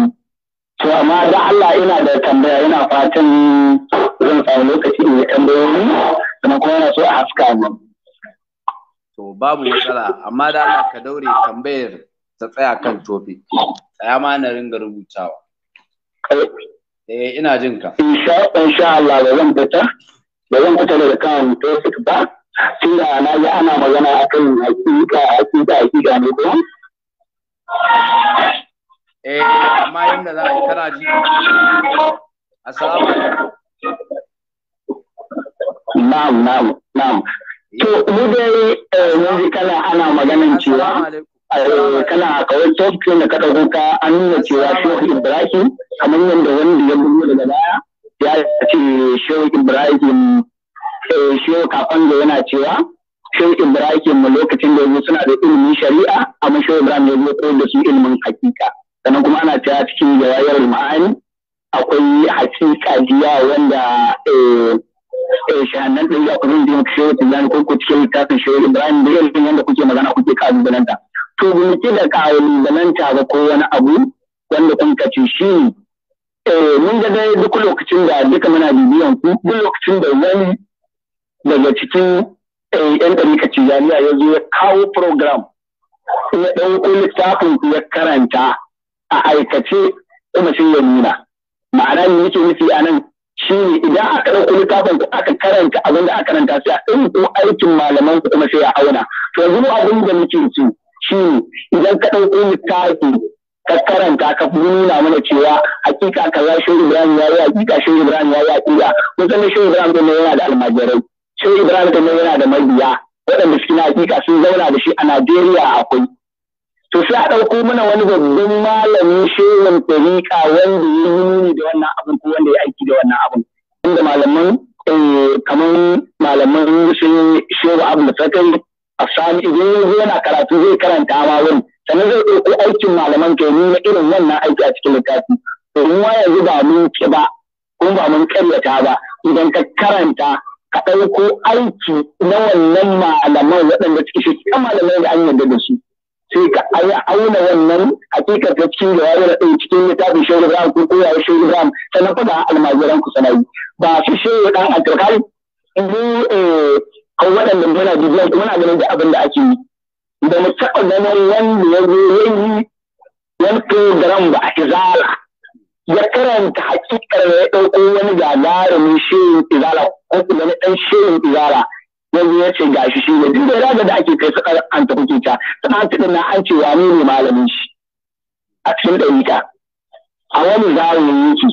To amma da Allah ina da tambaya ina fatan zan samu lokaci in yi tambayoyi kuma kuma yana so a haska mu. To babu matsala amma da Allah ka daure tambayar ta tsaya kan topic. Tsaya ma na ringa rubutawa. Eh ina jin ka. Insha Allah ba zan fita ba zan fita daga kan topic ba. tunda na ji ana magana a kan hakika hakika hakika ne ko eh amma yanda za a yi kana ji assalamu alaikum na'am na'am na'am to mu dai yanzu eh, kana ana maganin cewa eh, kana kawai talk da ka dauko ka an nuna cewa Shehu Ibrahim kamar yadda wanda ya gudu daga baya ya ce Shehu Ibrahim Eh, shiwo kafin da yana cewa shehu ibrahim mu lokacin da yanzu suna da ilimin shari'a amma shehu ibrahim ya zo koyar da su ilimin hakika sannan kuma ana cewa cikin jawayar ma'ani akwai hakika jiya wanda eh, eh, shahannan ɗin ya kuma da yanku shiwo tijjani ko ko cikin littafin shiwo ibrahim da ilimin yadda kuke magana kuke da nanta to ba mu ki da nanta ba ko wani abu wanda kun kace shi mun ga dai duk lokacin da duka muna bibiyan ku duk lokacin da wani daga cikin eh, yan ce jami'a ya zo ya kawo program ya ɗauko littafin ya karanta a aikace kuma sai ya nuna ma'ana ne yake nufi a nan shi ne idan aka ɗauko littafin ku aka karanta abin da aka karanta sai a ɗauko aikin malaman ku kuma sai a auna to yanzu abin da muke ci shi ne idan ka ɗauko littafi ka karanta ka nuna mana cewa hakika kaza shehu ibrahim ya yi hakika shehu ibrahim ya yi hakika kun san shehu ibrahim ne yana da almajirai Shehu Ibrahim Taimiyya yana da mabiya waɗanda suke na hakika sun zauna da shi a Najeriya akwai. To sai a ɗauko mana wani babban malami shehun ɗariƙa wanda ya yi nuni da wannan abin ko wanda ya aiki da wannan abin. Wanda malaman eh, kamar malaman sun shehu abu sakari a sami idan yana karatu zai karanta ma wani. sannan zai ɗauko aikin malaman ya nuna irin wannan aiki a cikin littafi. To mu yanzu ba mun ba kuma ba mun karyata ba idan ka karanta ka ɗauko aiki na wannan malaman waɗanda suke shi kan malamai da an yarda da su sai ka auna wannan hakikar ta cikin da da ɗaya cikin littafin shehu ram ko koyawa shehu ibrahim sannan faɗa almajiran ku sanayi ba su shehu ɗan alkalkal mu eh, kan waɗanda muna kuma muna ganin da abin da ake yi da mu taɓa ganin wanda ya zo yayi wani program ba a izala ya karanta hakikar ya ɗauko wani gagarumin shirin izala ko kuma na ɗan shirin izala yanzu ya ce ga shi ne duk da raga da ake kai sakar an tafi suna sannan tuɗin na an ce wa ne malamin shi a cikin ɗarika a wani zawon yake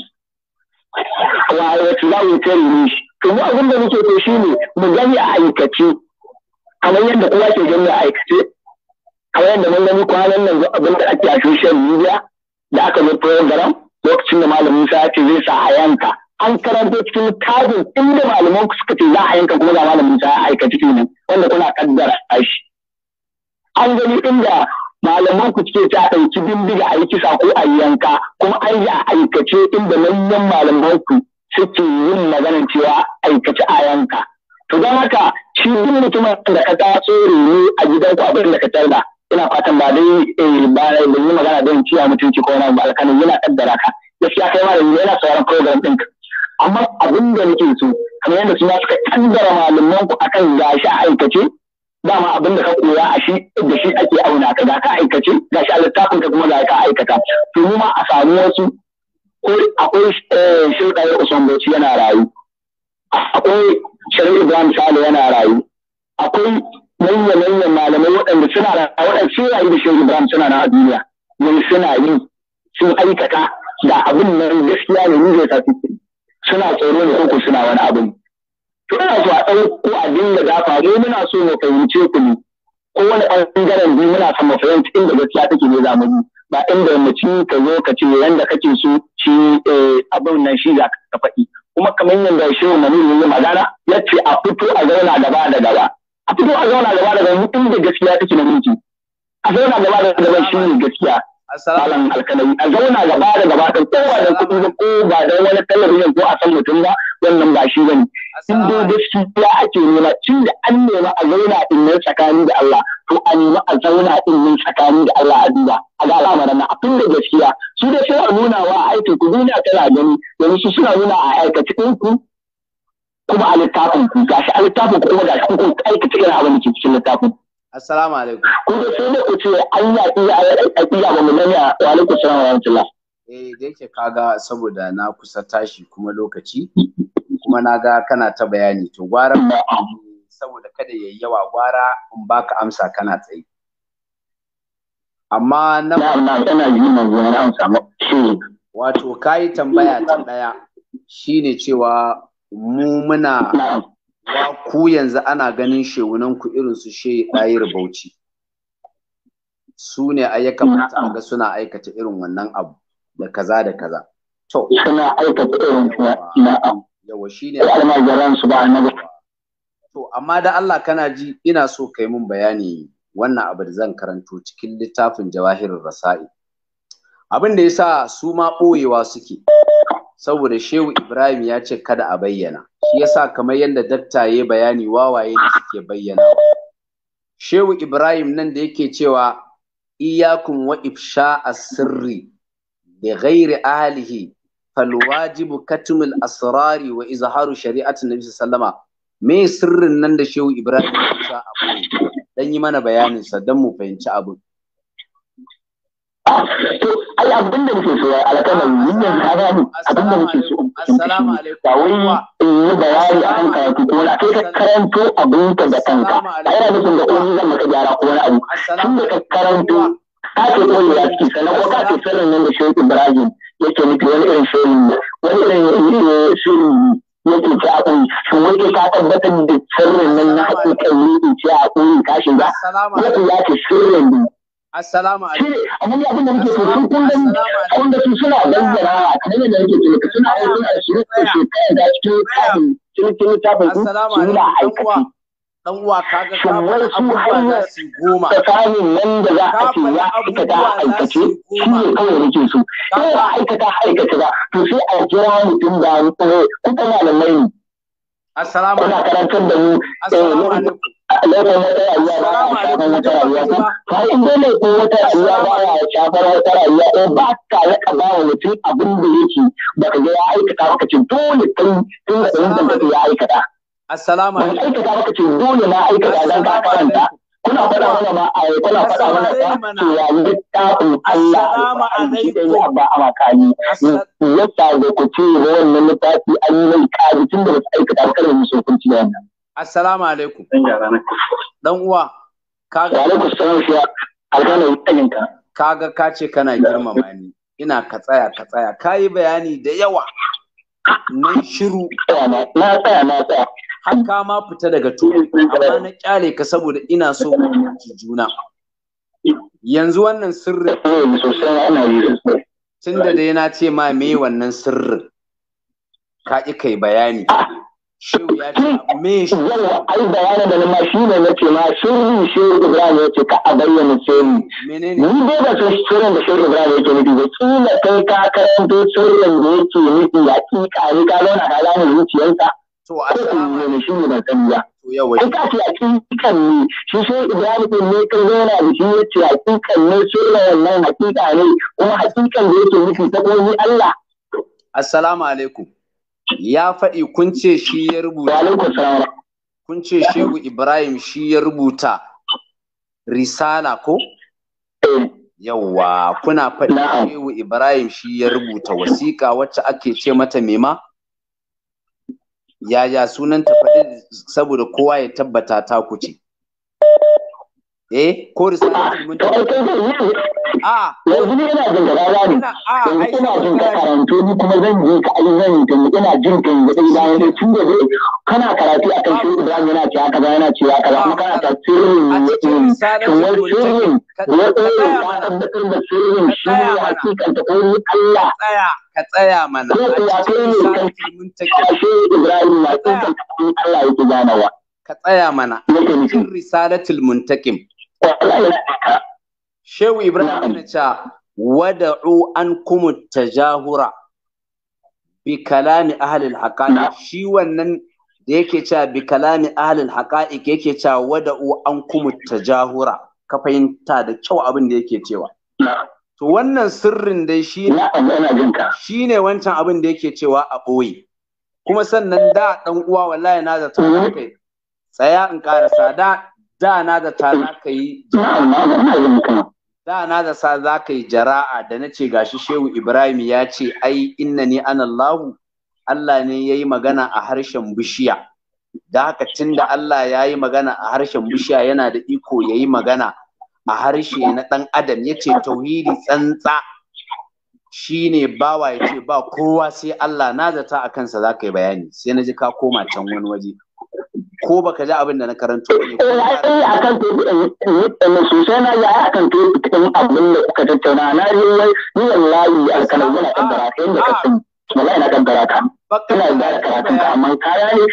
wa wata zawon ta rene shi to mu abin da muke to shi ne mu gani a aikace kamar yadda kowa ke gani a aikace kamar yadda mun gani kwanan nan abin da ake a social media da aka zo program lokacin da malamin sa ya ce zai sa a yanka an karanto cikin kajin inda malaman suka ce za a yanka kuma ga malamin sa ya aika cikin wanda kuna kaddara shi an gani inda malaman ku suke ta ɗauki bindiga a yi ko a yanka kuma an yi a aikace inda manyan malaman ku suke yin maganar cewa aikace a yanka to don haka shi duk mutumin da ka tsoro ne a gidan ku abin da ka tarda ina fatan ba dai eh, ba da yi magana don ciya mutunci ko wani alkanu yana kaddara ka gaskiya kai malami yana sauran program ɗin, amma abin da nake so kamar yadda suna suka kaddara malaman ku akan gashi a aikace dama abin da ka koya a shi da shi ake auna ka ga ka aikace gashi a littafin ka kuma ga ka aikata to mu ma a samu wasu ko akwai eh, shirɗaye Usman Bauchi yana rayu akwai Sharif Ibrahim Sale yana rayu akwai manya-manyan malamai waɗanda suna a waɗanda sun yayi da shehu ibrahim suna na duniya yanzu suna yi sun aikata da abin nan gaskiya ne ni zai tafi suna tsoro ne ko suna wani abu to ina so a ɗauko a dinga gafa muna so mu fahimce ku ne Ko wani ɓangaren biyu muna son mu fahimci inda gaskiya take ne zamu yi ba inda mutum ka zo ka ce yanda kake so shi eh, abin nan shi za ka faɗi kuma kamar yanda shehu mamuru ya magana ya ce a fito a zauna gaba da gaba a fito a zauna gaba da gaba da gaskiya take na miji a zauna gaba da gaba shi ne gaskiya malam alkalami a zauna gaba da gaba da kowa da kuɗi ba ko ba da wani talabijin ko a san mutum ba wannan ba shi bane in dai gaskiya ake nema tun da an nema a zauna in ne tsakani da Allah to a nema a zauna in ne tsakani da Allah a duba a ga al'amarin nan tun da gaskiya su da sai a nuna wa aikin ku duniya tana gani yanzu su suna nuna a aikace ku kuma a littafin ku gashi a littafin ku kuma shi kun aika cikin abin da ke cikin littafin assalamu alaikum ku da sai ne ku ce Allah iya iya ba mu ya wa alaikum salam wa rahmatullah eh da yake kaga saboda na kusa tashi kuma lokaci kuma na ga kana ta bayani to gwara saboda kada ya yi yawa gwara in baka amsa kana tsaye amma na ina yi manzo na amsa wato yi tambaya ta daya shine cewa mu muna wa ku yanzu ana ganin shewunan ku irin su she ɗayir bauchi su ne a ya kamata ga suna aikata irin wannan abu da kaza da kaza to suna aikata irin na'am yawa shine garan su ba annabi to amma da Allah kana ji ina so kai mun bayani wannan abu da zan karanto cikin littafin jawahirin rasa'i abin da yasa su ma ɓoyewa suke saboda shehu ibrahim ya ce kada a bayyana shi yasa kamar yadda dakta ya bayani wawaye da suke bayyana shehu ibrahim nan da yake cewa iyakun wa ifsha asirri da ghairi ahlihi fal wajibu katmul asrari wa izharu shari'ati nabi sallama me sirrin nan da shehu ibrahim ya sa abu dan yi mana bayanin sa dan mu fahimci abin to ai abin da nake so alƙalar yin yanzu ka gani abin da nake so in fahimci ba wai in yi bayani a kan karatu ko na kai ka karanto abin ka da kanka a ina nufin da ƙoyi zan maka gyara ko wani abu tun da ka karanto ka ce ƙoyi ya ciki sannan ko ka ce sanin nan da shehu ibrahim yake nufi wani irin shirin shehu wani irin shehu yake ci a ƙuri shin wai ka tabbatar da sirrin nan na haƙiƙan ne ce a ƙuri ka shiga wani ya ce sirrin ne Assalamu alaikum. Amma abin da muke so kun da kun da suna bayyana kamar da nake so suna aiki a shirin su kai da cikin cikin littafin su suna aiki. Dan uwa ka wani abubuwa za su goma. nan da za a ce ya aikata aikace shi ne kawai nake so. ya aikata aikata ba to sai a jira mutum da ko eh, kuka malamai. Assalamu alaikum. Kuna karantar da mu. Eh, Assalamu alaikum. laifin wata rayuwa ba a shafar ko wata rayuwa ba ya shafar wata rayuwa ko ba ka raka ba wa mutum abin da yake ba ka ga ya aikata maka ka ce dole kai tun da tsarin da ya aikata. Assalamu alaikum. Ban aikata ba ka ce dole na aikata don ka karanta. Kuna faɗa mana ma a yi kuna faɗa mana ta cewa littafin Allah shi da ya ba a makani. Yadda da ku ce wannan littafi an yi mai kaji tun da ba su aikata ba kada mu so kun da wannan. Assalamu alaikum. Dan uwa, kaga alaikum salam shi Kaga ka ce kana girmama ni. Ina ka tsaya ka tsaya. Ka yi bayani da yawa. Na shiru. Na tsaya na tsaya. Har ka ma fita daga tudu amma na kyale ka saboda ina so mu juna. Yanzu wannan sirrin. Tunda dai na ce ma me wannan sirrin. Ka ƙi kai bayani. Shehu ya ce me Yawa ai bayanin da ma shi ne na nace ma sirri Shehu Ibrahim ya ce ka a bayyana sirri. Menene? Ni dai ba san sirrin da Shehu Ibrahim yake nufi ba. Kila kai ka karanto sirrin da yake nufi ya kika ne ka zauna ka gane zuciyarsa. To a ne shi ne ban sani ba. yawa in ka ce hakikan ne shi sai ibrahim din ne kan zauna da shi ya ce hakikan ne sai na wannan hakika ne kuma hakikan da ya yake nufi ta kuma Allah assalamu alaikum ya faɗi kun ce shi ya rubuta kun ce shehu ibrahim shi ya rubuta risala ko eh. yawwa kuna faɗi shehu ibrahim shi ya rubuta wasiƙa wacce ake ce mata mema yaya sunanta faɗi saboda kowa ya tabbata ta ku ce. eh ko risalatul yi a yanzu ina jin gaba ne ina jin ka ni kuma zan je ka ai zan ina jin da ne tun da kana karatu akan shi Ibrahim yana yana cewa kuma kana tafsirin ne da shirin shi ne hakikan ta kai Allah tsaya ka tsaya mana ko ya kai ne kan shi Ibrahim na ka tsaya mana cikin risalatul muntakim Shehu Ibrahim ta wada'u an kuma tajahura bi kalami ahalil haƙa'i shi wannan da yake cewa bi kalami ahalil haƙa'i yake cewa wada'u an kuma tajahura ka fahimta da kyau abin da yake cewa to wannan sirrin dai shi shi ne wancan abin da yake cewa a ɓoye kuma sannan da ɗan uwa wallahi na zata kai mm-hmm. tsaya in ƙarasa da dana da ta za ka yi dana da sa za yi jara'a da na ce gashi shehu ibrahim ya ce ai inna ni anallahu allah ne ya yi magana a harshen bishiya da haka tunda allah ya yi magana a harshen bishiya yana da iko ya yi magana a harshe na ɗan adam ya ce tauhidi tsantsa shi ne bawa ya ce ba kowa sai allah na zata a kansa za ka yi bayani sai na ji ka koma can wani waje ko baka ji abin da na karanto ne ko eh, a eh, kan eh, sosai na ji a kan cikin abin da kuka tattauna na yi wai ni wallahi a kan ah, da kan ka yadda ka san wallahi na kan barata ina da karatun ka amma kaya ne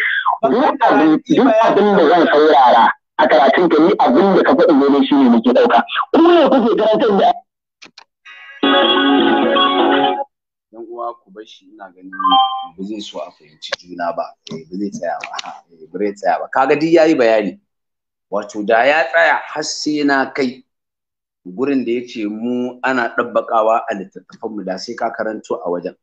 duk abin da zan saurara a karatun ka ni abin da ka faɗi gani shi ne muke ɗauka kuma ya kuke karatun da yan uwa ku bar shi ina ganin ba zai so a fahimci juna ba eh, ba zai tsaya ba eh, ba zai tsaya ba kaga duk yayi bayani wato da ya tsaya har sai na kai gurin da yace mu ana ɗabbakawa a littattafan mu da sai ka karanto a wajen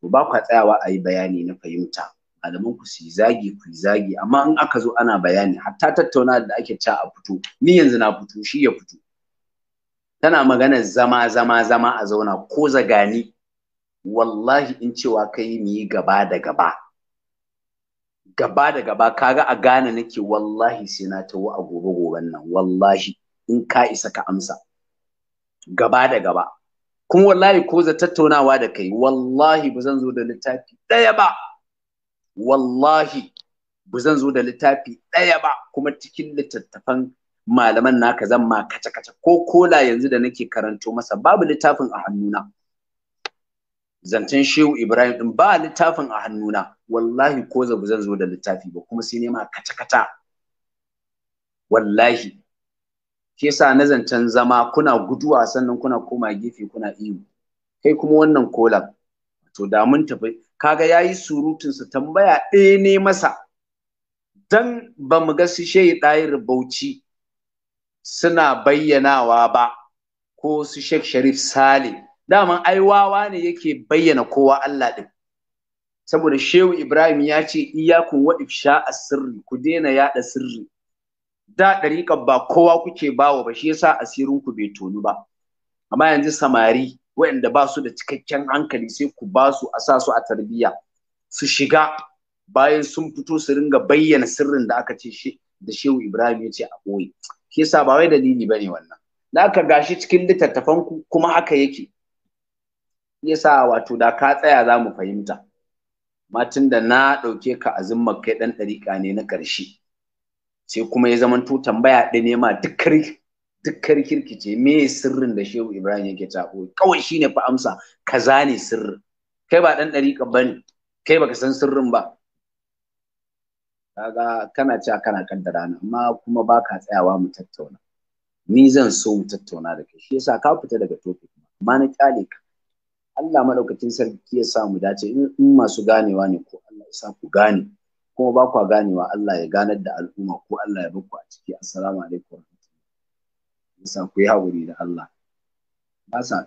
to ba kwa tsayawa a yi bayani na fahimta malaman ku su zagi ku zagi amma in aka zo ana bayani hatta tattauna da ake ca a fito ni yanzu na fito shi ya fito tana maganar zama zama zama a zauna ko zagani wallahi in cewa kai mu yi gaba da gaba gaba da gaba kaga a gane nake wallahi sai na tawo a gobe goben nan wallahi in ka isa ka amsa gaba da gaba kuma wallahi ko za tattaunawa da kai wallahi ba zan zo da littafi ɗaya ba wallahi ba zan zo da littafi ɗaya ba kuma cikin littattafan malaman naka zan ma kace kace ko kola yanzu da nake karanto masa babu littafin a hannuna zancen shehu ibrahim din ba littafin a hannuna wallahi ko zabu zan zo da littafi ba kuma sai nema kata kata wallahi shi sa na zancen zama kuna guduwa sannan kuna koma gefe kuna iyo kai kuma wannan kolan to da mun tafi kaga yayi surutun sa tambaya ɗaya ne masa dan ba mu ga su shehi ɗayir bauchi suna bayyanawa ba ko su Sheikh Sharif Sale daman ai wawa ne yake bayyana kowa Allah din saboda shehu Ibrahim ya ce iyakun wa ifsha asirri ku daina yada sirri da dariƙa ba kowa kuke bawa ba shi yasa asirin ku bai tonu ba amma yanzu samari waɗanda ba su da cikakken hankali sai ku ba su a sa su a tarbiyya su shiga bayan sun fito su ringa bayyana sirrin da aka ce da shehu Ibrahim ya ce a ɓoye shi yasa ba wai dalili bane wannan da aka gashi cikin littattafan ku kuma haka yake yasa wato da ka tsaya za mu fahimta matun da na ɗauke ka azummar kai ɗan ɗariƙa ne na ƙarshe sai kuma ya zamanto tambaya ɗin ne ma dukkar kirkice me sirrin da shehu ibrahim yake taɓo kawai shine fa amsa kaza ne sirrin kai ba ɗan ɗariƙa ba ne kai baka san sirrin ba kaga kana cewa kana kaddara rana. amma kuma baka tsayawa mu tattauna ni zan so mu tattauna da kai shi yasa ka fita daga topic amma na kyale ka Allah maɗaukacin sarki ya sa mu dace in masu ganewa ne ko Allah ya sa ku gane kuma ba kwa ganewa Allah ya ganar da al'umma ko Allah ya ku a ciki assalamu alaikum sa ku yi haƙuri da Allah ba sa